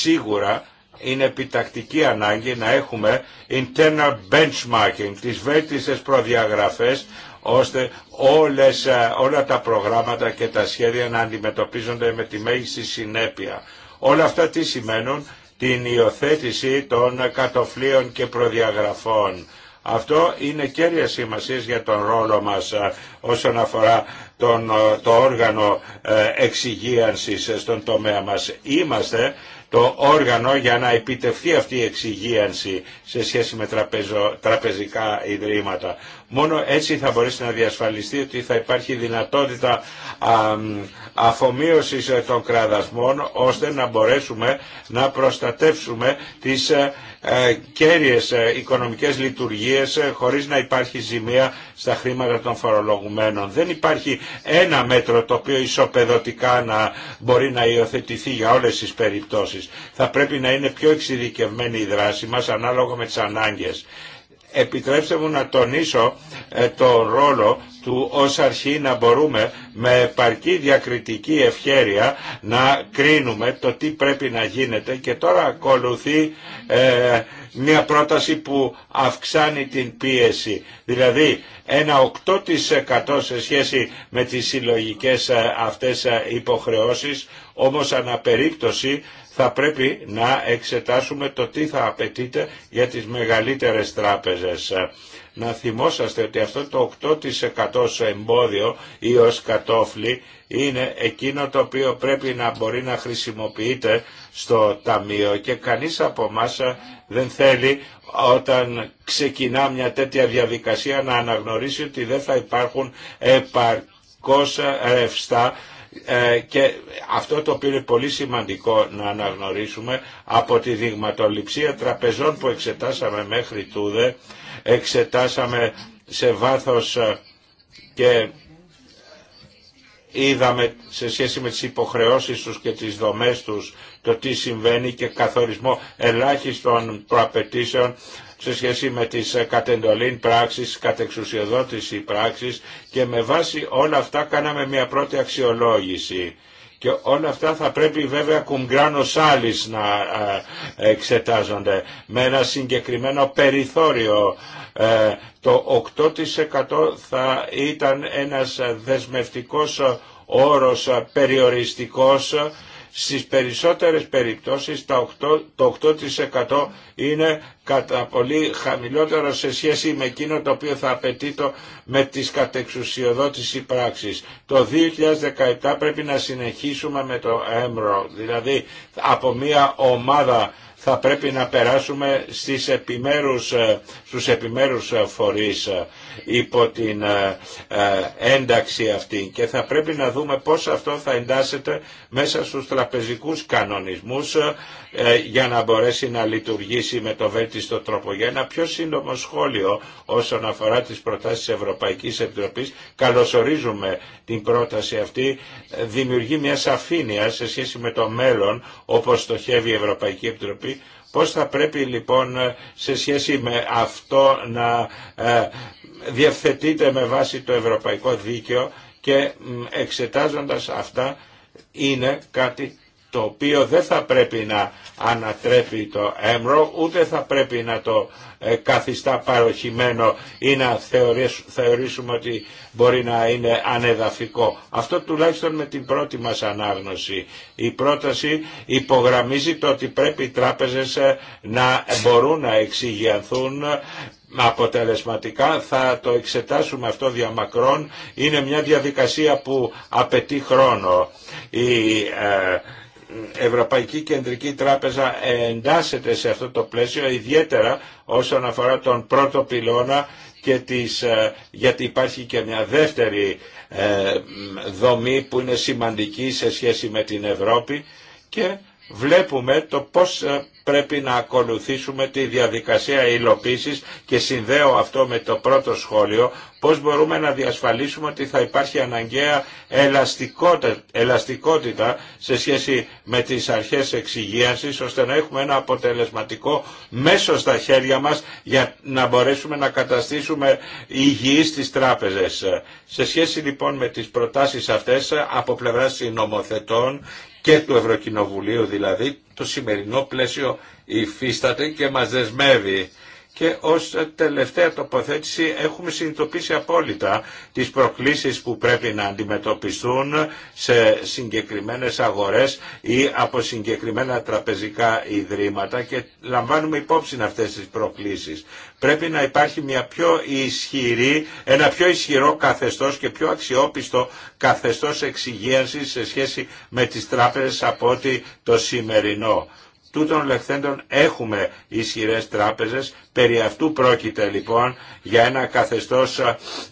σίγουρα είναι επιτακτική ανάγκη να έχουμε internal benchmarking, τις βέλτιστες προδιαγραφές, ώστε όλες, όλα τα προγράμματα και τα σχέδια να αντιμετωπίζονται με τη μέγιστη συνέπεια. Όλα αυτά τι σημαίνουν την υιοθέτηση των κατοφλίων και προδιαγραφών. Αυτό είναι κέρια σημασία για τον ρόλο μας ε, όσον αφορά τον, ε, το όργανο ε, εξυγίανσης στον τομέα μας. Είμαστε το όργανο για να επιτευχθεί αυτή η εξυγίανση σε σχέση με τραπεζικά ιδρύματα. Μόνο έτσι θα μπορέσει να διασφαλιστεί ότι θα υπάρχει δυνατότητα αφομοίωσης ε, των κραδασμών ώστε να μπορέσουμε να προστατεύσουμε τις ε, ε, κέρυες οικονομικές λειτουργίες χωρίς να υπάρχει ζημία στα χρήματα των φορολογουμένων. Δεν υπάρχει ένα μέτρο το οποίο ισοπεδωτικά να μπορεί να υιοθετηθεί για όλες τις περιπτώσεις. Θα πρέπει να είναι πιο εξειδικευμένη η δράση μας ανάλογα με τις ανάγκες επιτρέψτε μου να τονίσω ε, το ρόλο του ως αρχή να μπορούμε με επαρκή διακριτική ευχέρεια να κρίνουμε το τι πρέπει να γίνεται και τώρα ακολουθεί ε, μια πρόταση που αυξάνει την πίεση. Δηλαδή ένα 8% σε σχέση με τις συλλογικές ε, αυτές υποχρεώσεις όμως αναπερίπτωση θα πρέπει να εξετάσουμε το τι θα απαιτείται για τις μεγαλύτερες τράπεζες. Να θυμόσαστε ότι αυτό το 8% σε εμπόδιο ή ως κατόφλι είναι εκείνο το οποίο πρέπει να μπορεί να χρησιμοποιείται στο Ταμείο και κανείς από εμά δεν θέλει όταν ξεκινά μια τέτοια διαδικασία να αναγνωρίσει ότι δεν θα υπάρχουν επαρκώς ρευστά ε, και αυτό το οποίο είναι πολύ σημαντικό να αναγνωρίσουμε από τη δειγματοληψία τραπεζών που εξετάσαμε μέχρι τούδε, εξετάσαμε σε βάθος ε, και είδαμε σε σχέση με τις υποχρεώσεις τους και τις δομές τους το τι συμβαίνει και καθορισμό ελάχιστων προαπαιτήσεων σε σχέση με τις ε, κατεντολήν πράξεις, κατεξουσιοδότηση πράξεις και με βάση όλα αυτά κάναμε μια πρώτη αξιολόγηση. Και όλα αυτά θα πρέπει βέβαια κουμγκράνο άλλη να ε, εξετάζονται με ένα συγκεκριμένο περιθώριο. Ε, το 8% θα ήταν ένας δεσμευτικός όρος περιοριστικός στις περισσότερες περιπτώσεις το 8% είναι κατά πολύ χαμηλότερο σε σχέση με εκείνο το οποίο θα απαιτεί το με τις κατεξουσιοδότηση πράξεις Το 2017 πρέπει να συνεχίσουμε με το έμρο, δηλαδή από μια ομάδα θα πρέπει να περάσουμε στις επιμέρους, ε, στους επιμέρους ε, φορείς υπό την ε, ε, ένταξη αυτή και θα πρέπει να δούμε πώς αυτό θα εντάσσεται μέσα στους τραπεζικούς κανονισμούς ε, για να μπορέσει να λειτουργήσει με το βέλτιστο τρόπο. Για ένα πιο σύντομο σχόλιο όσον αφορά τις προτάσεις της Ευρωπαϊκής Επιτροπής, καλωσορίζουμε την πρόταση αυτή, δημιουργεί μια σαφήνεια σε σχέση με το μέλλον όπως στοχεύει η Ευρωπαϊκή Επιτροπή, Πώς θα πρέπει λοιπόν σε σχέση με αυτό να διευθετείται με βάση το ευρωπαϊκό δίκαιο και εξετάζοντας αυτά είναι κάτι το οποίο δεν θα πρέπει να ανατρέπει το έμρο, ούτε θα πρέπει να το ε, καθιστά παροχημένο ή να θεωρήσουμε ότι μπορεί να είναι ανεδαφικό. Αυτό τουλάχιστον με την πρώτη μας ανάγνωση. Η πρόταση υπογραμμίζει το ότι πρέπει οι τράπεζες ε, να μπορούν να εξηγιανθούν αποτελεσματικά θα το εξετάσουμε αυτό διαμακρόν. Είναι μια διαδικασία που απαιτεί χρόνο. Η, ε, Ευρωπαϊκή Κεντρική Τράπεζα εντάσσεται σε αυτό το πλαίσιο ιδιαίτερα όσον αφορά τον πρώτο πυλώνα και τις, ε, γιατί υπάρχει και μια δεύτερη ε, δομή που είναι σημαντική σε σχέση με την Ευρώπη και βλέπουμε το πώς πρέπει να ακολουθήσουμε τη διαδικασία υλοποίησης και συνδέω αυτό με το πρώτο σχόλιο, πώς μπορούμε να διασφαλίσουμε ότι θα υπάρχει αναγκαία ελαστικότητα, σε σχέση με τις αρχές εξυγίανσης, ώστε να έχουμε ένα αποτελεσματικό μέσο στα χέρια μας για να μπορέσουμε να καταστήσουμε υγιείς τις τράπεζες. Σε σχέση λοιπόν με τις προτάσεις αυτές από πλευράς συνομοθετών και του Ευρωκοινοβουλίου δηλαδή το σημερινό πλαίσιο υφίσταται και μας δεσμεύει και ως τελευταία τοποθέτηση έχουμε συνειδητοποιήσει απόλυτα τις προκλήσεις που πρέπει να αντιμετωπιστούν σε συγκεκριμένες αγορές ή από συγκεκριμένα τραπεζικά ιδρύματα και λαμβάνουμε υπόψη αυτές τις προκλήσεις. Πρέπει να υπάρχει μια πιο ισχυρή, ένα πιο ισχυρό καθεστώς και πιο αξιόπιστο καθεστώς εξυγίανσης σε σχέση με τις τράπεζες από ότι το σημερινό τούτων λεχθέντων έχουμε ισχυρές τράπεζες. Περί αυτού πρόκειται λοιπόν για ένα καθεστώς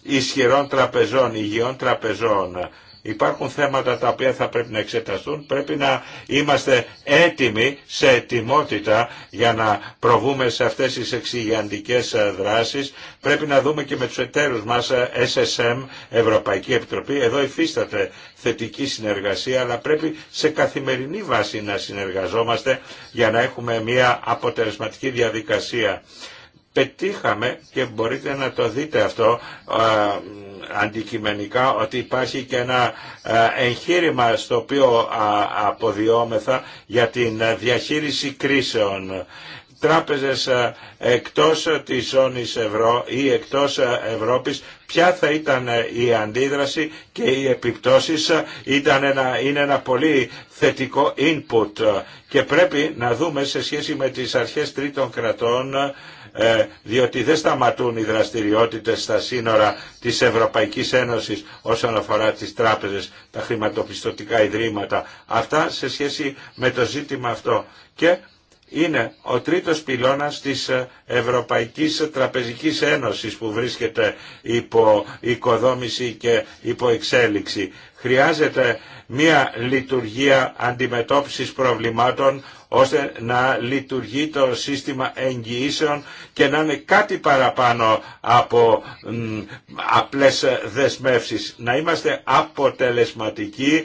ισχυρών τραπεζών, υγιών τραπεζών Υπάρχουν θέματα τα οποία θα πρέπει να εξεταστούν. Πρέπει να είμαστε έτοιμοι σε ετοιμότητα για να προβούμε σε αυτές τις εξηγιαντικές ε, δράσεις. Πρέπει να δούμε και με τους εταίρους μας ε, SSM, Ευρωπαϊκή Επιτροπή. Εδώ υφίσταται θετική συνεργασία, αλλά πρέπει σε καθημερινή βάση να συνεργαζόμαστε για να έχουμε μια αποτελεσματική διαδικασία πετύχαμε και μπορείτε να το δείτε αυτό αντικειμενικά ότι υπάρχει και ένα εγχείρημα στο οποίο αποδιόμεθα για την διαχείριση κρίσεων τράπεζες εκτός της ζώνης ευρώ ή εκτός Ευρώπης, ποια θα ήταν η αντίδραση και οι επιπτώσεις ήταν ένα, είναι ένα πολύ θετικό input και πρέπει να δούμε σε σχέση με τις αρχές τρίτων κρατών ε, διότι δεν σταματούν οι δραστηριότητες στα σύνορα της Ευρωπαϊκής Ένωσης όσον αφορά τις τράπεζες, τα χρηματοπιστωτικά ιδρύματα. Αυτά σε σχέση με το ζήτημα αυτό. Και είναι ο τρίτος πυλώνας της ε, Ευρωπαϊκής Τραπεζικής Ένωσης που βρίσκεται υπό οικοδόμηση και υπό εξέλιξη. Χρειάζεται μια λειτουργία αντιμετώπισης προβλημάτων ώστε να λειτουργεί το σύστημα εγγυήσεων και να είναι κάτι παραπάνω από απλές δεσμεύσεις. Να είμαστε αποτελεσματικοί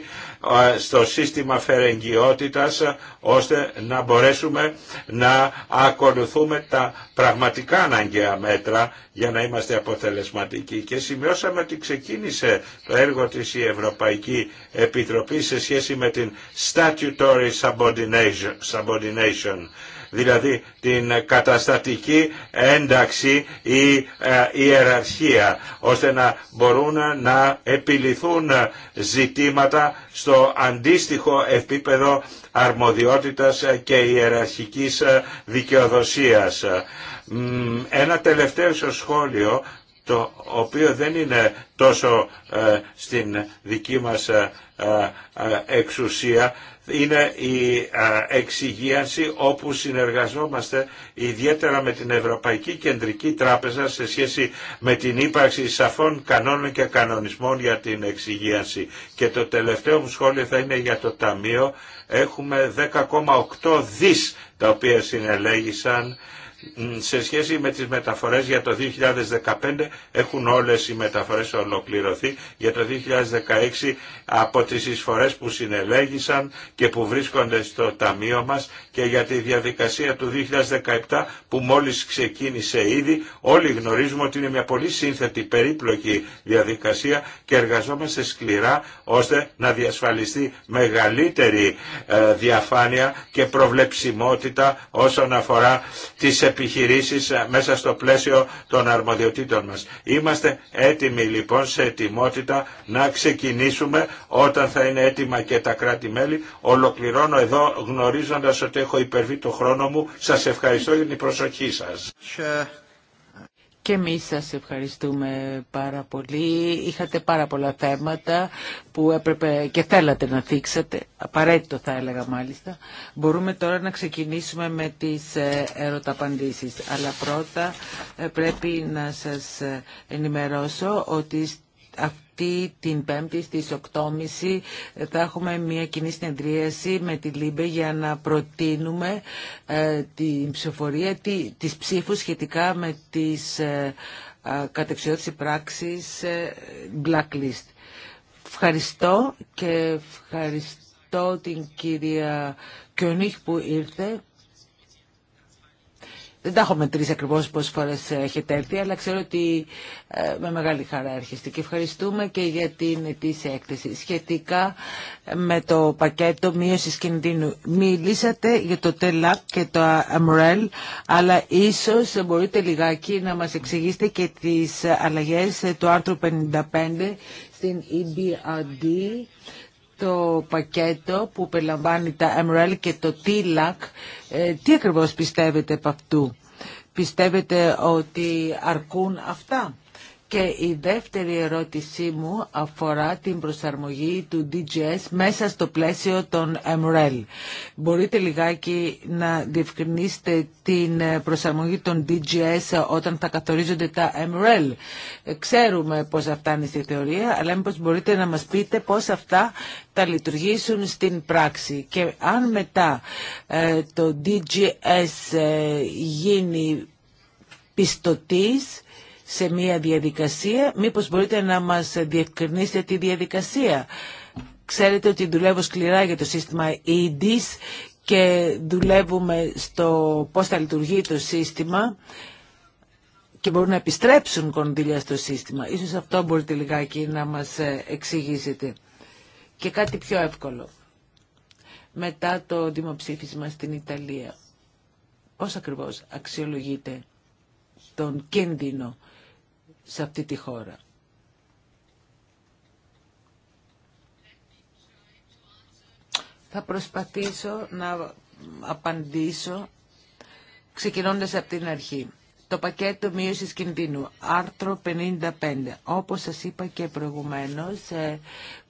ε, στο σύστημα φερεγγιότητας ώστε να μπορέσουμε να ακολουθούμε τα πραγματικά αναγκαία μέτρα για να είμαστε αποτελεσματικοί. Και σημειώσαμε ότι ξεκίνησε το έργο της η Ευρωπαϊκή Επιτροπή σε σχέση με την statutory subordination δηλαδή την καταστατική ένταξη ή ε, ιεραρχία, ώστε να μπορούν να επιληθούν ζητήματα στο αντίστοιχο επίπεδο αρμοδιότητας και ιεραρχικής δικαιοδοσίας. Ένα τελευταίο σχόλιο το οποίο δεν είναι τόσο ε, στην δική μας ε, ε, εξουσία, είναι η εξυγίανση όπου συνεργαζόμαστε ιδιαίτερα με την Ευρωπαϊκή Κεντρική Τράπεζα σε σχέση με την ύπαρξη σαφών κανόνων και κανονισμών για την εξυγίανση. Και το τελευταίο μου σχόλιο θα είναι για το Ταμείο. Έχουμε 10,8 δις τα οποία συνελέγησαν σε σχέση με τις μεταφορές για το 2015 έχουν όλες οι μεταφορές ολοκληρωθεί για το 2016 από τις εισφορές που συνελέγησαν και που βρίσκονται στο ταμείο μας και για τη διαδικασία του 2017 που μόλις ξεκίνησε ήδη όλοι γνωρίζουμε ότι είναι μια πολύ σύνθετη περίπλοκη διαδικασία και εργαζόμαστε σκληρά ώστε να διασφαλιστεί μεγαλύτερη ε, διαφάνεια και προβλεψιμότητα όσον αφορά τις επιχειρήσεις ε, μέσα στο πλαίσιο των αρμοδιοτήτων μας. Είμαστε έτοιμοι λοιπόν σε ετοιμότητα να ξεκινήσουμε όταν θα είναι έτοιμα και τα κράτη-μέλη. Ολοκληρώνω εδώ γνωρίζοντας ότι έχω υπερβεί το χρόνο μου. Σας ευχαριστώ για την προσοχή σας. Και εμεί σας ευχαριστούμε πάρα πολύ. Είχατε πάρα πολλά θέματα που έπρεπε και θέλατε να θίξετε. Απαραίτητο θα έλεγα μάλιστα. Μπορούμε τώρα να ξεκινήσουμε με τις ε, ερωταπαντήσεις. Αλλά πρώτα ε, πρέπει να σας ε, ενημερώσω ότι αυτή την Πέμπτη στις 8.30 θα έχουμε μια κοινή συνεδρίαση με τη ΛΥΜΠΕ για να προτείνουμε ε, την ψηφοφορία, της ψήφου σχετικά με τις ε, κατεξιότητες πράξεις ε, blacklist. Ευχαριστώ και ευχαριστώ την κυρία Κιονίχ που ήρθε. Δεν τα έχω μετρήσει ακριβώς πόσες φορές ε, έχετε έρθει, αλλά ξέρω ότι ε, με μεγάλη χαρά έρχεστε. Και ευχαριστούμε και για την ετήσια έκθεση. Σχετικά με το πακέτο μείωση κινδύνου, μιλήσατε για το TELAC και το ΑΜΡΕΛ, αλλά ίσω μπορείτε λιγάκι να μας εξηγήσετε και τι αλλαγέ του άρθρου 55 στην EBRD το πακέτο που περιλαμβάνει τα MRL και το TLAC, ε, τι ακριβώς πιστεύετε από αυτού. Πιστεύετε ότι αρκούν αυτά και η δεύτερη ερώτησή μου αφορά την προσαρμογή του DGS μέσα στο πλαίσιο των MREL. Μπορείτε λιγάκι να διευκρινίσετε την ε, προσαρμογή των DGS όταν θα καθορίζονται τα MREL. Ε, ξέρουμε πώς αυτά είναι στη θεωρία, αλλά μήπως μπορείτε να μας πείτε πώς αυτά θα λειτουργήσουν στην πράξη. Και αν μετά ε, το DGS γίνει πιστοτής σε μια διαδικασία. Μήπως μπορείτε να μας διευκρινίσετε τη διαδικασία. Ξέρετε ότι δουλεύω σκληρά για το σύστημα EDIS και δουλεύουμε στο πώς θα λειτουργεί το σύστημα και μπορούν να επιστρέψουν κονδύλια στο σύστημα. Ίσως αυτό μπορείτε λιγάκι να μας εξηγήσετε. Και κάτι πιο εύκολο. Μετά το δημοψήφισμα στην Ιταλία, πώς ακριβώς αξιολογείται τον κίνδυνο σε αυτή τη χώρα. Θα προσπαθήσω να απαντήσω ξεκινώντας από την αρχή. Το πακέτο μείωσης κινδύνου, άρθρο 55. Όπως σας είπα και προηγουμένως, ε,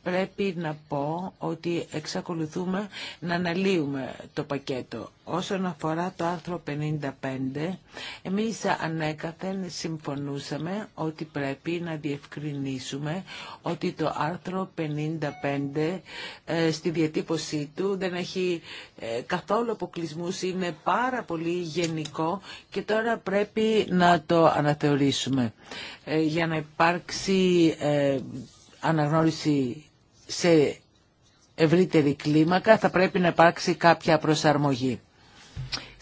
πρέπει να πω ότι εξακολουθούμε να αναλύουμε το πακέτο. Όσον αφορά το άρθρο 55, εμείς ανέκαθεν συμφωνούσαμε ότι πρέπει να διευκρινίσουμε ότι το άρθρο 55 ε, στη διατύπωσή του δεν έχει ε, καθόλου αποκλεισμού, είναι πάρα πολύ γενικό και τώρα πρέπει να το αναθεωρήσουμε ε, για να υπάρξει αναγνώριση σε ευρύτερη κλίμακα θα πρέπει να υπάρξει κάποια προσαρμογή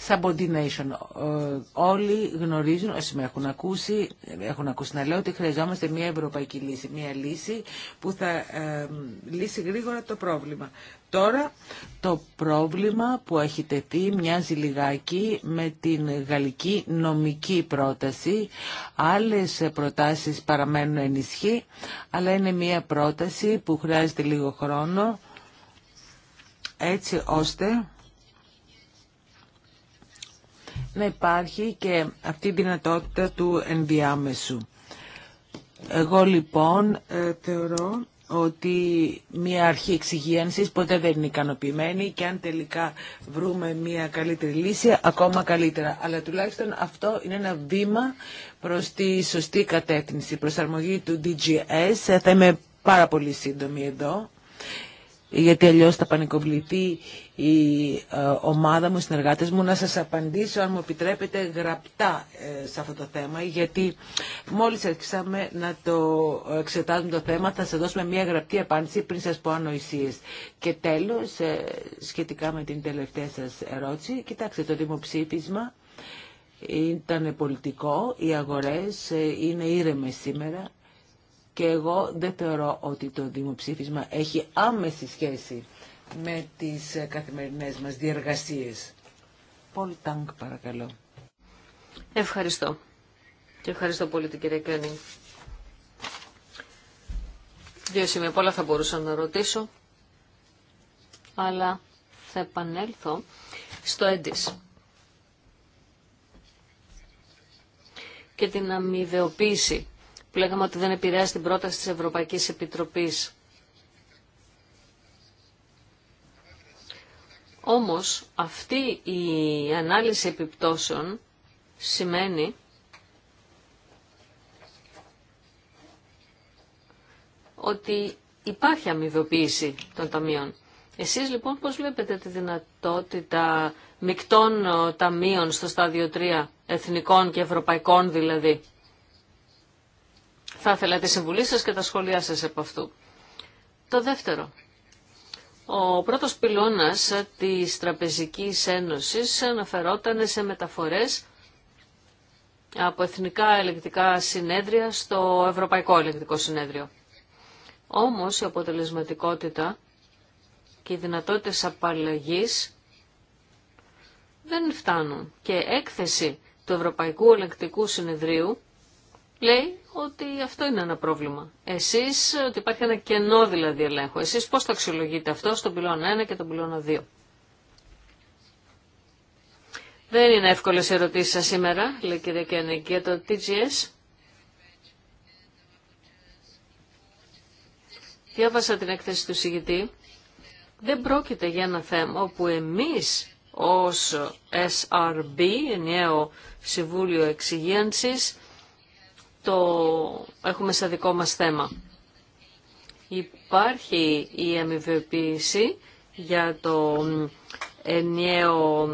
subordination. Ε, όλοι γνωρίζουν, όσοι με έχουν ακούσει, έχουν ακούσει να λέω ότι χρειαζόμαστε μια ευρωπαϊκή λύση, μια λύση που θα ε, λύσει γρήγορα το πρόβλημα. Τώρα το πρόβλημα που έχει τεθεί μοιάζει λιγάκι με την γαλλική νομική πρόταση. Άλλες προτάσεις παραμένουν ενισχύ, αλλά είναι μια πρόταση που χρειάζεται λίγο χρόνο έτσι ώστε να υπάρχει και αυτή η δυνατότητα του ενδιάμεσου. Εγώ λοιπόν ε, θεωρώ ότι μια αρχή εξυγίανσης ποτέ δεν είναι ικανοποιημένη και αν τελικά βρούμε μια καλύτερη λύση ακόμα καλύτερα. Αλλά τουλάχιστον αυτό είναι ένα βήμα προς τη σωστή κατεύθυνση. προσαρμογή του DGS ε, θα είμαι πάρα πολύ σύντομη εδώ γιατί αλλιώς θα πανικοβληθεί η ε, ομάδα μου, οι συνεργάτες μου, να σας απαντήσω, αν μου επιτρέπετε, γραπτά ε, σε αυτό το θέμα, γιατί μόλις αρχίσαμε να το εξετάζουμε το θέμα, θα σας δώσουμε μια γραπτή απάντηση πριν σας πω ανοησίες. Και τέλος, ε, σχετικά με την τελευταία σας ερώτηση, κοιτάξτε το δημοψήφισμα, ήταν πολιτικό, οι αγορές είναι ήρεμες σήμερα, και εγώ δεν θεωρώ ότι το δημοψήφισμα έχει άμεση σχέση με τις ε, καθημερινές μας διεργασίες. Πολ Τάγκ, παρακαλώ. Ευχαριστώ. Και ευχαριστώ πολύ την κυρία Κένινγκ. Δύο σημεία πολλά θα μπορούσα να ρωτήσω, αλλά θα επανέλθω στο έντις. Και την αμοιβεοποίηση που λέγαμε ότι δεν επηρεάζει την πρόταση της Ευρωπαϊκής Επιτροπής. Όμως αυτή η ανάλυση επιπτώσεων σημαίνει ότι υπάρχει αμοιβοποίηση των ταμείων. Εσείς λοιπόν πώς βλέπετε τη δυνατότητα μεικτών ε, ταμείων στο στάδιο 3, εθνικών και ευρωπαϊκών δηλαδή. Θα ήθελα τη συμβουλή σας και τα σχόλιά σας από αυτού. Το δεύτερο. Ο πρώτος πυλώνας της Τραπεζικής Ένωσης αναφερόταν σε μεταφορές από εθνικά ελεκτικά συνέδρια στο Ευρωπαϊκό Ελεκτικό Συνέδριο. Όμως η αποτελεσματικότητα και οι δυνατότητες απαλλαγής δεν φτάνουν. Και έκθεση του Ευρωπαϊκού Ελεκτικού Συνεδρίου λέει ότι αυτό είναι ένα πρόβλημα. Εσεί ότι υπάρχει ένα κενό δηλαδή ελέγχου. Εσεί πώ το αξιολογείτε αυτό στον πυλώνα 1 και τον πυλώνα 2. Δεν είναι εύκολε οι σα σας σήμερα, λέει κύριε Κένε, για το TGS. Διάβασα την έκθεση του συγητή. Δεν πρόκειται για ένα θέμα όπου εμείς ως SRB, ενιαίο Συμβούλιο Εξυγίανσης, το έχουμε σαν δικό μας θέμα. Υπάρχει η αμοιβεποίηση για το ενιαίο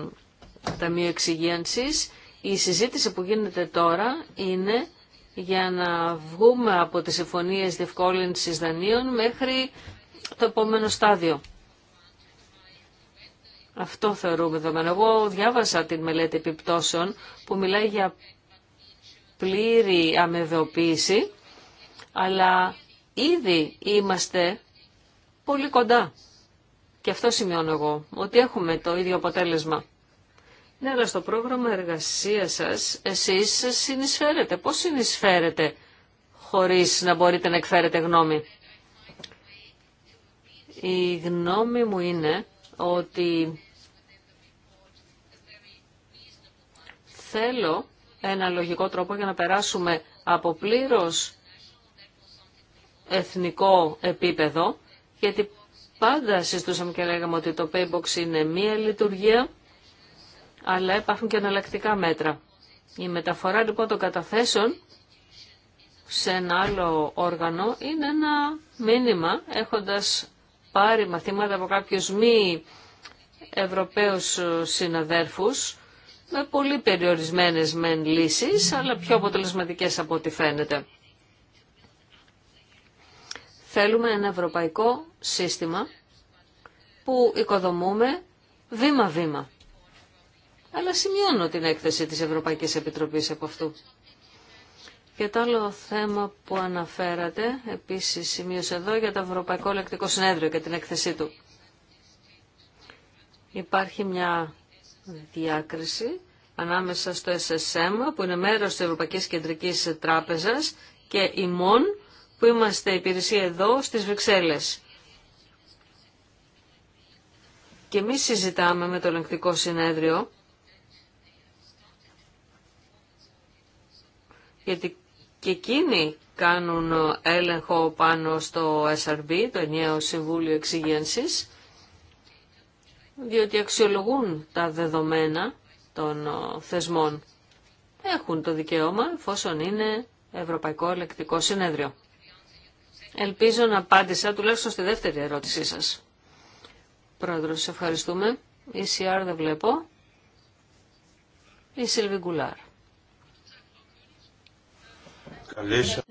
Ταμείο Εξυγίανσης. Η συζήτηση που γίνεται τώρα είναι για να βγούμε από τις συμφωνίες διευκόλυνσης δανείων μέχρι το επόμενο στάδιο. Αυτό θεωρούμε δεδομένο. Εγώ διάβασα την μελέτη επιπτώσεων που μιλάει για πλήρη αμεβεοποίηση, αλλά ήδη είμαστε πολύ κοντά. Και αυτό σημειώνω εγώ, ότι έχουμε το ίδιο αποτέλεσμα. Ναι, αλλά στο πρόγραμμα εργασίας σας, εσείς συνεισφέρετε. Πώς συνεισφέρετε χωρίς να μπορείτε να εκφέρετε γνώμη. Η γνώμη μου είναι ότι θέλω ένα λογικό τρόπο για να περάσουμε από πλήρως εθνικό επίπεδο, γιατί πάντα συζητούσαμε και λέγαμε ότι το Paybox είναι μία λειτουργία, αλλά υπάρχουν και εναλλακτικά μέτρα. Η μεταφορά λοιπόν των καταθέσεων σε ένα άλλο όργανο είναι ένα μήνυμα έχοντας πάρει μαθήματα από κάποιους μη Ευρωπαίους συναδέρφους με πολύ περιορισμένες μεν λύσεις, αλλά πιο αποτελεσματικές από ό,τι φαίνεται. Θέλουμε ένα ευρωπαϊκό σύστημα που οικοδομούμε βήμα-βήμα. Αλλά σημειώνω την έκθεση της Ευρωπαϊκής Επιτροπής από αυτού. Και το άλλο θέμα που αναφέρατε, επίσης σημείωσε εδώ, για το Ευρωπαϊκό Λεκτικό Συνέδριο και την έκθεσή του. Υπάρχει μια διάκριση ανάμεσα στο SSM που είναι μέρος της Ευρωπαϊκής Κεντρικής Τράπεζας και η ΜΟΝ που είμαστε υπηρεσία εδώ στις Βρυξέλλες. Και εμεί συζητάμε με το ελεγκτικό συνέδριο γιατί και εκείνοι κάνουν έλεγχο πάνω στο SRB, το ενιαίο Συμβούλιο Εξυγένσης διότι αξιολογούν τα δεδομένα των ε, θεσμών. Έχουν το δικαίωμα εφόσον είναι Ευρωπαϊκό Ελεκτικό Συνέδριο. Ελπίζω να απάντησα τουλάχιστον στη δεύτερη ερώτησή σας. Πρόεδρος, ευχαριστούμε. ECR δεν βλέπω. Η Σιλβιγκουλάρ. Καλή σας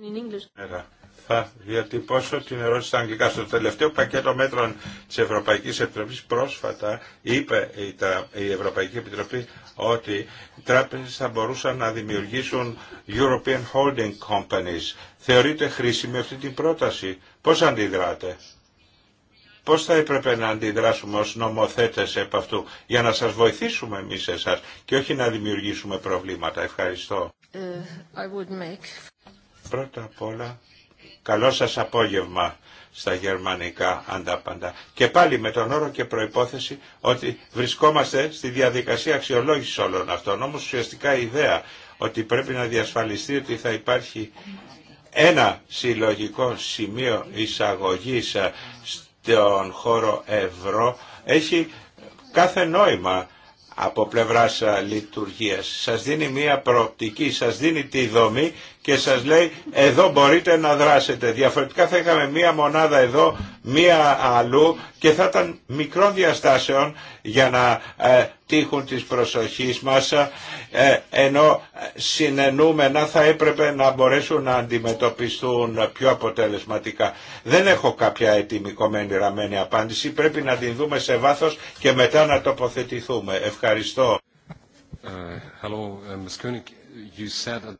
θα διατυπώσω την ερώτηση στα αγγλικά. Στο τελευταίο πακέτο μέτρων της Ευρωπαϊκής Επιτροπής πρόσφατα είπε η Ευρωπαϊκή Επιτροπή ότι οι τράπεζες θα μπορούσαν να δημιουργήσουν European Holding Companies. Θεωρείται χρήσιμη αυτή την πρόταση. Πώς αντιδράτε. Πώς θα έπρεπε να αντιδράσουμε ως νομοθέτες επ' αυτού για να σας βοηθήσουμε εμείς εσάς και όχι να δημιουργήσουμε προβλήματα. Ευχαριστώ. Ε, Πρώτα απ' όλα Καλό σας απόγευμα στα γερμανικά αντάπαντα. Και πάλι με τον όρο και προϋπόθεση ότι βρισκόμαστε στη διαδικασία αξιολόγησης όλων αυτών. Όμως ουσιαστικά η ιδέα ότι πρέπει να διασφαλιστεί ότι θα υπάρχει ένα συλλογικό σημείο εισαγωγής στον χώρο ευρώ έχει κάθε νόημα από πλευράς λειτουργίας. Σας δίνει μία προοπτική, σας δίνει τη δομή και σας λέει εδώ μπορείτε να δράσετε. Διαφορετικά θα είχαμε μία μονάδα εδώ, μία αλλού και θα ήταν μικρών διαστάσεων για να ε, τύχουν της προσοχής μας ε, ενώ ε, συνενούμενα θα έπρεπε να μπορέσουν να αντιμετωπιστούν πιο αποτελεσματικά. Δεν έχω κάποια ετοιμικομένη ραμμένη απάντηση, πρέπει να την δούμε σε βάθος και μετά να τοποθετηθούμε. Ευχαριστώ. Ε, ε,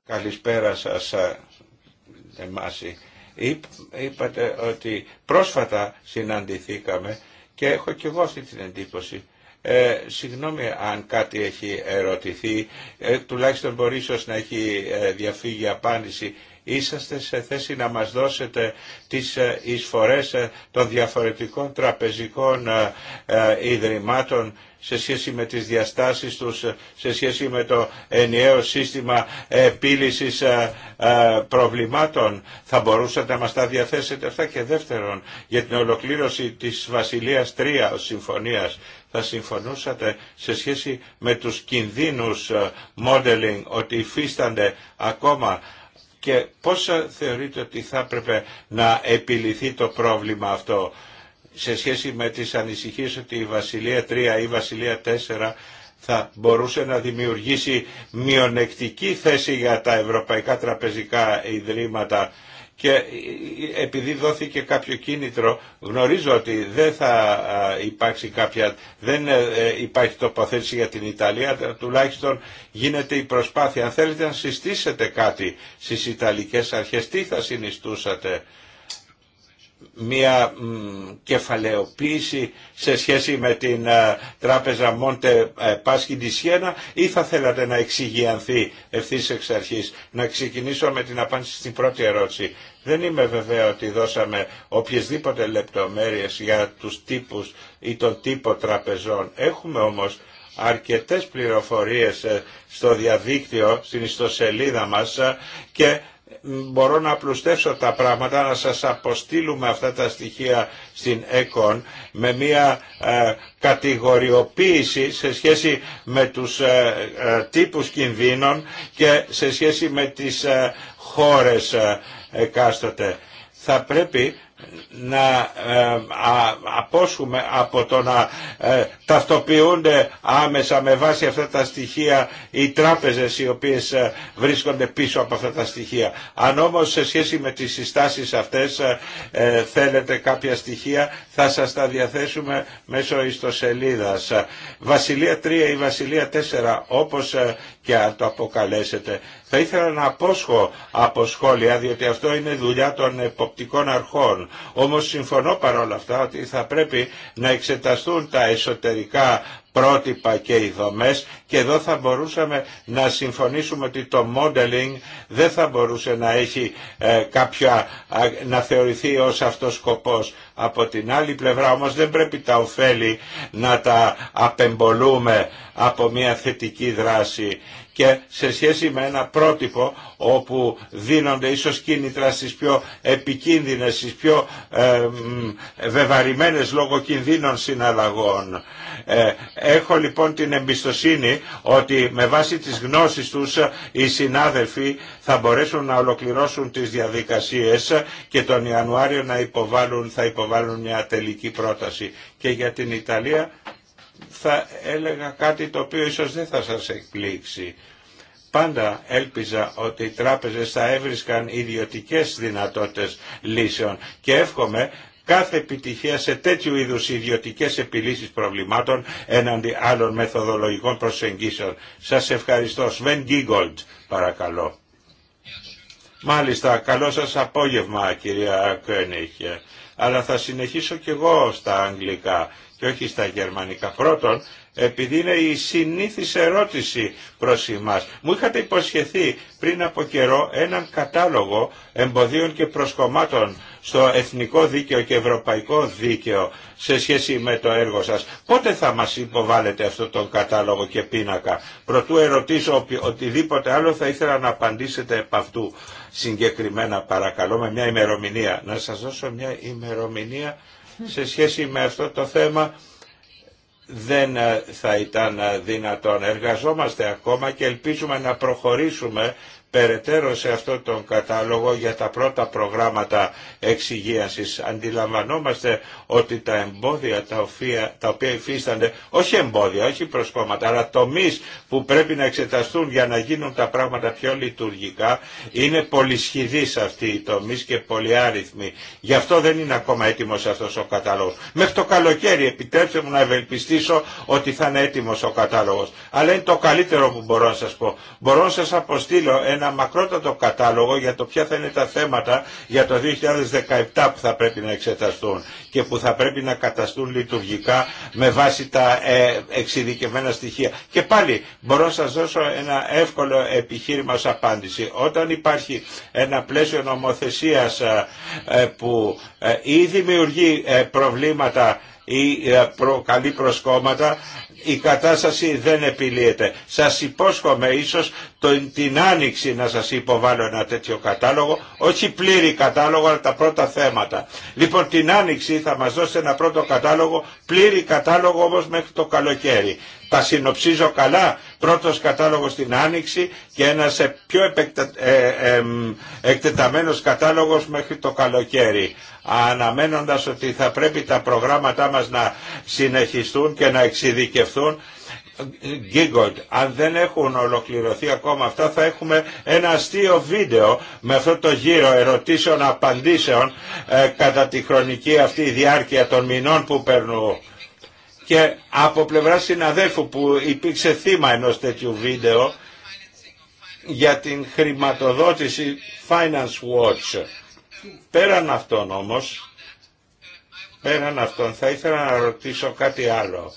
Καλησπέρα σας, ε, Εμάση. Είπατε ότι πρόσφατα συναντηθήκαμε και έχω και εγώ αυτή την εντύπωση. Ε, συγγνώμη αν κάτι έχει ερωτηθεί, ε, τουλάχιστον μπορεί ίσως να έχει ε, διαφύγει απάντηση είσαστε σε θέση να μας δώσετε τις ε, εισφορές ε, των διαφορετικών τραπεζικών ε, ιδρυμάτων σε σχέση με τις διαστάσεις τους, σε σχέση με το ενιαίο σύστημα επίλυσης προβλημάτων. Θα μπορούσατε να μας τα διαθέσετε αυτά και δεύτερον για την ολοκλήρωση της Βασιλείας Τρία συμφωνίας. Θα συμφωνούσατε σε σχέση με τους κινδύνους modeling ότι υφίστανται ακόμα και πώς θεωρείτε ότι θα έπρεπε να επιληθεί το πρόβλημα αυτό σε σχέση με τις ανησυχίες ότι η Βασιλεία 3 ή η Βασιλεία 4 θα μπορούσε να δημιουργήσει μειονεκτική θέση για τα ευρωπαϊκά τραπεζικά ιδρύματα και ε, ε, επειδή δόθηκε κάποιο κίνητρο γνωρίζω ότι δεν θα υπάρξει κάποια δεν ε, υπάρχει τοποθέτηση για την Ιταλία τουλάχιστον γίνεται η προσπάθεια αν θέλετε να συστήσετε κάτι στις Ιταλικές αρχές τι θα συνιστούσατε μια κεφαλαιοποίηση σε σχέση με την ε, τράπεζα Μόντε ε, τη Σιένα ή θα θέλατε να εξηγιανθεί ευθύ εξ αρχής. Να ξεκινήσω με την απάντηση στην πρώτη ερώτηση. Δεν είμαι βέβαια ότι δώσαμε οποιασδήποτε λεπτομέρειες για τους τύπους ή τον τύπο τραπεζών. Έχουμε όμως αρκετές πληροφορίες ε, στο διαδίκτυο, στην ιστοσελίδα μας και μπορώ να απλουστεύσω τα πράγματα, να σας αποστείλουμε αυτά τα στοιχεία στην ΕΚΟΝ με μια ε, κατηγοριοποίηση σε σχέση με τους ε, ε, τύπους κινδύνων και σε σχέση με τις ε, χώρες εκάστοτε. Θα πρέπει να ε, απόσχουμε από το να ε, ταυτοποιούνται άμεσα με βάση αυτά τα στοιχεία οι τράπεζες οι οποίες ε, βρίσκονται πίσω από αυτά τα στοιχεία. Αν όμως σε σχέση με τις συστάσεις αυτές θέλετε κάποια στοιχεία θα σας τα διαθέσουμε μέσω ιστοσελίδας. Βασιλεία 3 ή Βασιλεία 4 όπως και αν το αποκαλέσετε θα ήθελα να απόσχω από σχόλια, διότι αυτό είναι δουλειά των εποπτικών αρχών. Όμως συμφωνώ παρόλα αυτά ότι θα πρέπει να εξεταστούν τα εσωτερικά πρότυπα και οι δομές και εδώ θα μπορούσαμε να συμφωνήσουμε ότι το modeling δεν θα μπορούσε να έχει ε, κάποια να θεωρηθεί ως αυτός σκοπός. Από την άλλη πλευρά όμως δεν πρέπει τα ωφέλη να τα απεμπολούμε από μια θετική δράση και σε σχέση με ένα πρότυπο όπου δίνονται ίσως κίνητρα στις πιο επικίνδυνες, στις πιο ε, βεβαρημένες λόγω κινδύνων συναλλαγών. Ε, έχω λοιπόν την εμπιστοσύνη ότι με βάση τις γνώσεις τους ε, οι συνάδελφοι θα μπορέσουν να ολοκληρώσουν τις διαδικασίες και τον Ιανουάριο να υποβάλουν, θα υποβάλουν μια τελική πρόταση. Και για την Ιταλία θα έλεγα κάτι το οποίο ίσως δεν θα σας εκπλήξει. Πάντα έλπιζα ότι οι τράπεζες θα έβρισκαν ιδιωτικές δυνατότητες λύσεων και εύχομαι κάθε επιτυχία σε τέτοιου είδους ιδιωτικές επιλύσεις προβλημάτων εναντί άλλων μεθοδολογικών προσεγγίσεων. Σας ευχαριστώ. Σβεν Γκίγκολτ, παρακαλώ. Μάλιστα, καλό σας απόγευμα κυρία Κένιχε. αλλά θα συνεχίσω κι εγώ στα αγγλικά και όχι στα γερμανικά. Πρώτον, επειδή είναι η συνήθις ερώτηση προς εμάς. Μου είχατε υποσχεθεί πριν από καιρό έναν κατάλογο εμποδίων και προσκομμάτων στο εθνικό δίκαιο και ευρωπαϊκό δίκαιο σε σχέση με το έργο σας. Πότε θα μας υποβάλλετε αυτόν τον κατάλογο και πίνακα. Προτού ερωτήσω οτιδήποτε άλλο θα ήθελα να απαντήσετε επ' αυτού συγκεκριμένα παρακαλώ με μια ημερομηνία. Να σας δώσω μια ημερομηνία σε σχέση με αυτό το θέμα δεν ε, θα ήταν ε, δυνατόν. Εργαζόμαστε ακόμα και ελπίζουμε να προχωρήσουμε περαιτέρω σε αυτόν τον κατάλογο για τα πρώτα προγράμματα εξυγίασης. Αντιλαμβανόμαστε ότι τα εμπόδια τα οποία, τα οποία υφίστανται, όχι εμπόδια, όχι προσκόμματα, αλλά τομεί που πρέπει να εξεταστούν για να γίνουν τα πράγματα πιο λειτουργικά, είναι πολυσχηδείς αυτοί οι τομεί και πολυάριθμοι. Γι' αυτό δεν είναι ακόμα έτοιμο αυτό ο κατάλογο. Μέχρι το καλοκαίρι επιτρέψτε μου να ευελπιστήσω ότι θα είναι έτοιμο ο κατάλογο. Αλλά είναι το καλύτερο που μπορώ να σα πω. Μπορώ να σα αποστείλω ένα μακρότατο κατάλογο για το ποια θα είναι τα θέματα για το 2017 που θα πρέπει να εξεταστούν και που θα πρέπει να καταστούν λειτουργικά με βάση τα ε, εξειδικευμένα στοιχεία. Και πάλι μπορώ να σας δώσω ένα εύκολο επιχείρημα ως απάντηση. Όταν υπάρχει ένα πλαίσιο νομοθεσίας ε, ε, που ή δημιουργεί προβλήματα ή προκαλεί προσκόμματα η κατάσταση δεν επιλύεται. Σας υπόσχομαι ίσως την άνοιξη να σας υποβάλω ένα τέτοιο κατάλογο, όχι πλήρη κατάλογο αλλά τα πρώτα θέματα. Λοιπόν την άνοιξη θα μας δώσετε ένα πρώτο κατάλογο, πλήρη κατάλογο όμως μέχρι το καλοκαίρι. Τα συνοψίζω καλά πρώτος κατάλογος την Άνοιξη και ένας πιο επεκτα... ε, εκτεταμένος κατάλογος μέχρι το καλοκαίρι αναμένοντας ότι θα πρέπει τα προγράμματά μας να συνεχιστούν και να εξειδικευθούν Giggled. Αν δεν έχουν ολοκληρωθεί ακόμα αυτά θα έχουμε ένα αστείο βίντεο με αυτό το γύρο ερωτήσεων απαντήσεων ε, κατά τη χρονική αυτή διάρκεια των μηνών που περνούν και από πλευρά συναδέλφου που υπήρξε θύμα ενός τέτοιου βίντεο για την χρηματοδότηση Finance Watch. Πέραν αυτών όμως, πέραν αυτών θα ήθελα να ρωτήσω κάτι άλλο.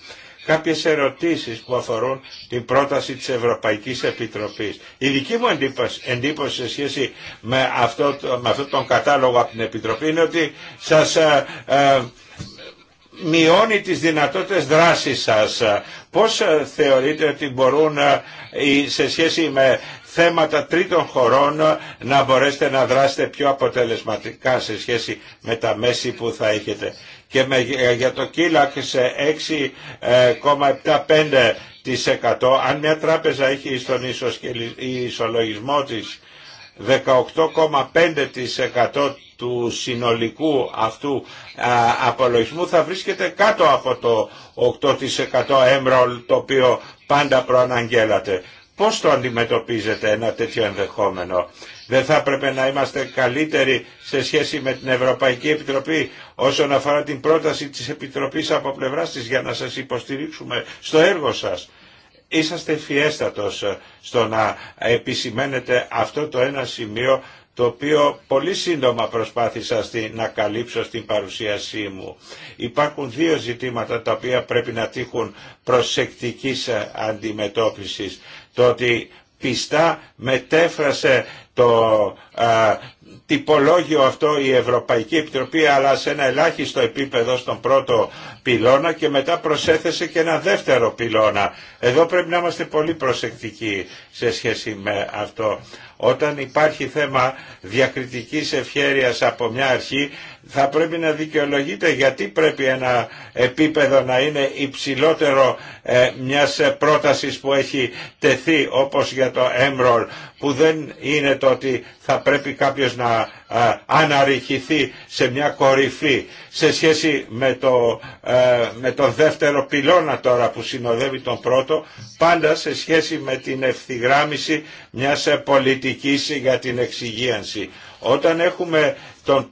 Κάποιες ερωτήσεις που αφορούν την πρόταση της Ευρωπαϊκής Επιτροπής. Η δική μου εντύπωση, σε σχέση με αυτό, με αυτό τον κατάλογο από την Επιτροπή είναι ότι σας ε, ε, μειώνει τις δυνατότητες δράσης σας. Πώς ε, θεωρείτε ότι μπορούν ε, σε σχέση με θέματα τρίτων χωρών ε, να μπορέσετε να δράσετε πιο αποτελεσματικά σε σχέση με τα μέση που θα έχετε. Και με, για το κύλακ σε 6,75% αν μια τράπεζα έχει στον ισολογισμό της 18,5% του συνολικού αυτού απολογισμού θα βρίσκεται κάτω από το 8% έμρολ το οποίο πάντα προαναγγέλατε. Πώς το αντιμετωπίζετε ένα τέτοιο ενδεχόμενο. Δεν θα έπρεπε να είμαστε καλύτεροι σε σχέση με την Ευρωπαϊκή Επιτροπή όσον αφορά την πρόταση της Επιτροπής από πλευράς της για να σας υποστηρίξουμε στο έργο σας είσαστε φιέστατος στο να επισημαίνετε αυτό το ένα σημείο το οποίο πολύ σύντομα προσπάθησα να καλύψω στην παρουσίασή μου. Υπάρχουν δύο ζητήματα τα οποία πρέπει να τύχουν προσεκτικής αντιμετώπισης. Το ότι πιστά μετέφρασε το, τυπολόγιο αυτό η Ευρωπαϊκή Επιτροπή αλλά σε ένα ελάχιστο επίπεδο στον πρώτο πυλώνα και μετά προσέθεσε και ένα δεύτερο πυλώνα. Εδώ πρέπει να είμαστε πολύ προσεκτικοί σε σχέση με αυτό. Όταν υπάρχει θέμα διακριτικής ευχέρειας από μια αρχή θα πρέπει να δικαιολογείται γιατί πρέπει ένα επίπεδο να είναι υψηλότερο ε, μιας ε, πρότασης που έχει τεθεί όπως για το Emerald που δεν είναι το ότι θα πρέπει κάποιος να ε, αναρριχηθεί σε μια κορυφή σε σχέση με το, με το δεύτερο πυλώνα τώρα που συνοδεύει τον πρώτο πάντα σε σχέση με την ευθυγράμμιση μιας πολιτικής για την εξυγίανση. Όταν έχουμε τον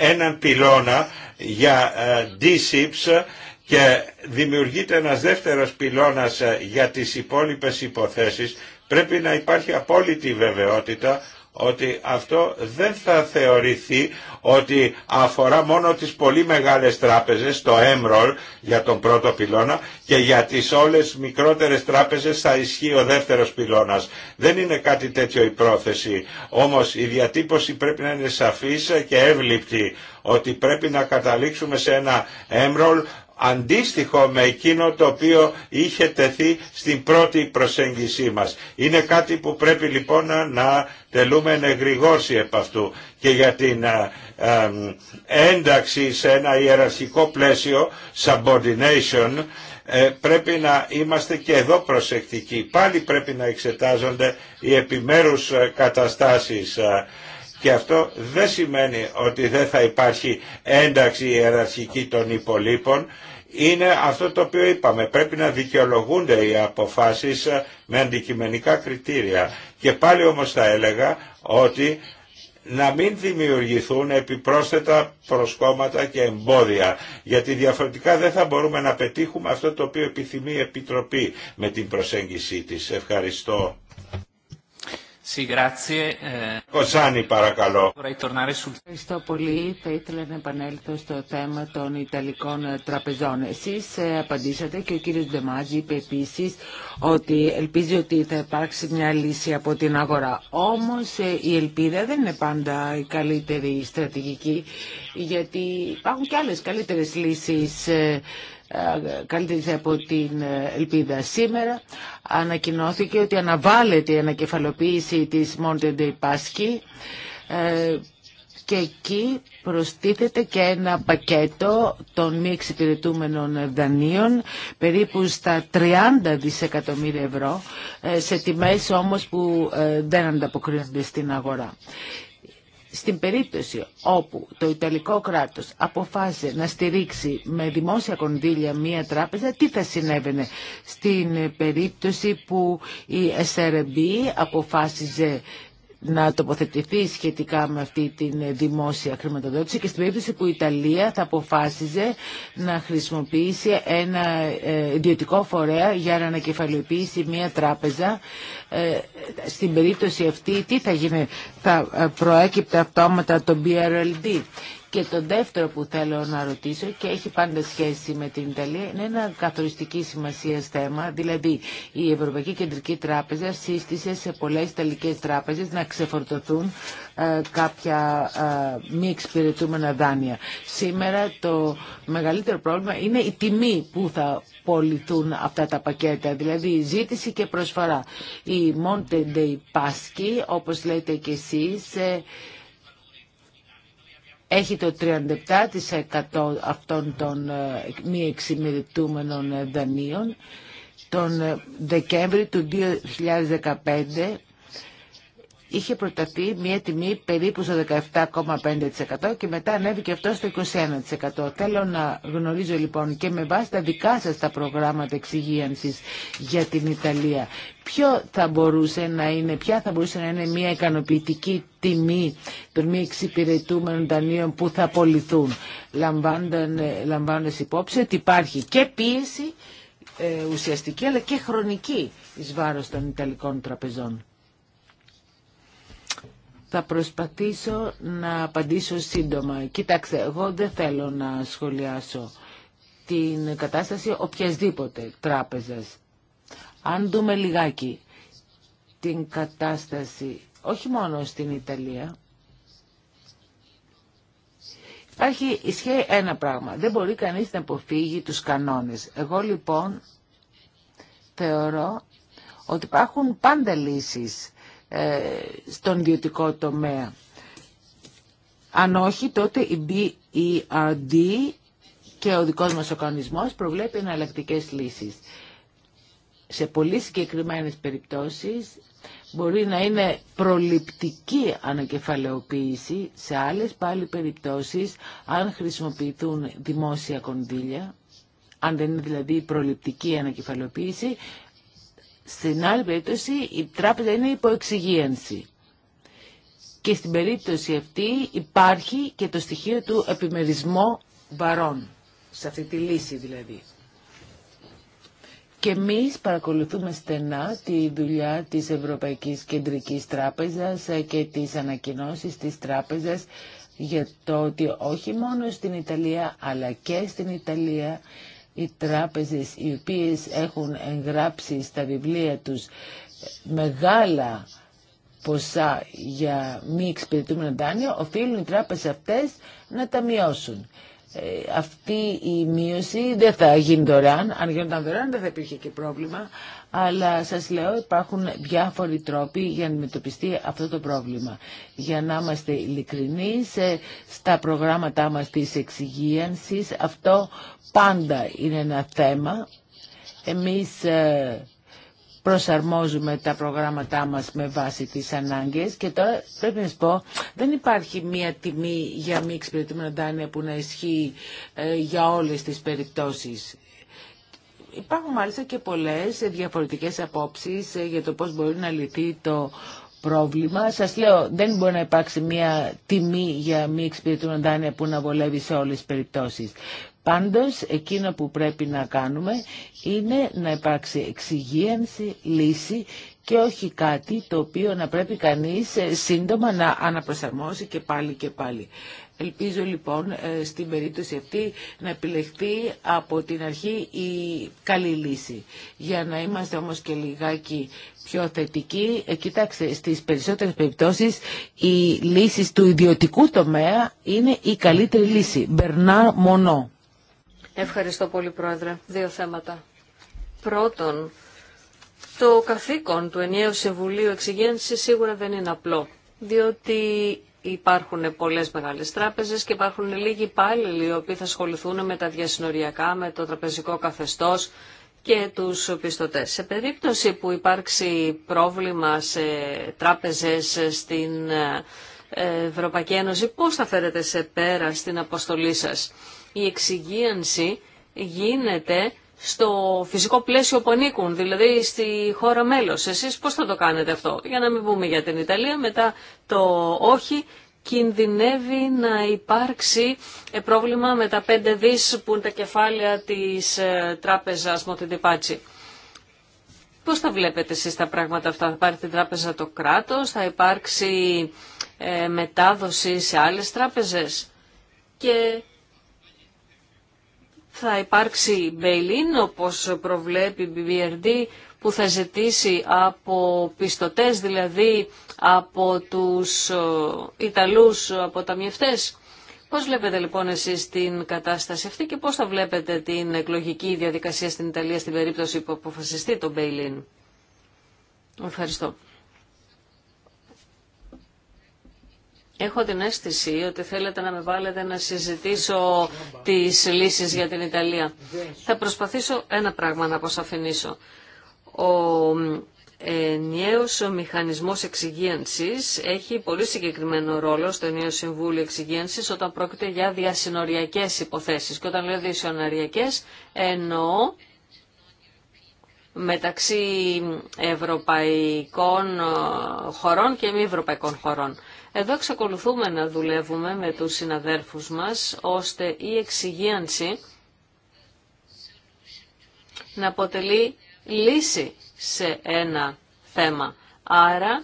έναν πυλώνα για ε, DSIPs και δημιουργείται ένας δεύτερος πυλώνας ε, για τις υπόλοιπες υποθέσεις, πρέπει να υπάρχει απόλυτη βεβαιότητα ότι αυτό δεν θα θεωρηθεί ότι αφορά μόνο τις πολύ μεγάλες τράπεζες, το Emerald για τον πρώτο πυλώνα και για τις όλες μικρότερες τράπεζες θα ισχύει ο δεύτερος πυλώνας. Δεν είναι κάτι τέτοιο η πρόθεση, όμως η διατύπωση πρέπει να είναι σαφής και εύληπτη ότι πρέπει να καταλήξουμε σε ένα Emerald αντίστοιχο με εκείνο το οποίο είχε τεθεί στην πρώτη προσέγγιση μας. Είναι κάτι που πρέπει λοιπόν να τελούμε ενεγρηγόρση επ' αυτού και για την ε, ε, ένταξη σε ένα ιεραρχικό πλαίσιο, subordination, ε, πρέπει να είμαστε και εδώ προσεκτικοί. Πάλι πρέπει να εξετάζονται οι επιμέρους ε, καταστάσεις και αυτό δεν σημαίνει ότι δεν θα υπάρχει ένταξη ιεραρχική των υπολείπων είναι αυτό το οποίο είπαμε. Πρέπει να δικαιολογούνται οι αποφάσεις ε, με αντικειμενικά κριτήρια. Και πάλι όμως θα έλεγα ότι να μην δημιουργηθούν επιπρόσθετα προσκόμματα και εμπόδια, γιατί διαφορετικά δεν θα μπορούμε να πετύχουμε αυτό το οποίο επιθυμεί η Επιτροπή με την προσέγγιση της. Ευχαριστώ. Eh, Κοζάνη παρακαλώ. Ευχαριστώ πολύ. Θα ήθελα να επανέλθω στο θέμα των Ιταλικών ε, τραπεζών. Εσείς ε, απαντήσατε και ο κύριο Ντεμάζη είπε επίση ότι ελπίζει ότι θα υπάρξει μια λύση από την αγορά. Όμως ε, η ελπίδα δεν είναι πάντα η καλύτερη στρατηγική γιατί υπάρχουν και άλλες καλύτερες λύσεις ε, καλύτερη από την ε, ελπίδα. Σήμερα ανακοινώθηκε ότι αναβάλλεται η ανακεφαλοποίηση της Monte Τεϊπάσκη και εκεί προστίθεται και ένα πακέτο των μη εξυπηρετούμενων δανείων περίπου στα 30 δισεκατομμύρια ευρώ ε, σε τιμές όμως που δεν ανταποκρίνονται στην αγορά. Στην περίπτωση όπου το Ιταλικό κράτος αποφάσισε να στηρίξει με δημόσια κονδύλια μία τράπεζα, τι θα συνέβαινε στην περίπτωση που η SRB αποφάσιζε να τοποθετηθεί σχετικά με αυτή την δημόσια χρηματοδότηση και στην περίπτωση που η Ιταλία θα αποφάσιζε να χρησιμοποιήσει ένα ε, ιδιωτικό φορέα για να ανακεφαλαιοποιήσει μια τράπεζα. Ε, στην περίπτωση αυτή τι θα γίνει, θα ε, προέκυπτε αυτόματα το BRLD. Και το δεύτερο που θέλω να ρωτήσω και έχει πάντα σχέση με την Ιταλία είναι ένα καθοριστική σημασία θέμα. Δηλαδή η Ευρωπαϊκή Κεντρική Τράπεζα σύστησε σε πολλέ Ιταλικέ τράπεζε να ξεφορτωθούν ε, κάποια ε, μη εξυπηρετούμενα δάνεια. Σήμερα το μεγαλύτερο πρόβλημα είναι η τιμή που θα πολιθούν αυτά τα πακέτα, δηλαδή ζήτηση και προσφορά. Η Monte dei Paschi, όπως λέτε και εσείς, ε, έχει το 37% αυτών των ε, μη εξημεριτούμενων ε, δανείων. Τον ε, Δεκέμβρη του 2015 είχε προταθεί μια τιμή περίπου στο 17,5% και μετά ανέβηκε αυτό στο 21%. Θέλω να γνωρίζω λοιπόν και με βάση τα δικά σας τα προγράμματα εξυγίανσης για την Ιταλία, ποιο θα μπορούσε να είναι, ποια θα μπορούσε να είναι μια ικανοποιητική τιμή των μη εξυπηρετούμενων δανείων που θα απολυθούν, λαμβάνοντας ε, υπόψη ότι υπάρχει και πίεση ε, ουσιαστική αλλά και χρονική εις βάρος των Ιταλικών τραπεζών. Θα προσπαθήσω να απαντήσω σύντομα. Κοιτάξτε, εγώ δεν θέλω να σχολιάσω την κατάσταση οποιασδήποτε τράπεζας. Αν δούμε λιγάκι την κατάσταση, όχι μόνο στην Ιταλία, υπάρχει ισχύει ένα πράγμα. Δεν μπορεί κανείς να αποφύγει τους κανόνες. Εγώ λοιπόν θεωρώ ότι υπάρχουν πάντα λύσεις ε, στον ιδιωτικό τομέα. Αν όχι, τότε η BERD και ο δικός μας ο προβλέπει εναλλακτικέ λύσεις. Σε πολύ συγκεκριμένες περιπτώσεις μπορεί να είναι προληπτική ανακεφαλαιοποίηση, σε άλλες πάλι περιπτώσεις αν χρησιμοποιηθούν δημόσια κονδύλια, αν δεν είναι δηλαδή προληπτική ανακεφαλαιοποίηση, στην άλλη περίπτωση η τράπεζα είναι υποεξυγίανση. Και στην περίπτωση αυτή υπάρχει και το στοιχείο του επιμερισμού βαρών. Σε αυτή τη λύση δηλαδή. Και εμείς παρακολουθούμε στενά τη δουλειά της Ευρωπαϊκής Κεντρικής Τράπεζας ε, και τις ανακοινώσεις της τράπεζας για το ότι όχι μόνο στην Ιταλία αλλά και στην Ιταλία οι τράπεζες οι οποίες έχουν εγγράψει στα βιβλία τους μεγάλα ποσά για μη εξυπηρετούμενα δάνεια, οφείλουν οι τράπεζες αυτές να τα μειώσουν. Ε, αυτή η μείωση δεν θα γίνει δωρεάν. Αν γίνονταν δωρεάν δεν θα υπήρχε και πρόβλημα αλλά σας λέω υπάρχουν διάφοροι τρόποι για να αντιμετωπιστεί αυτό το πρόβλημα. Για να είμαστε ειλικρινεί στα προγράμματά μας της εξυγίανσης, αυτό πάντα είναι ένα θέμα. Εμείς ε, προσαρμόζουμε τα προγράμματά μας με βάση τις ανάγκες και τώρα πρέπει να σας πω δεν υπάρχει μία τιμή για μη εξυπηρετούμενα δάνεια που να ισχύει ε, για όλες τις περιπτώσεις. Υπάρχουν μάλιστα και πολλές διαφορετικές απόψεις ε, για το πώς μπορεί να λυθεί το πρόβλημα. Σας λέω, δεν μπορεί να υπάρξει μια τιμή για μη εξυπηρετούμενα δάνεια που να βολεύει σε όλες τις περιπτώσεις. Πάντως, εκείνο που πρέπει να κάνουμε είναι να υπάρξει εξυγίανση, λύση και όχι κάτι το οποίο να πρέπει κανείς ε, σύντομα να αναπροσαρμόσει και πάλι και πάλι. Ελπίζω λοιπόν ε, στην περίπτωση αυτή να επιλεχθεί από την αρχή η καλή λύση. Για να είμαστε όμως και λιγάκι πιο θετικοί, ε, κοιτάξτε, στις περισσότερες περιπτώσεις οι λύσεις του ιδιωτικού τομέα είναι η καλύτερη λύση. Μπερνά Μονό. Ευχαριστώ πολύ Πρόεδρε. Δύο θέματα. Πρώτον, το καθήκον του ενιαίου Συμβουλίου Εξυγένσης σίγουρα δεν είναι απλό, διότι υπάρχουν πολλές μεγάλες τράπεζες και υπάρχουν λίγοι υπάλληλοι οι οποίοι θα ασχοληθούν με τα διασυνοριακά, με το τραπεζικό καθεστώς και τους πιστωτές. Σε περίπτωση που υπάρξει πρόβλημα σε τράπεζες στην ε, Ευρωπαϊκή Ένωση, πώς θα φέρετε σε πέρα στην αποστολή σας. Η εξυγίανση γίνεται στο φυσικό πλαίσιο που ανήκουν, δηλαδή στη χώρα μέλος. Εσείς πώς θα το κάνετε αυτό, για να μην πούμε για την Ιταλία, μετά το όχι κινδυνεύει να υπάρξει ε, πρόβλημα με τα πέντε δις που είναι τα κεφάλαια της ε, τράπεζας Μοτιντιπάτσι. Πώς θα βλέπετε εσείς τα πράγματα αυτά, θα πάρει την τράπεζα το κράτος, θα υπάρξει ε, μετάδοση σε άλλες τράπεζες και θα υπάρξει bail-in όπως προβλέπει η BBRD που θα ζητήσει από πιστωτές, δηλαδή από τους ε, Ιταλούς αποταμιευτές. Πώς βλέπετε λοιπόν εσείς την κατάσταση αυτή και πώς θα βλέπετε την εκλογική διαδικασία στην Ιταλία στην περίπτωση που αποφασιστεί το bail Ευχαριστώ. Έχω την αίσθηση ότι θέλετε να με βάλετε να συζητήσω τις λύσεις για την Ιταλία. Θα προσπαθήσω ένα πράγμα να αποσαφηνίσω. Ο ενιαίος μηχανισμός εξυγίανσης έχει πολύ συγκεκριμένο ρόλο στο νέο Συμβούλιο Εξυγίανσης όταν πρόκειται για διασυνοριακές υποθέσεις. Και όταν λέω διασυνοριακές εννοώ μεταξύ ευρωπαϊκών ε, χωρών και μη ευρωπαϊκών χωρών. Εδώ εξακολουθούμε να δουλεύουμε με τους συναδέρφους μας, ώστε η εξυγίανση να αποτελεί λύση σε ένα θέμα. Άρα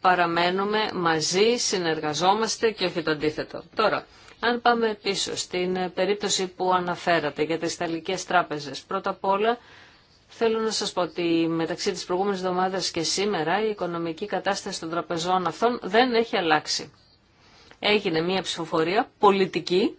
παραμένουμε μαζί, συνεργαζόμαστε και όχι το αντίθετο. Τώρα, αν πάμε πίσω στην περίπτωση που αναφέρατε για τις ταλικές τράπεζες, πρώτα απ' όλα Θέλω να σας πω ότι μεταξύ της προηγούμενης εβδομάδα και σήμερα η οικονομική κατάσταση των τραπεζών αυτών δεν έχει αλλάξει. Έγινε μια ψηφοφορία πολιτική,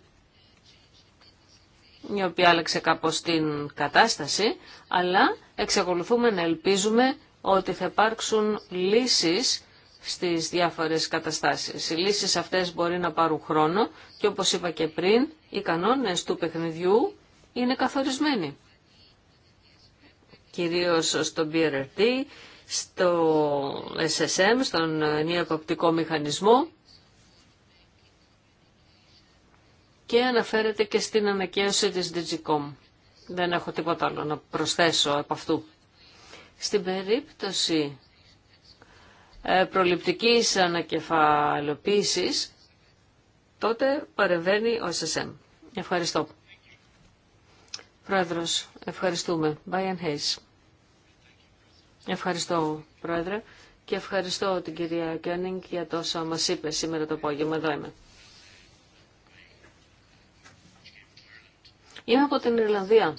η οποία άλλαξε κάπως την κατάσταση, αλλά εξακολουθούμε να ελπίζουμε ότι θα υπάρξουν λύσεις στις διάφορες καταστάσεις. Οι λύσεις αυτές μπορεί να πάρουν χρόνο και όπως είπα και πριν, οι κανόνες του παιχνιδιού είναι καθορισμένοι κυρίως στο BRT, στο SSM, στον νεοκοπτικό μηχανισμό και αναφέρεται και στην ανακαίωση της Digicom. Δεν έχω τίποτα άλλο να προσθέσω από αυτού. Στην περίπτωση ε, προληπτικής ανακεφαλοποίησης, τότε παρεμβαίνει ο SSM. Ευχαριστώ. Πρόεδρος, ευχαριστούμε. and Ευχαριστώ, Πρόεδρε, και ευχαριστώ την κυρία Κένινγκ για τόσα μας είπε σήμερα το απόγευμα. Εδώ είμαι. Είμαι από την Ιρλανδία.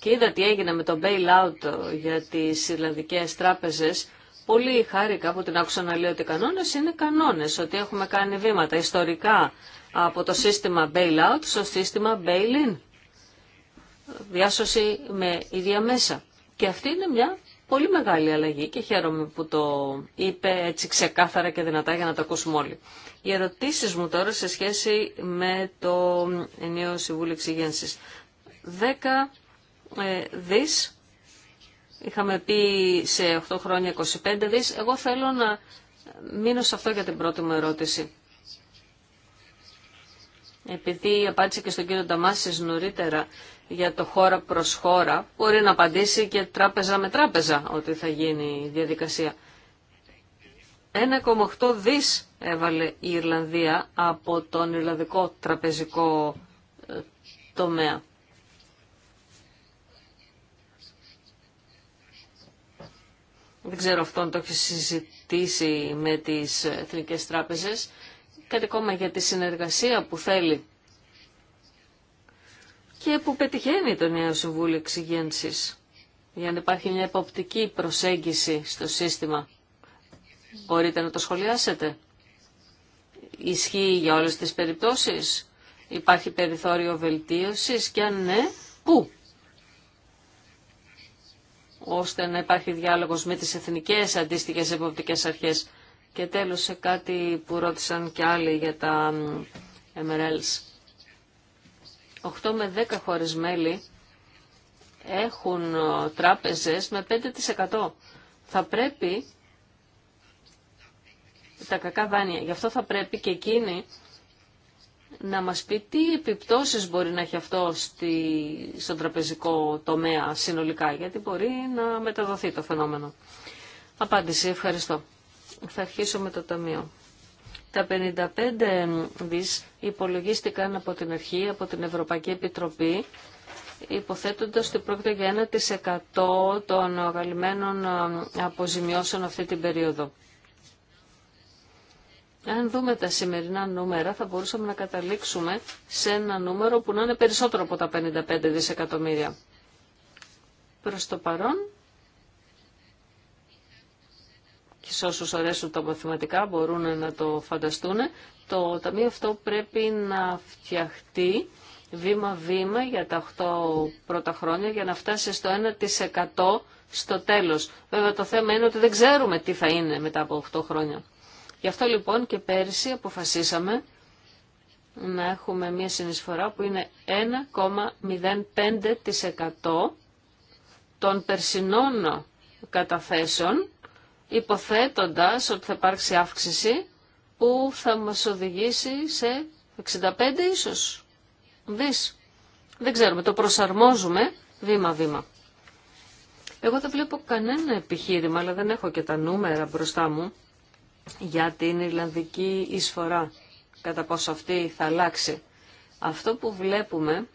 Και είδα τι έγινε με το bailout για τις Ιρλανδικές τράπεζες. Πολύ χάρηκα που την άκουσα να λέω ότι οι κανόνες είναι κανόνες, ότι έχουμε κάνει βήματα ιστορικά από το σύστημα bailout στο σύστημα bail-in διάσωση με ίδια μέσα. Και αυτή είναι μια πολύ μεγάλη αλλαγή και χαίρομαι που το είπε έτσι ξεκάθαρα και δυνατά για να το ακούσουμε όλοι. Οι ερωτήσεις μου τώρα σε σχέση με το ενίο Συμβούλιο Εξηγένσης. 10 ε, δις, είχαμε πει σε 8 χρόνια 25 δις, εγώ θέλω να μείνω σε αυτό για την πρώτη μου ερώτηση. Επειδή απάντησε και στον κύριο Νταμάσης νωρίτερα, για το χώρα προς χώρα, μπορεί να απαντήσει και τράπεζα με τράπεζα ότι θα γίνει η διαδικασία. 1,8 δις έβαλε η Ιρλανδία από τον Ιρλανδικό τραπεζικό ε, τομέα. Δεν ξέρω αν το έχει συζητήσει με τις εθνικές τράπεζες. Κάτι ακόμα για τη συνεργασία που θέλει και που πετυχαίνει το νέο Συμβούλιο Εξυγένση για να υπάρχει μια υποπτική προσέγγιση στο σύστημα. Μπορείτε να το σχολιάσετε. Ισχύει για όλες τις περιπτώσεις. Υπάρχει περιθώριο βελτίωσης και αν ναι, πού. Ώστε να υπάρχει διάλογος με τις εθνικές αντίστοιχες εποπτικές αρχές. Και τέλος σε κάτι που ρώτησαν και άλλοι για τα MRLs. 8 με 10 χώρες μέλη έχουν ε, τράπεζες με 5%. Θα πρέπει τα κακά δάνεια. Γι' αυτό θα πρέπει και εκείνη να μας πει τι επιπτώσεις μπορεί να έχει αυτό στη, στον τραπεζικό τομέα συνολικά, γιατί μπορεί να μεταδοθεί το φαινόμενο. Απάντηση, ευχαριστώ. Θα αρχίσω με το Ταμείο. Τα 55 δις υπολογίστηκαν από την αρχή, από την Ευρωπαϊκή Επιτροπή, υποθέτοντας ότι πρόκειται για 1% των αγαλημένων ε, αποζημιώσεων αυτή την περίοδο. Αν δούμε τα σημερινά νούμερα, θα μπορούσαμε να καταλήξουμε σε ένα νούμερο που να είναι περισσότερο από τα 55 δισεκατομμύρια. Προς το παρόν, και σε όσους αρέσουν τα μαθηματικά μπορούν να το φανταστούν, το ταμείο αυτό πρέπει να φτιαχτεί βήμα-βήμα για τα 8 πρώτα χρόνια για να φτάσει στο 1% στο τέλος. Βέβαια το θέμα είναι ότι δεν ξέρουμε τι θα είναι μετά από 8 χρόνια. Γι' αυτό λοιπόν και πέρσι αποφασίσαμε να έχουμε μια συνεισφορά που είναι 1,05% των περσινών καταθέσεων υποθέτοντας ότι θα υπάρξει αύξηση που θα μας οδηγήσει σε 65 ίσως δις. Δεν ξέρουμε, το προσαρμόζουμε βήμα-βήμα. Εγώ δεν βλέπω κανένα επιχείρημα, αλλά δεν έχω και τα νούμερα μπροστά μου, για την Ιρλανδική εισφορά, κατά πόσο αυτή θα αλλάξει. Αυτό που βλέπουμε,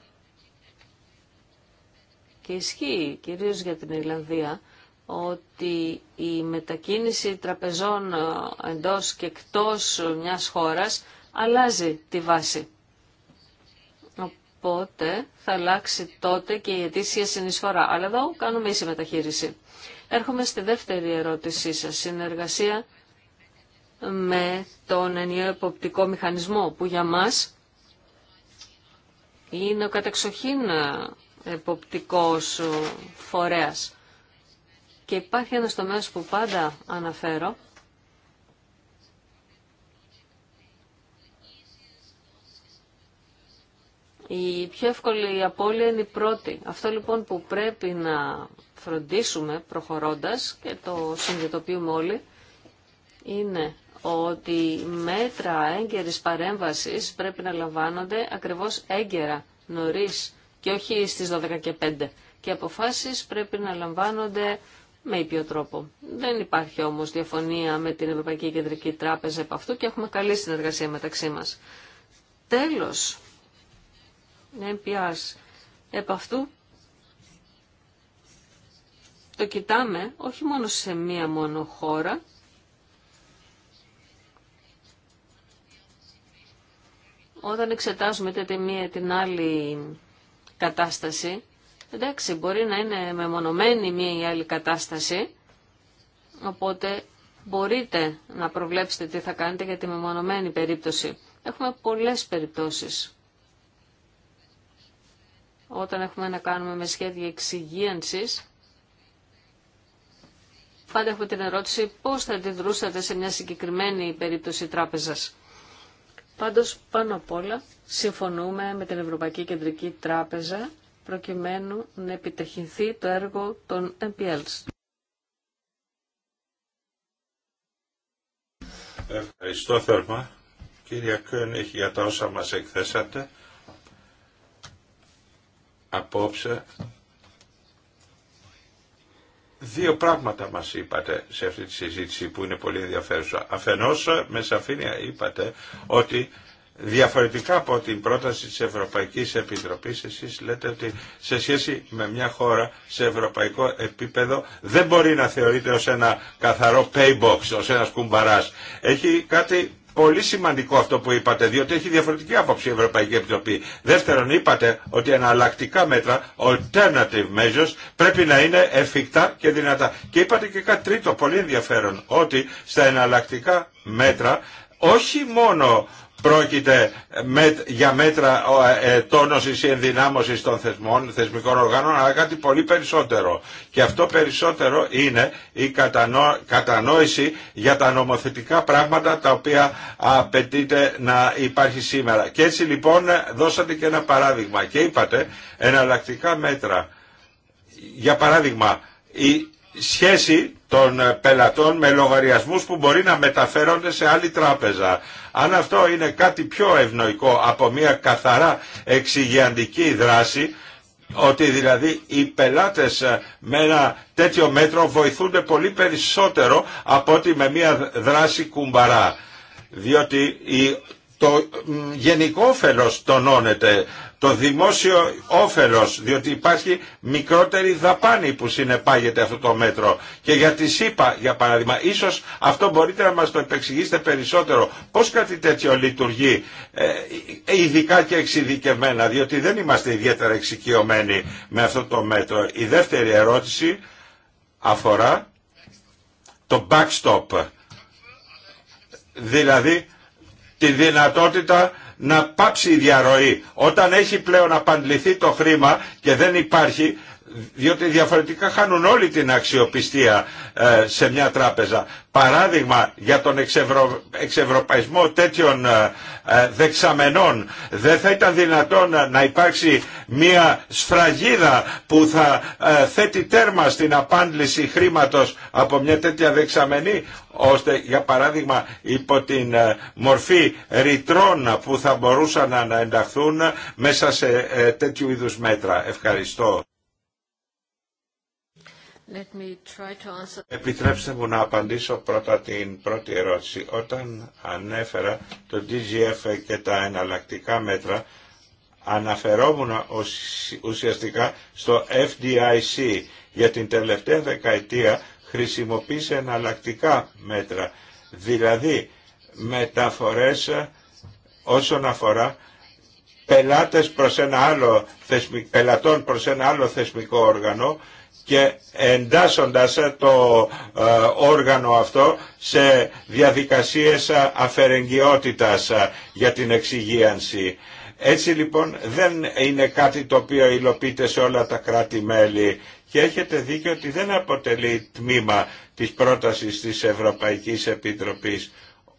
και ισχύει κυρίως για την Ιρλανδία, ότι η μετακίνηση τραπεζών ε, εντός και εκτός μιας χώρας αλλάζει τη βάση. Οπότε θα αλλάξει τότε και η ετήσια συνεισφορά. Αλλά εδώ κάνουμε ίση μεταχείριση. Έρχομαι στη δεύτερη ερώτησή σας. Συνεργασία με τον ενιαίο εποπτικό μηχανισμό που για μας είναι ο κατεξοχήν ε, εποπτικός ε, φορέας. Και υπάρχει ένας τομέας που πάντα αναφέρω, Η πιο εύκολη απώλεια είναι η πρώτη. Αυτό λοιπόν που πρέπει να φροντίσουμε προχωρώντας και το συνειδητοποιούμε όλοι είναι ότι μέτρα έγκαιρης παρέμβασης πρέπει να λαμβάνονται ακριβώς έγκαιρα, νωρίς και όχι στις 12 και 5. Και αποφάσεις πρέπει να λαμβάνονται με ήπιο τρόπο. Δεν υπάρχει όμως διαφωνία με την Ευρωπαϊκή Κεντρική Τράπεζα επ' αυτού και έχουμε καλή συνεργασία μεταξύ μας. Τέλος, NPS, επ' αυτού το κοιτάμε όχι μόνο σε μία μόνο χώρα, όταν εξετάζουμε την μία την άλλη κατάσταση, Εντάξει, μπορεί να είναι μεμονωμένη μία ή άλλη κατάσταση, οπότε μπορείτε να προβλέψετε τι θα κάνετε για τη μεμονωμένη περίπτωση. Έχουμε πολλές περιπτώσεις. Όταν έχουμε να κάνουμε με σχέδια εξυγίανσης, πάντα έχουμε την ερώτηση πώς θα αντιδρούσατε σε μια συγκεκριμένη περίπτωση τράπεζας. Πάντως, πάνω απ' όλα, συμφωνούμε με την Ευρωπαϊκή Κεντρική Τράπεζα προκειμένου να επιτεχυνθεί το έργο των MPLs. Ευχαριστώ θερμά. Κύριε Κόνιχ, για τα όσα μας εκθέσατε. Απόψε. Δύο πράγματα μας είπατε σε αυτή τη συζήτηση που είναι πολύ ενδιαφέρουσα. Αφενός με σαφήνεια είπατε ότι Διαφορετικά από την πρόταση της Ευρωπαϊκής Επιτροπής, εσείς λέτε ότι σε σχέση με μια χώρα σε ευρωπαϊκό επίπεδο δεν μπορεί να θεωρείται ως ένα καθαρό paybox, ως ένας κουμπαράς. Έχει κάτι πολύ σημαντικό αυτό που είπατε, διότι έχει διαφορετική άποψη η Ευρωπαϊκή Επιτροπή. Δεύτερον, είπατε ότι εναλλακτικά μέτρα, alternative measures, πρέπει να είναι εφικτά και δυνατά. Και είπατε και κάτι τρίτο πολύ ενδιαφέρον, ότι στα εναλλακτικά μέτρα όχι μόνο πρόκειται για μέτρα ε, ε, τόνωσης ή ενδυνάμωσης των θεσμών, θεσμικών οργάνων, αλλά κάτι πολύ περισσότερο. Και αυτό περισσότερο είναι η κατανό, περισσοτερο και αυτο περισσοτερο ειναι η κατανοηση για τα νομοθετικά πράγματα τα οποία απαιτείται να υπάρχει σήμερα. Και έτσι λοιπόν δώσατε και ένα παράδειγμα και είπατε εναλλακτικά μέτρα. Για παράδειγμα, σχέση των ε, πελατών με λογαριασμούς που μπορεί να μεταφέρονται σε άλλη τράπεζα. Αν αυτό είναι κάτι πιο ευνοϊκό από μια καθαρά εξηγιαντική δράση, ότι δηλαδή οι πελάτες ε, με ένα τέτοιο μέτρο βοηθούνται πολύ περισσότερο από ότι με μια δράση κουμπαρά. Διότι το γενικό όφελος τονώνεται το δημόσιο όφελος, διότι υπάρχει μικρότερη δαπάνη που συνεπάγεται αυτό το μέτρο. Και για τη ΣΥΠΑ, για παράδειγμα, ίσως αυτό μπορείτε να μας το επεξηγήσετε περισσότερο. Πώς κάτι τέτοιο λειτουργεί, ε, ειδικά και εξειδικευμένα, διότι δεν είμαστε ιδιαίτερα εξοικειωμένοι με αυτό το μέτρο. Η δεύτερη ερώτηση αφορά το backstop, δηλαδή τη δυνατότητα να πάψει η διαρροή. Όταν έχει πλέον απαντληθεί το χρήμα και δεν υπάρχει διότι διαφορετικά χάνουν όλη την αξιοπιστία ε, σε μια τράπεζα. Παράδειγμα για τον εξευρω... εξευρωπαϊσμό τέτοιων ε, ε, δεξαμενών δεν θα ήταν δυνατόν να υπάρξει μια σφραγίδα που θα θέτει τέρμα στην απάντηση χρήματος από μια τέτοια δεξαμενή ώστε για παράδειγμα υπό την μορφή ρητρών που θα μπορούσαν να ενταχθούν μέσα σε τέτοιου είδους μέτρα. Ευχαριστώ. Επιτρέψτε μου να απαντήσω πρώτα την πρώτη ερώτηση. Όταν ανέφερα το DGF και τα εναλλακτικά μέτρα, αναφερόμουν ουσιαστικά στο FDIC. Για την τελευταία δεκαετία χρησιμοποίησε εναλλακτικά μέτρα, δηλαδή μεταφορές όσον αφορά πελάτες προς ένα άλλο θεσμικό, πελατών προς ένα άλλο θεσμικό όργανο και εντάσσοντας ε, το ε, όργανο αυτό σε διαδικασίες ε, αφαιρεγγιότητας για την εξυγίανση. Έτσι λοιπόν δεν είναι κάτι το οποίο υλοποιείται σε όλα τα κράτη-μέλη και έχετε δίκιο ότι δεν αποτελεί τμήμα της πρότασης της Ευρωπαϊκής Επιτροπής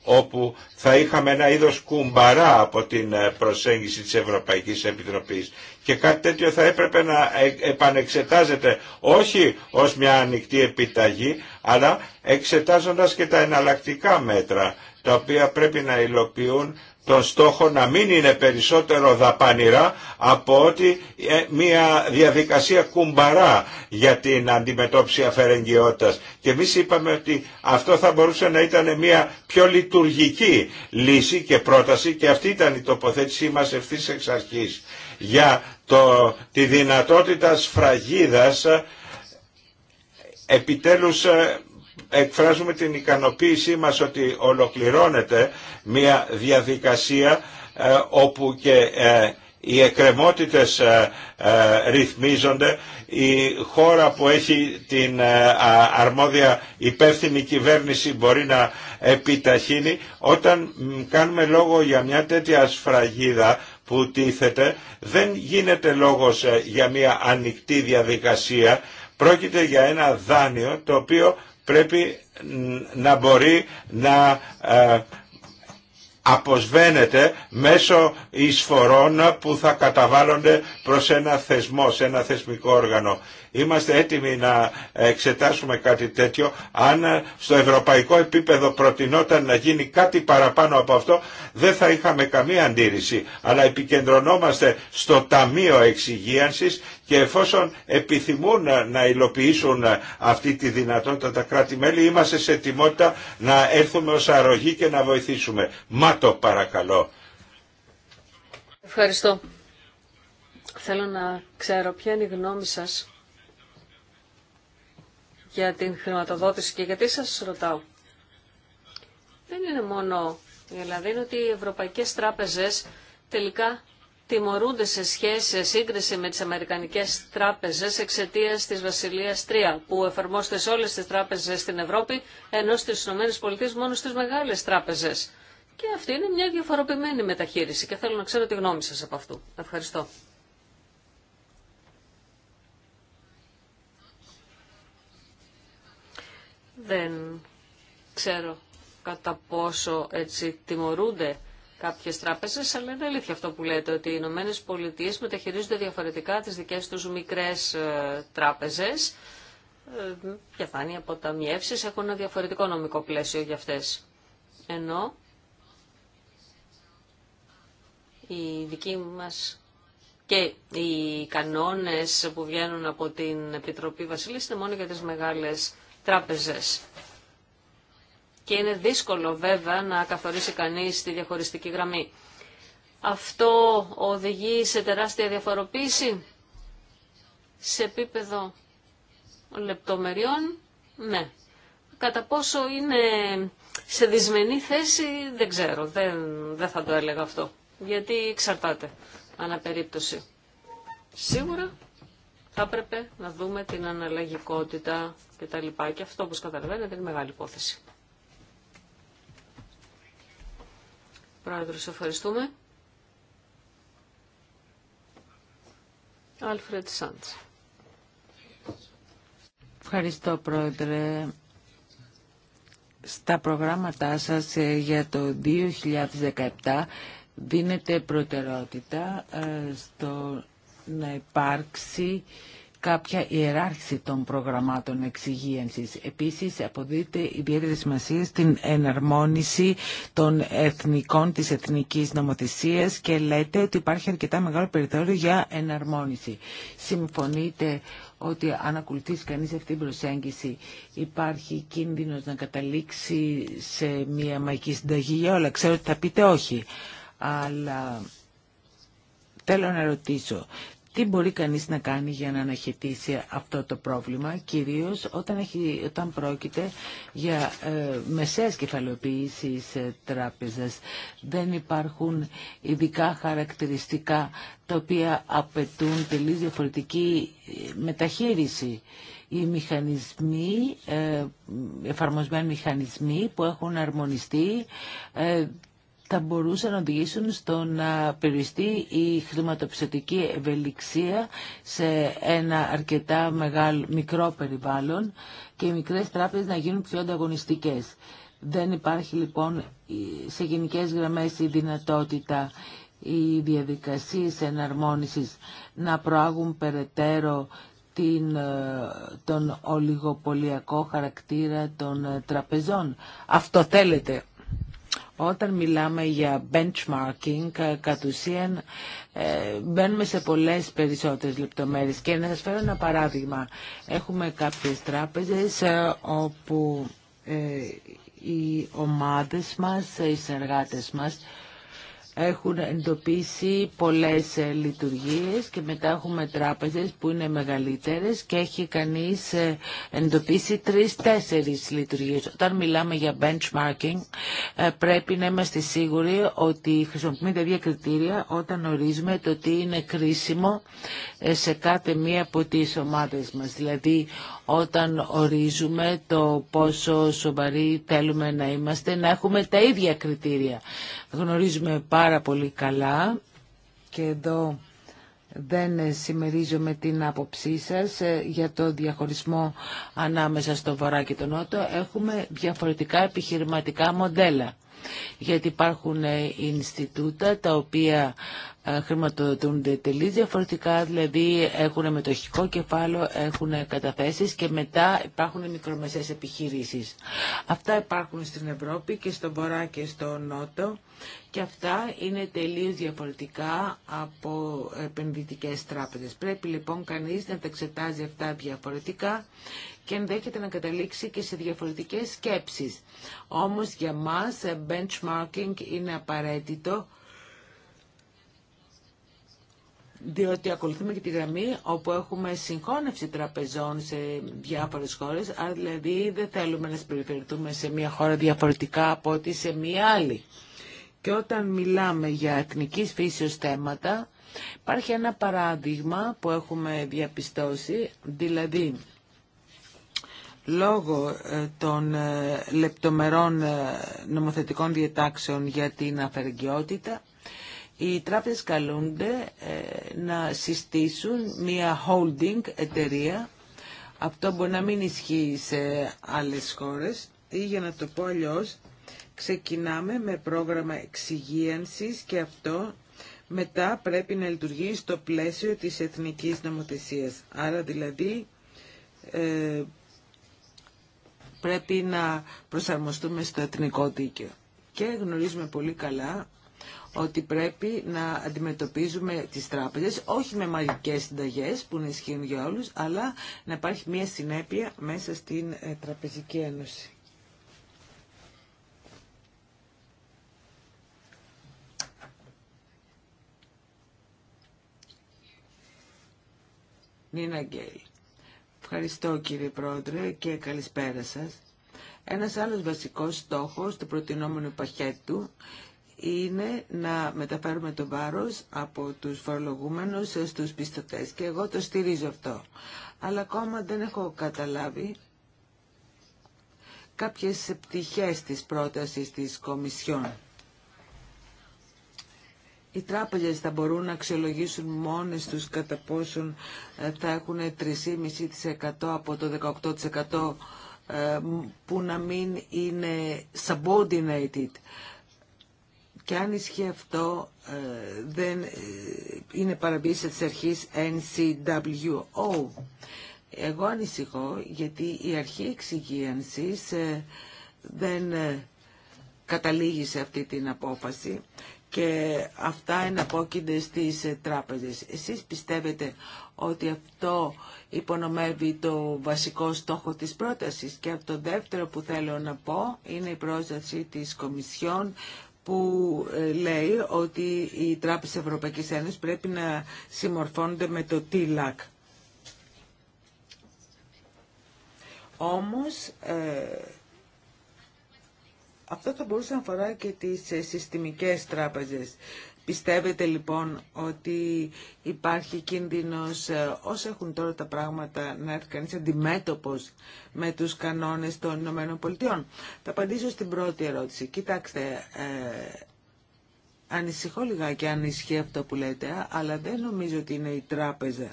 όπου θα είχαμε ένα είδος κουμπαρά από την ε, προσέγγιση της Ευρωπαϊκής Επιτροπής. Και κάτι τέτοιο θα έπρεπε να ε, επανεξετάζεται όχι ως μια ανοιχτή επιταγή, αλλά εξετάζοντας και τα εναλλακτικά μέτρα, τα οποία πρέπει να υλοποιούν τον στόχο να μην είναι περισσότερο δαπανηρά από ότι ε, μια διαδικασία κουμπαρά για την αντιμετώπιση αφαιρεγγιότητας. Και εμεί είπαμε ότι αυτό θα μπορούσε να ήταν μια πιο λειτουργική λύση και πρόταση και αυτή ήταν η τοποθέτησή μας ευθύς εξ αρχής για το, τη δυνατότητα σφραγίδας ε, επιτέλους ε, εκφράζουμε την ικανοποίησή μας ότι ολοκληρώνεται μια διαδικασία ε, όπου και ε, οι εκκρεμότητες ε, ρυθμίζονται, η χώρα που έχει την αρμόδια υπεύθυνη κυβέρνηση μπορεί να επιταχύνει. Όταν κάνουμε λόγο για μια τέτοια σφραγίδα που τίθεται, δεν γίνεται λόγος για μια ανοιχτή διαδικασία. Πρόκειται για ένα δάνειο το οποίο πρέπει να μπορεί να ε, αποσβαίνεται μέσω εισφορών που θα καταβάλλονται προς ένα θεσμό, σε ένα θεσμικό όργανο. Είμαστε έτοιμοι να εξετάσουμε κάτι τέτοιο. Αν στο ευρωπαϊκό επίπεδο προτινόταν να γίνει κάτι παραπάνω από αυτό, δεν θα είχαμε καμία αντίρρηση. Αλλά επικεντρωνόμαστε στο Ταμείο Εξυγίανσης και εφόσον επιθυμούν να υλοποιήσουν αυτή τη δυνατότητα τα κράτη-μέλη είμαστε σε ετοιμότητα να έρθουμε ως αρρωγή και να βοηθήσουμε. Μα το παρακαλώ. Ευχαριστώ. Θέλω να ξέρω ποια είναι η γνώμη σας για την χρηματοδότηση και γιατί σας ρωτάω. Δεν είναι μόνο η Ελλάδα, είναι ότι οι ευρωπαϊκές τράπεζες τελικά τιμωρούνται σε σχέση, σε σύγκριση με τις Αμερικανικές τράπεζες εξαιτία της Βασιλείας 3, που εφαρμόστε σε όλες τις τράπεζες στην Ευρώπη, ενώ στις ΗΠΑ μόνο στις μεγάλες τράπεζες. Και αυτή είναι μια διαφοροποιημένη μεταχείριση και θέλω να ξέρω τη γνώμη σας από αυτού. Ευχαριστώ. Δεν ξέρω κατά πόσο έτσι τιμωρούνται κάποιες τράπεζες, αλλά είναι αλήθεια αυτό που λέτε, ότι οι Ηνωμένε Πολιτείες μεταχειρίζονται διαφορετικά τις δικές τους μικρές ε, τράπεζες. Διαφάνεια ε, από ταμιεύσεις έχουν ένα διαφορετικό νομικό πλαίσιο για αυτές. Ενώ η δική μας και οι κανόνες που βγαίνουν από την Επιτροπή Βασίλης είναι μόνο για τις μεγάλες τράπεζες και είναι δύσκολο βέβαια να καθορίσει κανείς τη διαχωριστική γραμμή. Αυτό οδηγεί σε τεράστια διαφοροποίηση σε επίπεδο λεπτομεριών, ναι. Κατά πόσο είναι σε δυσμενή θέση δεν ξέρω, δεν, δεν θα το έλεγα αυτό, γιατί εξαρτάται αναπερίπτωση. Σίγουρα θα έπρεπε να δούμε την αναλλαγικότητα και τα λοιπά. Και αυτό, όπως καταλαβαίνετε, είναι μεγάλη υπόθεση. Πρόεδρος, ευχαριστούμε. Άλφρετ Σάντ. Ευχαριστώ, Πρόεδρε. Στα προγράμματά σας ε, για το 2017 δίνεται προτεραιότητα ε, στο να υπάρξει κάποια ιεράρχηση των προγραμμάτων εξυγίανσης. Επίσης, αποδίδεται ιδιαίτερη σημασία στην εναρμόνιση των εθνικών της εθνικής νομοθεσίας και λέτε ότι υπάρχει αρκετά μεγάλο περιθώριο για εναρμόνιση. Συμφωνείτε ότι αν ακολουθήσει κανείς αυτή την προσέγγιση υπάρχει κίνδυνος να καταλήξει σε μια μαϊκή συνταγή για όλα. Ξέρω ότι θα πείτε όχι, αλλά θέλω να ρωτήσω τι μπορεί κανείς να κάνει για να αναχαιτήσει αυτό το πρόβλημα, κυρίως όταν, έχει, όταν πρόκειται για ε, μεσαίες κεφαλαιοποίησεις ε, τράπεζας. Δεν υπάρχουν ειδικά χαρακτηριστικά τα οποία απαιτούν τελείως διαφορετική ε, μεταχείριση. Οι μηχανισμοί, ε, εφαρμοσμένοι μηχανισμοί που έχουν αρμονιστεί θα μπορούσαν να οδηγήσουν στο να περιοριστεί η χρηματοπιστωτική ευελιξία σε ένα αρκετά μεγάλο, μικρό περιβάλλον και οι μικρές τράπεζες να γίνουν πιο ανταγωνιστικές. Δεν υπάρχει λοιπόν σε γενικές γραμμές η δυνατότητα οι διαδικασίες εναρμόνισης να προάγουν περαιτέρω την, ε, τον ολιγοπολιακό χαρακτήρα των ε, τραπεζών. Αυτό θέλετε όταν μιλάμε για benchmarking, ε, κατ' ουσίαν ε, μπαίνουμε σε πολλές περισσότερες λεπτομέρειες. Και να σας φέρω ένα παράδειγμα. Έχουμε κάποιες τράπεζες ε, όπου οι ομάδες μας, οι συνεργάτες μας, έχουν εντοπίσει πολλές ε, λειτουργίες και μετά έχουμε τράπεζες που είναι μεγαλύτερες και έχει κανείς ε, εντοπίσει τρεις-τέσσερις λειτουργίες. Όταν μιλάμε για benchmarking ε, πρέπει να είμαστε σίγουροι ότι χρησιμοποιούμε τα κριτήρια όταν ορίζουμε το τι είναι κρίσιμο σε κάθε μία από τις ομάδες μας. Δηλαδή όταν ορίζουμε το πόσο σοβαροί θέλουμε να είμαστε, να έχουμε τα ίδια κριτήρια γνωρίζουμε πάρα πολύ καλά και εδώ δεν συμμερίζομαι την άποψή σας ε, για το διαχωρισμό ανάμεσα στο βορρά και τον νότο. Έχουμε διαφορετικά επιχειρηματικά μοντέλα γιατί υπάρχουν ε, Ινστιτούτα τα οποία ε, χρηματοδοτούνται τελείως διαφορετικά, δηλαδή έχουν μετοχικό κεφάλαιο, έχουν καταθέσεις και μετά υπάρχουν μικρομεσαίες επιχειρήσεις. Αυτά υπάρχουν στην Ευρώπη και στον Βορρά και στο Νότο και αυτά είναι τελείως διαφορετικά από επενδυτικές τράπεζες. Πρέπει λοιπόν κανείς να τα εξετάζει αυτά διαφορετικά και ενδέχεται να καταλήξει και σε διαφορετικές σκέψεις. Όμως για μας ε, benchmarking είναι απαραίτητο διότι ακολουθούμε και τη γραμμή όπου έχουμε συγχώνευση τραπεζών σε διάφορες χώρες, δηλαδή δεν θέλουμε να συμπεριφερθούμε σε μια χώρα διαφορετικά από ό,τι σε μια άλλη. Και όταν μιλάμε για εθνικής φύσεως θέματα, υπάρχει ένα παράδειγμα που έχουμε διαπιστώσει, δηλαδή λόγω ε, των ε, λεπτομερών ε, νομοθετικών διατάξεων για την αφεργιότητα, οι τράπεζες καλούνται ε, να συστήσουν μια holding εταιρεία. Αυτό μπορεί να μην ισχύει σε άλλες χώρες ή για να το πω αλλιώς, ξεκινάμε με πρόγραμμα εξυγίανσης και αυτό μετά πρέπει να λειτουργεί στο πλαίσιο της εθνικής νομοθεσίας. Άρα δηλαδή ε, πρέπει να προσαρμοστούμε στο εθνικό δίκαιο. Και γνωρίζουμε πολύ καλά ότι πρέπει να αντιμετωπίζουμε τις τράπεζες όχι με μαγικές συνταγές που είναι ισχύουν για όλους, αλλά να υπάρχει μια συνέπεια μέσα στην ε, Τραπεζική Ένωση. Νίνα Γκέι. Ευχαριστώ κύριε Πρόεδρε και καλησπέρα σας. Ένας άλλος βασικός στόχος του προτινόμενου παχέτου είναι να μεταφέρουμε το βάρος από τους φορολογούμενους στους πιστωτές και εγώ το στηρίζω αυτό. Αλλά ακόμα δεν έχω καταλάβει κάποιες πτυχές της πρότασης της Κομισιόν. Οι τράπεζες θα μπορούν να αξιολογήσουν μόνες τους κατά πόσον ε, θα έχουν 3,5% από το 18% ε, που να μην είναι subordinated και αν ισχύει αυτό ε, δεν ε, είναι παραμπίση της αρχής NCWO. Εγώ ανησυχώ γιατί η αρχή εξυγίανσης ε, δεν καταλήγει σε αυτή την απόφαση και αυτά εναπόκεινται στις τράπεζες. Εσείς πιστεύετε ότι αυτό υπονομεύει το βασικό στόχο της πρότασης και από το δεύτερο που θέλω να πω είναι η πρόσβαση της Κομισιόν που ε, λέει ότι οι τράπεζες Ευρωπαϊκής Ένωσης πρέπει να συμμορφώνονται με το TLAC. Όμως, ε, αυτό θα μπορούσε να αφορά και τις ε, συστημικές τράπεζες. Πιστεύετε λοιπόν ότι υπάρχει κίνδυνος ε, όσο έχουν τώρα τα πράγματα να έρθει κανείς αντιμέτωπος με τους κανόνες των Ηνωμένων Πολιτειών. Θα απαντήσω στην πρώτη ερώτηση. Κοιτάξτε, ε, ανησυχώ λιγάκι αν ισχύει αυτό που λέτε, αλλά δεν νομίζω ότι είναι η τράπεζα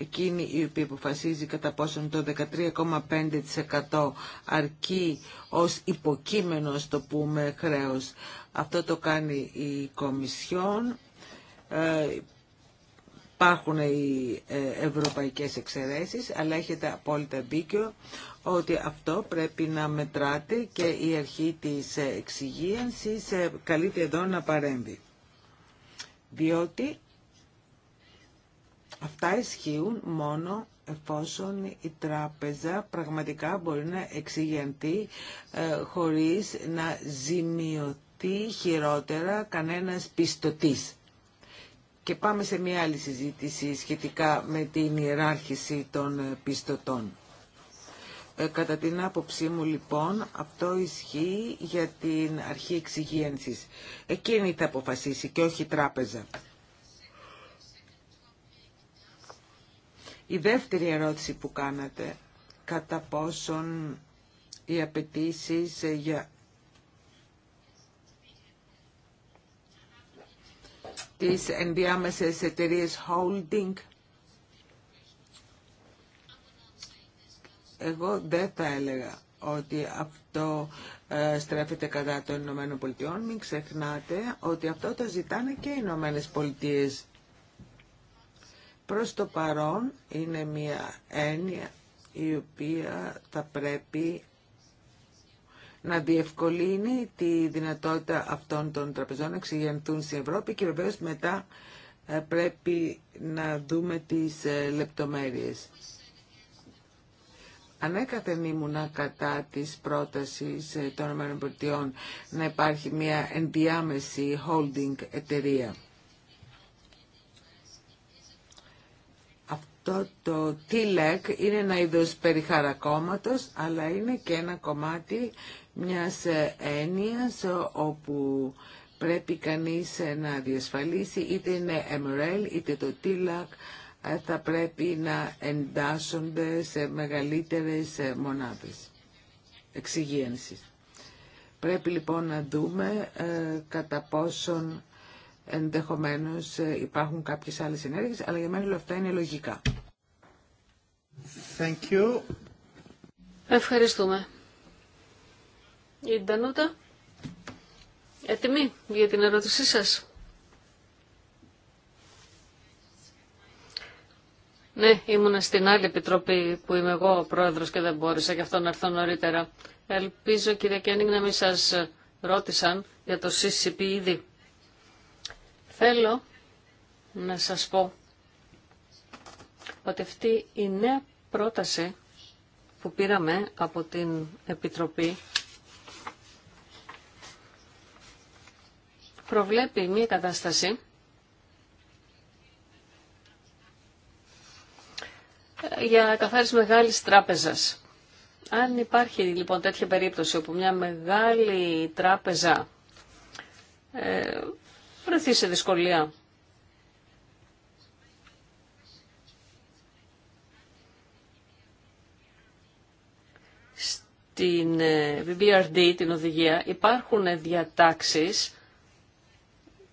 εκείνη η οποία αποφασίζει κατά πόσον το 13,5% αρκεί ως υποκείμενο, το πούμε, χρέος. Αυτό το κάνει η Κομισιόν. Ε, υπάρχουν οι ε, ευρωπαϊκές εξαιρέσεις, αλλά έχετε απόλυτα δίκιο ότι αυτό πρέπει να μετράτε και η αρχή της ε, εξυγίανσης καλείται εδώ να παρέμβει. Διότι Αυτά ισχύουν μόνο εφόσον η τράπεζα πραγματικά μπορεί να εξηγεντεί ε, χωρίς να ζημιωθεί χειρότερα κανένας πιστωτής. Και πάμε σε μια άλλη συζήτηση σχετικά με την ιεράρχηση των ε, πιστωτών. Ε, κατά την άποψή μου λοιπόν αυτό ισχύει για την αρχή εξυγίανσης. Εκείνη θα αποφασίσει και όχι η τράπεζα. Η δεύτερη ερώτηση που κάνατε, κατά πόσον οι απαιτήσει για τις ενδιάμεσες εταιρείε holding. Εγώ δεν θα έλεγα ότι αυτό ε, στρέφεται κατά των Ηνωμένων Πολιτειών. Μην ξεχνάτε ότι αυτό το ζητάνε και οι Ηνωμένε Πολιτείες. Προς το παρόν είναι μια έννοια η οποία θα πρέπει να διευκολύνει τη δυνατότητα αυτών των τραπεζών να εξηγενθούν στην Ευρώπη και βεβαίως μετά ε, πρέπει να δούμε τις ε, λεπτομέρειες. Ανέκαθεν ήμουνα κατά της πρότασης ε, των ΗΠΑ να υπάρχει μια ενδιάμεση holding εταιρεία. το ΤΙΛΕΚ e είναι ένα είδος περιχαρακόμματος αλλά είναι και ένα κομμάτι μιας ε, έννοιας όπου πρέπει κανείς ε, να διασφαλίσει είτε είναι MRL είτε το ΤΙΛΕΚ e θα πρέπει να εντάσσονται σε μεγαλύτερες ε, μονάδες εξυγίανσης. Πρέπει λοιπόν να δούμε κατά πόσον ενδεχομένως υπάρχουν κάποιες άλλες ενέργειες, αλλά για μένα όλα αυτά είναι λογικά. Ευχαριστούμε. Η Ντανούτα, έτοιμη για την ερώτησή σας. Ναι, ήμουν στην άλλη επιτροπή που είμαι εγώ ο πρόεδρος και δεν μπόρεσα γι' αυτό να έρθω νωρίτερα. Ελπίζω κύριε Κένιγκ να μην σας ρώτησαν για το CCP ήδη. Θέλω να σας πω ότι αυτή η νέα πρόταση που πήραμε από την Επιτροπή προβλέπει μια κατάσταση για καθάριση μεγάλης τράπεζας. Αν υπάρχει λοιπόν τέτοια περίπτωση όπου μια μεγάλη τράπεζα ε, βρεθεί σε δυσκολία την ε, BRD, την οδηγία, υπάρχουν διατάξεις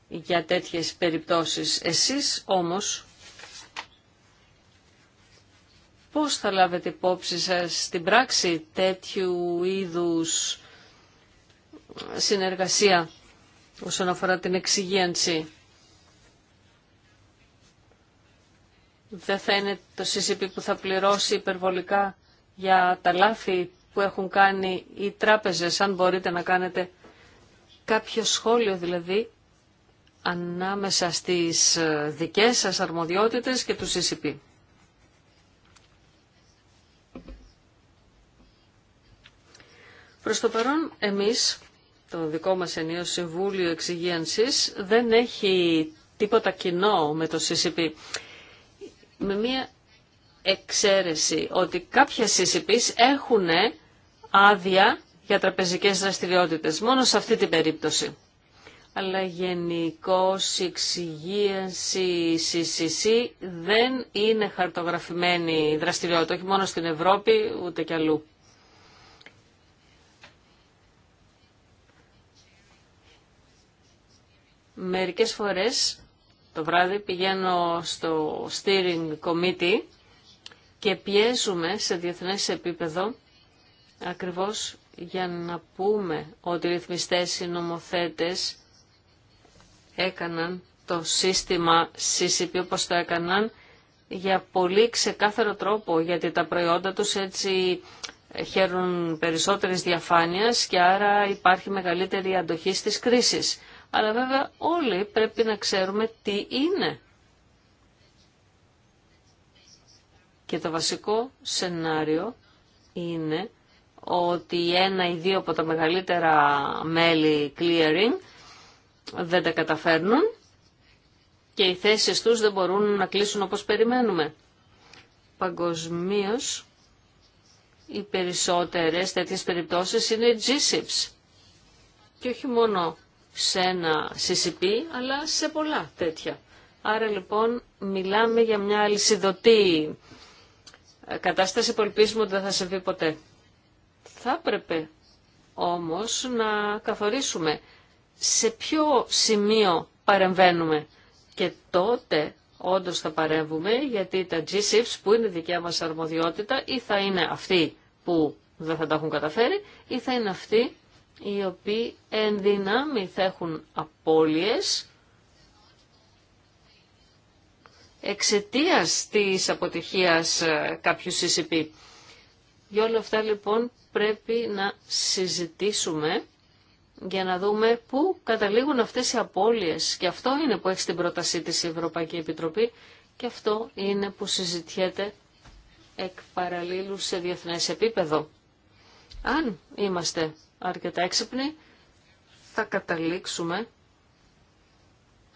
για τέτοιες περιπτώσεις. Εσείς όμως πώς θα λάβετε υπόψη σας στην πράξη τέτοιου είδους συνεργασία όσον αφορά την εξυγίανση. Δεν θα είναι το CCP που θα πληρώσει υπερβολικά για τα λάθη που έχουν κάνει οι τράπεζες, αν μπορείτε να κάνετε κάποιο σχόλιο δηλαδή ανάμεσα στις ε, δικές σας αρμοδιότητες και του CCP. Προς το παρόν, εμείς, το δικό μας ενίο Συμβούλιο Εξυγίανσης, δεν έχει τίποτα κοινό με το CCP. Με μία εξαίρεση ότι κάποια CCP έχουν άδεια για τραπεζικές δραστηριότητες, μόνο σε αυτή την περίπτωση. Αλλά γενικώ η εξυγίαση CCC δεν είναι χαρτογραφημένη δραστηριότητα, όχι μόνο στην Ευρώπη, ούτε κι αλλού. Μερικές φορές το βράδυ πηγαίνω στο steering committee και πιέζουμε σε διεθνές επίπεδο ακριβώς για να πούμε ότι οι ρυθμιστές, οι νομοθέτες έκαναν το σύστημα CCP όπως το έκαναν για πολύ ξεκάθαρο τρόπο, γιατί τα προϊόντα τους έτσι χαίρουν περισσότερης διαφάνειας και άρα υπάρχει μεγαλύτερη αντοχή στις κρίσεις. Αλλά βέβαια όλοι πρέπει να ξέρουμε τι είναι. Και το βασικό σενάριο είναι ότι ένα ή δύο από τα μεγαλύτερα μέλη clearing δεν τα καταφέρνουν και οι θέσεις τους δεν μπορούν να κλείσουν όπως περιμένουμε. Παγκοσμίω οι περισσότερες τέτοιες περιπτώσεις είναι G-SIPs και όχι μόνο σε ένα CCP αλλά σε πολλά τέτοια. Άρα λοιπόν μιλάμε για μια αλυσιδωτή κατάσταση που ελπίζουμε ότι δεν θα συμβεί ποτέ. Θα έπρεπε όμως να καθορίσουμε σε ποιο σημείο παρεμβαίνουμε και τότε όντω θα παρέμβουμε γιατί τα g που είναι δικιά μας αρμοδιότητα ή θα είναι αυτοί που δεν θα τα έχουν καταφέρει ή θα είναι αυτοί οι οποίοι εν δυνάμει θα έχουν απώλειες εξαιτίας της αποτυχίας κάποιου CCP. Για όλα αυτά λοιπόν πρέπει να συζητήσουμε για να δούμε πού καταλήγουν αυτές οι απώλειες. Και αυτό είναι που έχει στην πρότασή της η Ευρωπαϊκή Επιτροπή και αυτό είναι που συζητιέται εκ παραλλήλου σε διεθνές επίπεδο. Αν είμαστε αρκετά έξυπνοι, θα καταλήξουμε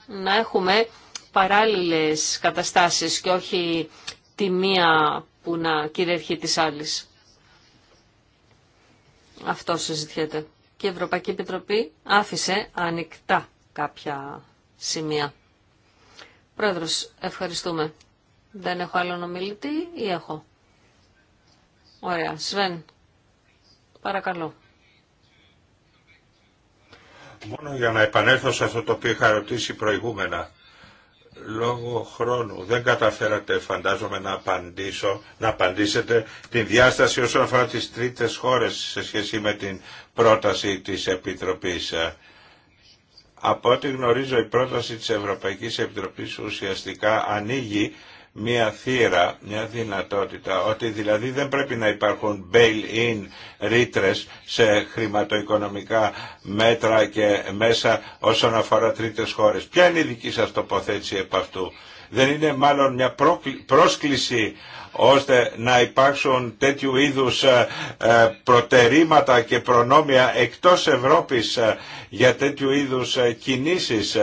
να έχουμε παράλληλες καταστάσεις και όχι τη μία που να κυριαρχεί της άλλης. Αυτό συζητιέται. Και η Ευρωπαϊκή Επιτροπή άφησε ανοιχτά κάποια σημεία. Πρόεδρος, ευχαριστούμε. Δεν έχω άλλον ομιλητή ή έχω. Ωραία. Σβέν, παρακαλώ. Μόνο για να επανέλθω σε αυτό το οποίο είχα ρωτήσει προηγούμενα λόγω χρόνου δεν καταφέρατε φαντάζομαι να, απαντήσω, να απαντήσετε την διάσταση όσον αφορά τις τρίτες χώρες σε σχέση με την πρόταση της Επιτροπής. Από ό,τι γνωρίζω η πρόταση της Ευρωπαϊκής Επιτροπής ουσιαστικά ανοίγει μια θύρα, μια δυνατότητα, ότι δηλαδή δεν πρέπει να υπάρχουν bail-in ρήτρε σε χρηματοοικονομικά μέτρα και μέσα όσον αφορά τρίτες χώρες. Ποια είναι η δική σας τοποθέτηση επ' αυτού. Δεν είναι μάλλον μια πρόσκληση ώστε να υπάρξουν τέτοιου είδους ε, ε, προτερήματα και προνόμια εκτός Ευρώπης ε, για τέτοιου είδους κινήσεις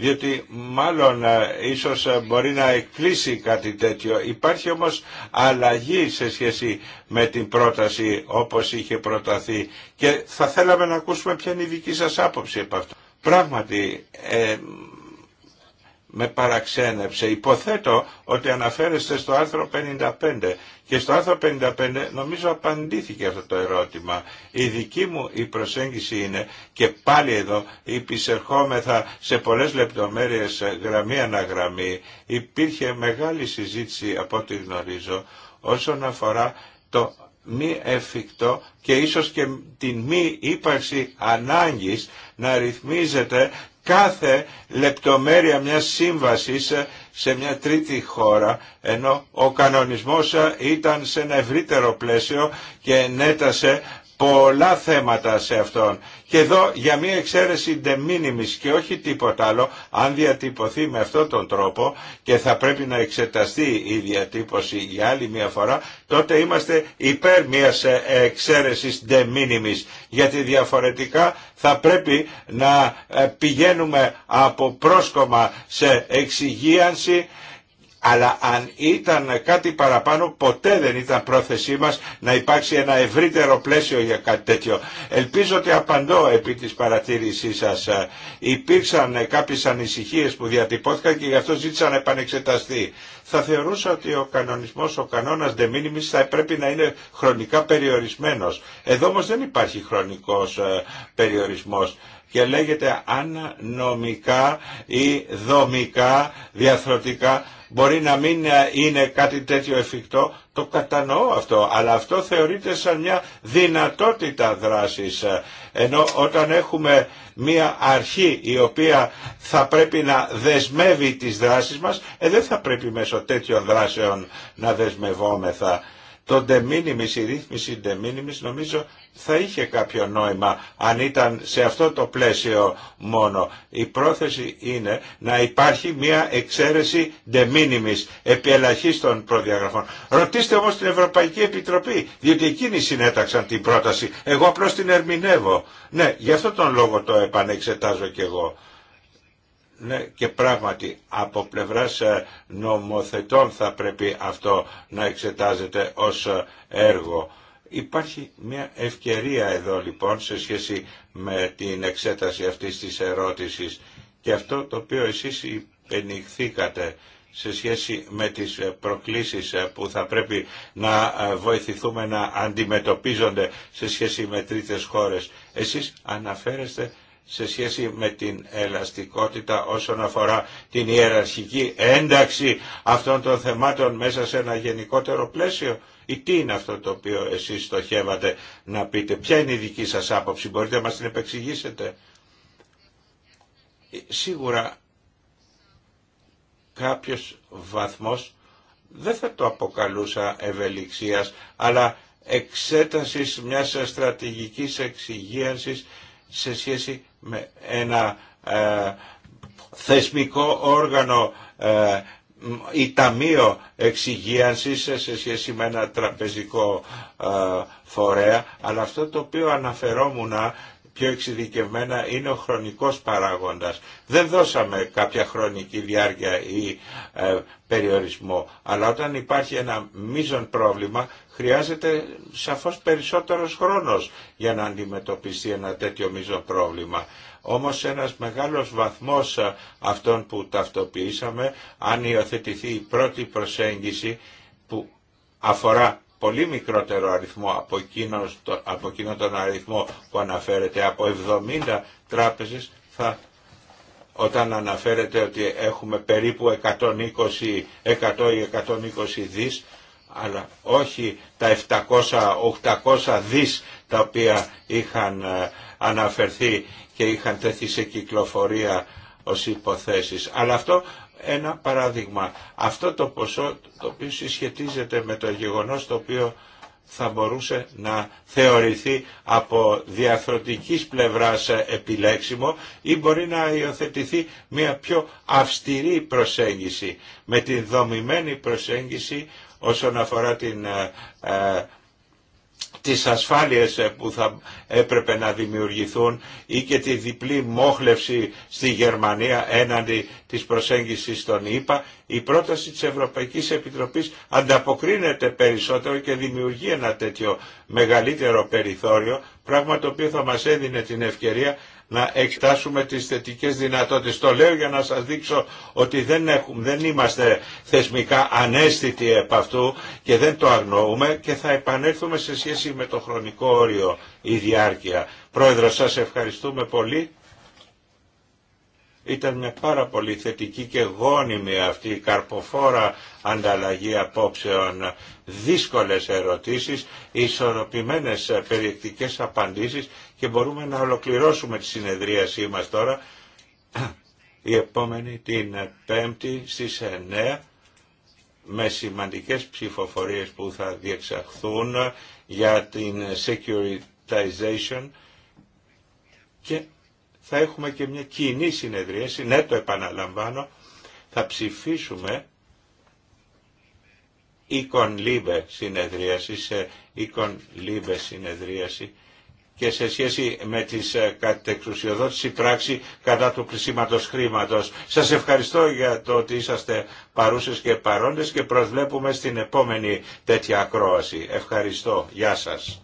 διότι μάλλον ε, ίσως ε, μπορεί να εκπλήσει κάτι τέτοιο. Υπάρχει όμως αλλαγή σε σχέση με την πρόταση όπως είχε προταθεί και θα θέλαμε να ακούσουμε ποια είναι η δική σας άποψη από αυτό. Πράγματι, ε, με παραξένεψε. Υποθέτω ότι αναφέρεστε στο άρθρο 55 και στο άρθρο 55 νομίζω απαντήθηκε αυτό το ερώτημα. Η δική μου η προσέγγιση είναι και πάλι εδώ υπησερχόμεθα σε πολλές λεπτομέρειες γραμμή αναγραμμή. Υπήρχε μεγάλη συζήτηση από ό,τι γνωρίζω όσον αφορά το μη εφικτό και ίσως και την μη ύπαρξη ανάγκης να ρυθμίζεται κάθε λεπτομέρεια μιας σύμβασης σε μια τρίτη χώρα, ενώ ο κανονισμός ήταν σε ένα ευρύτερο πλαίσιο και ενέτασε πολλά θέματα σε αυτόν. Και εδώ για μία εξαίρεση de και όχι τίποτα άλλο, αν διατυπωθεί με αυτόν τον τρόπο και θα πρέπει να εξεταστεί η διατύπωση για άλλη μία φορά, τότε είμαστε υπέρ μίας ε, εξαίρεσης de γιατί διαφορετικά θα πρέπει να ε, πηγαίνουμε από πρόσκομα σε εξυγίανση αλλά αν ήταν κάτι παραπάνω ποτέ δεν ήταν πρόθεσή μας να υπάρξει ένα ευρύτερο πλαίσιο για κάτι τέτοιο. Ελπίζω ότι απαντώ επί της παρατήρησής σας. Ε, υπήρξαν κάποιες ανησυχίες που διατυπώθηκαν και γι' αυτό ζήτησα να επανεξεταστεί. Θα θεωρούσα ότι ο κανονισμός, ο κανόνας de θα πρέπει να είναι χρονικά περιορισμένος. Εδώ όμως δεν υπάρχει χρονικός ε, περιορισμός και λέγεται αν νομικά ή δομικά, διαθροτικά μπορεί να μην ε, είναι κάτι τέτοιο εφικτό, το κατανοώ αυτό, αλλά αυτό θεωρείται σαν μια δυνατότητα δράσης. Ε, ενώ όταν έχουμε μια αρχή η οποία θα πρέπει να δεσμεύει τις δράσεις μας, ε, δεν θα πρέπει μέσω τέτοιων δράσεων να δεσμευόμεθα το de minimis, η ρύθμιση de minimis νομίζω θα είχε κάποιο νόημα αν ήταν σε αυτό το πλαίσιο μόνο. Η πρόθεση είναι να υπάρχει μια εξαίρεση de minimis, των προδιαγραφών. Ρωτήστε όμως την Ευρωπαϊκή Επιτροπή, διότι εκείνοι συνέταξαν την πρόταση. Εγώ απλώς την ερμηνεύω. Ναι, γι' αυτό τον λόγο το επανεξετάζω κι εγώ. Ναι και πράγματι από πλευράς ε, νομοθετών θα πρέπει αυτό να εξετάζεται ως ε, έργο. Υπάρχει μια ευκαιρία εδώ λοιπόν σε σχέση με την εξέταση αυτής της ερώτησης και αυτό το οποίο εσείς υπενηχθήκατε σε σχέση με τις ε, προκλήσεις που θα πρέπει να βοηθηθούμε να αντιμετωπίζονται σε σχέση με τρίτες χώρες. Εσείς αναφέρεστε σε σχέση με την ελαστικότητα όσον αφορά την ιεραρχική ένταξη αυτών των θεμάτων μέσα σε ένα γενικότερο πλαίσιο ή τι είναι αυτό το οποίο εσείς στοχεύατε να πείτε. Ποια είναι η δική σας άποψη, μπορείτε να μας την επεξηγήσετε. Ε, σίγουρα κάποιος βαθμός δεν θα το αποκαλούσα ευελιξίας, αλλά εξέτασης μιας στρατηγικής εξυγίανσης σε σχέση με ένα ε, θεσμικό όργανο ε, ή ταμείο σε σχέση με ένα τραπεζικό ε, φορέα, αλλά αυτό το οποίο αναφερόμουν πιο εξειδικευμένα είναι ο χρονικός παράγοντας. Δεν δώσαμε κάποια χρονική διάρκεια ή ε, περιορισμό, αλλά όταν υπάρχει ένα μείζον πρόβλημα χρειάζεται σαφώς περισσότερος χρόνος για να αντιμετωπιστεί ένα τέτοιο μείζο πρόβλημα. Όμως ένας μεγάλος βαθμός αυτών που ταυτοποιήσαμε, αν υιοθετηθεί η πρώτη προσέγγιση που αφορά πολύ μικρότερο αριθμό από εκείνο, από τον αριθμό που αναφέρεται, από 70 τράπεζες θα όταν αναφέρεται ότι έχουμε περίπου 120, 100 ή 120 δις, αλλά όχι τα 700-800 δις τα οποία είχαν ε, αναφερθεί και είχαν τέθει σε κυκλοφορία ως υποθέσεις. Αλλά αυτό ένα παράδειγμα. Αυτό το ποσό το οποίο συσχετίζεται με το γεγονός το οποίο θα μπορούσε να θεωρηθεί από διαφορετικής πλευράς ε, επιλέξιμο ή μπορεί να υιοθετηθεί μια πιο αυστηρή προσέγγιση με την δομημένη προσέγγιση όσον αφορά την ε, ε, τις ασφάλειες ε, που θα έπρεπε να δημιουργηθούν ή και τη διπλή μόχλευση στη Γερμανία έναντι της προσέγγισης των ΗΠΑ, η πρόταση της Ευρωπαϊκής Επιτροπής ανταποκρίνεται περισσότερο και δημιουργεί ένα τέτοιο μεγαλύτερο περιθώριο, πράγμα το οποίο θα μας έδινε την ευκαιρία να εκτάσουμε τις θετικές δυνατότητες. Το λέω για να σας δείξω ότι δεν, έχουμε, είμαστε θεσμικά ανέστητοι επ' αυτού και δεν το αγνοούμε και θα επανέλθουμε σε σχέση με το χρονικό όριο η διάρκεια. Πρόεδρο, σας ευχαριστούμε πολύ. Ήταν μια πάρα πολύ θετική και γόνιμη αυτή η καρποφόρα ανταλλαγή απόψεων, δύσκολες ερωτήσεις, ισορροπημένες περιεκτικές απαντήσεις και μπορούμε να ολοκληρώσουμε τη συνεδρίασή μας τώρα. Η επόμενη την Πέμπτη στις 9 με σημαντικές ψηφοφορίες που θα διεξαχθούν για την securitization και θα έχουμε και μια κοινή συνεδρίαση, ναι το επαναλαμβάνω, θα ψηφίσουμε Econ Libe συνεδρίαση, σε Econ συνεδρίαση και σε σχέση με τις ε, κατεξουσιοδότηση πράξη κατά του πλησίματος χρήματος. Σας ευχαριστώ για το ότι είσαστε παρούσες και παρόντες και προσβλέπουμε στην επόμενη τέτοια ακρόαση. Ευχαριστώ. Γεια σας.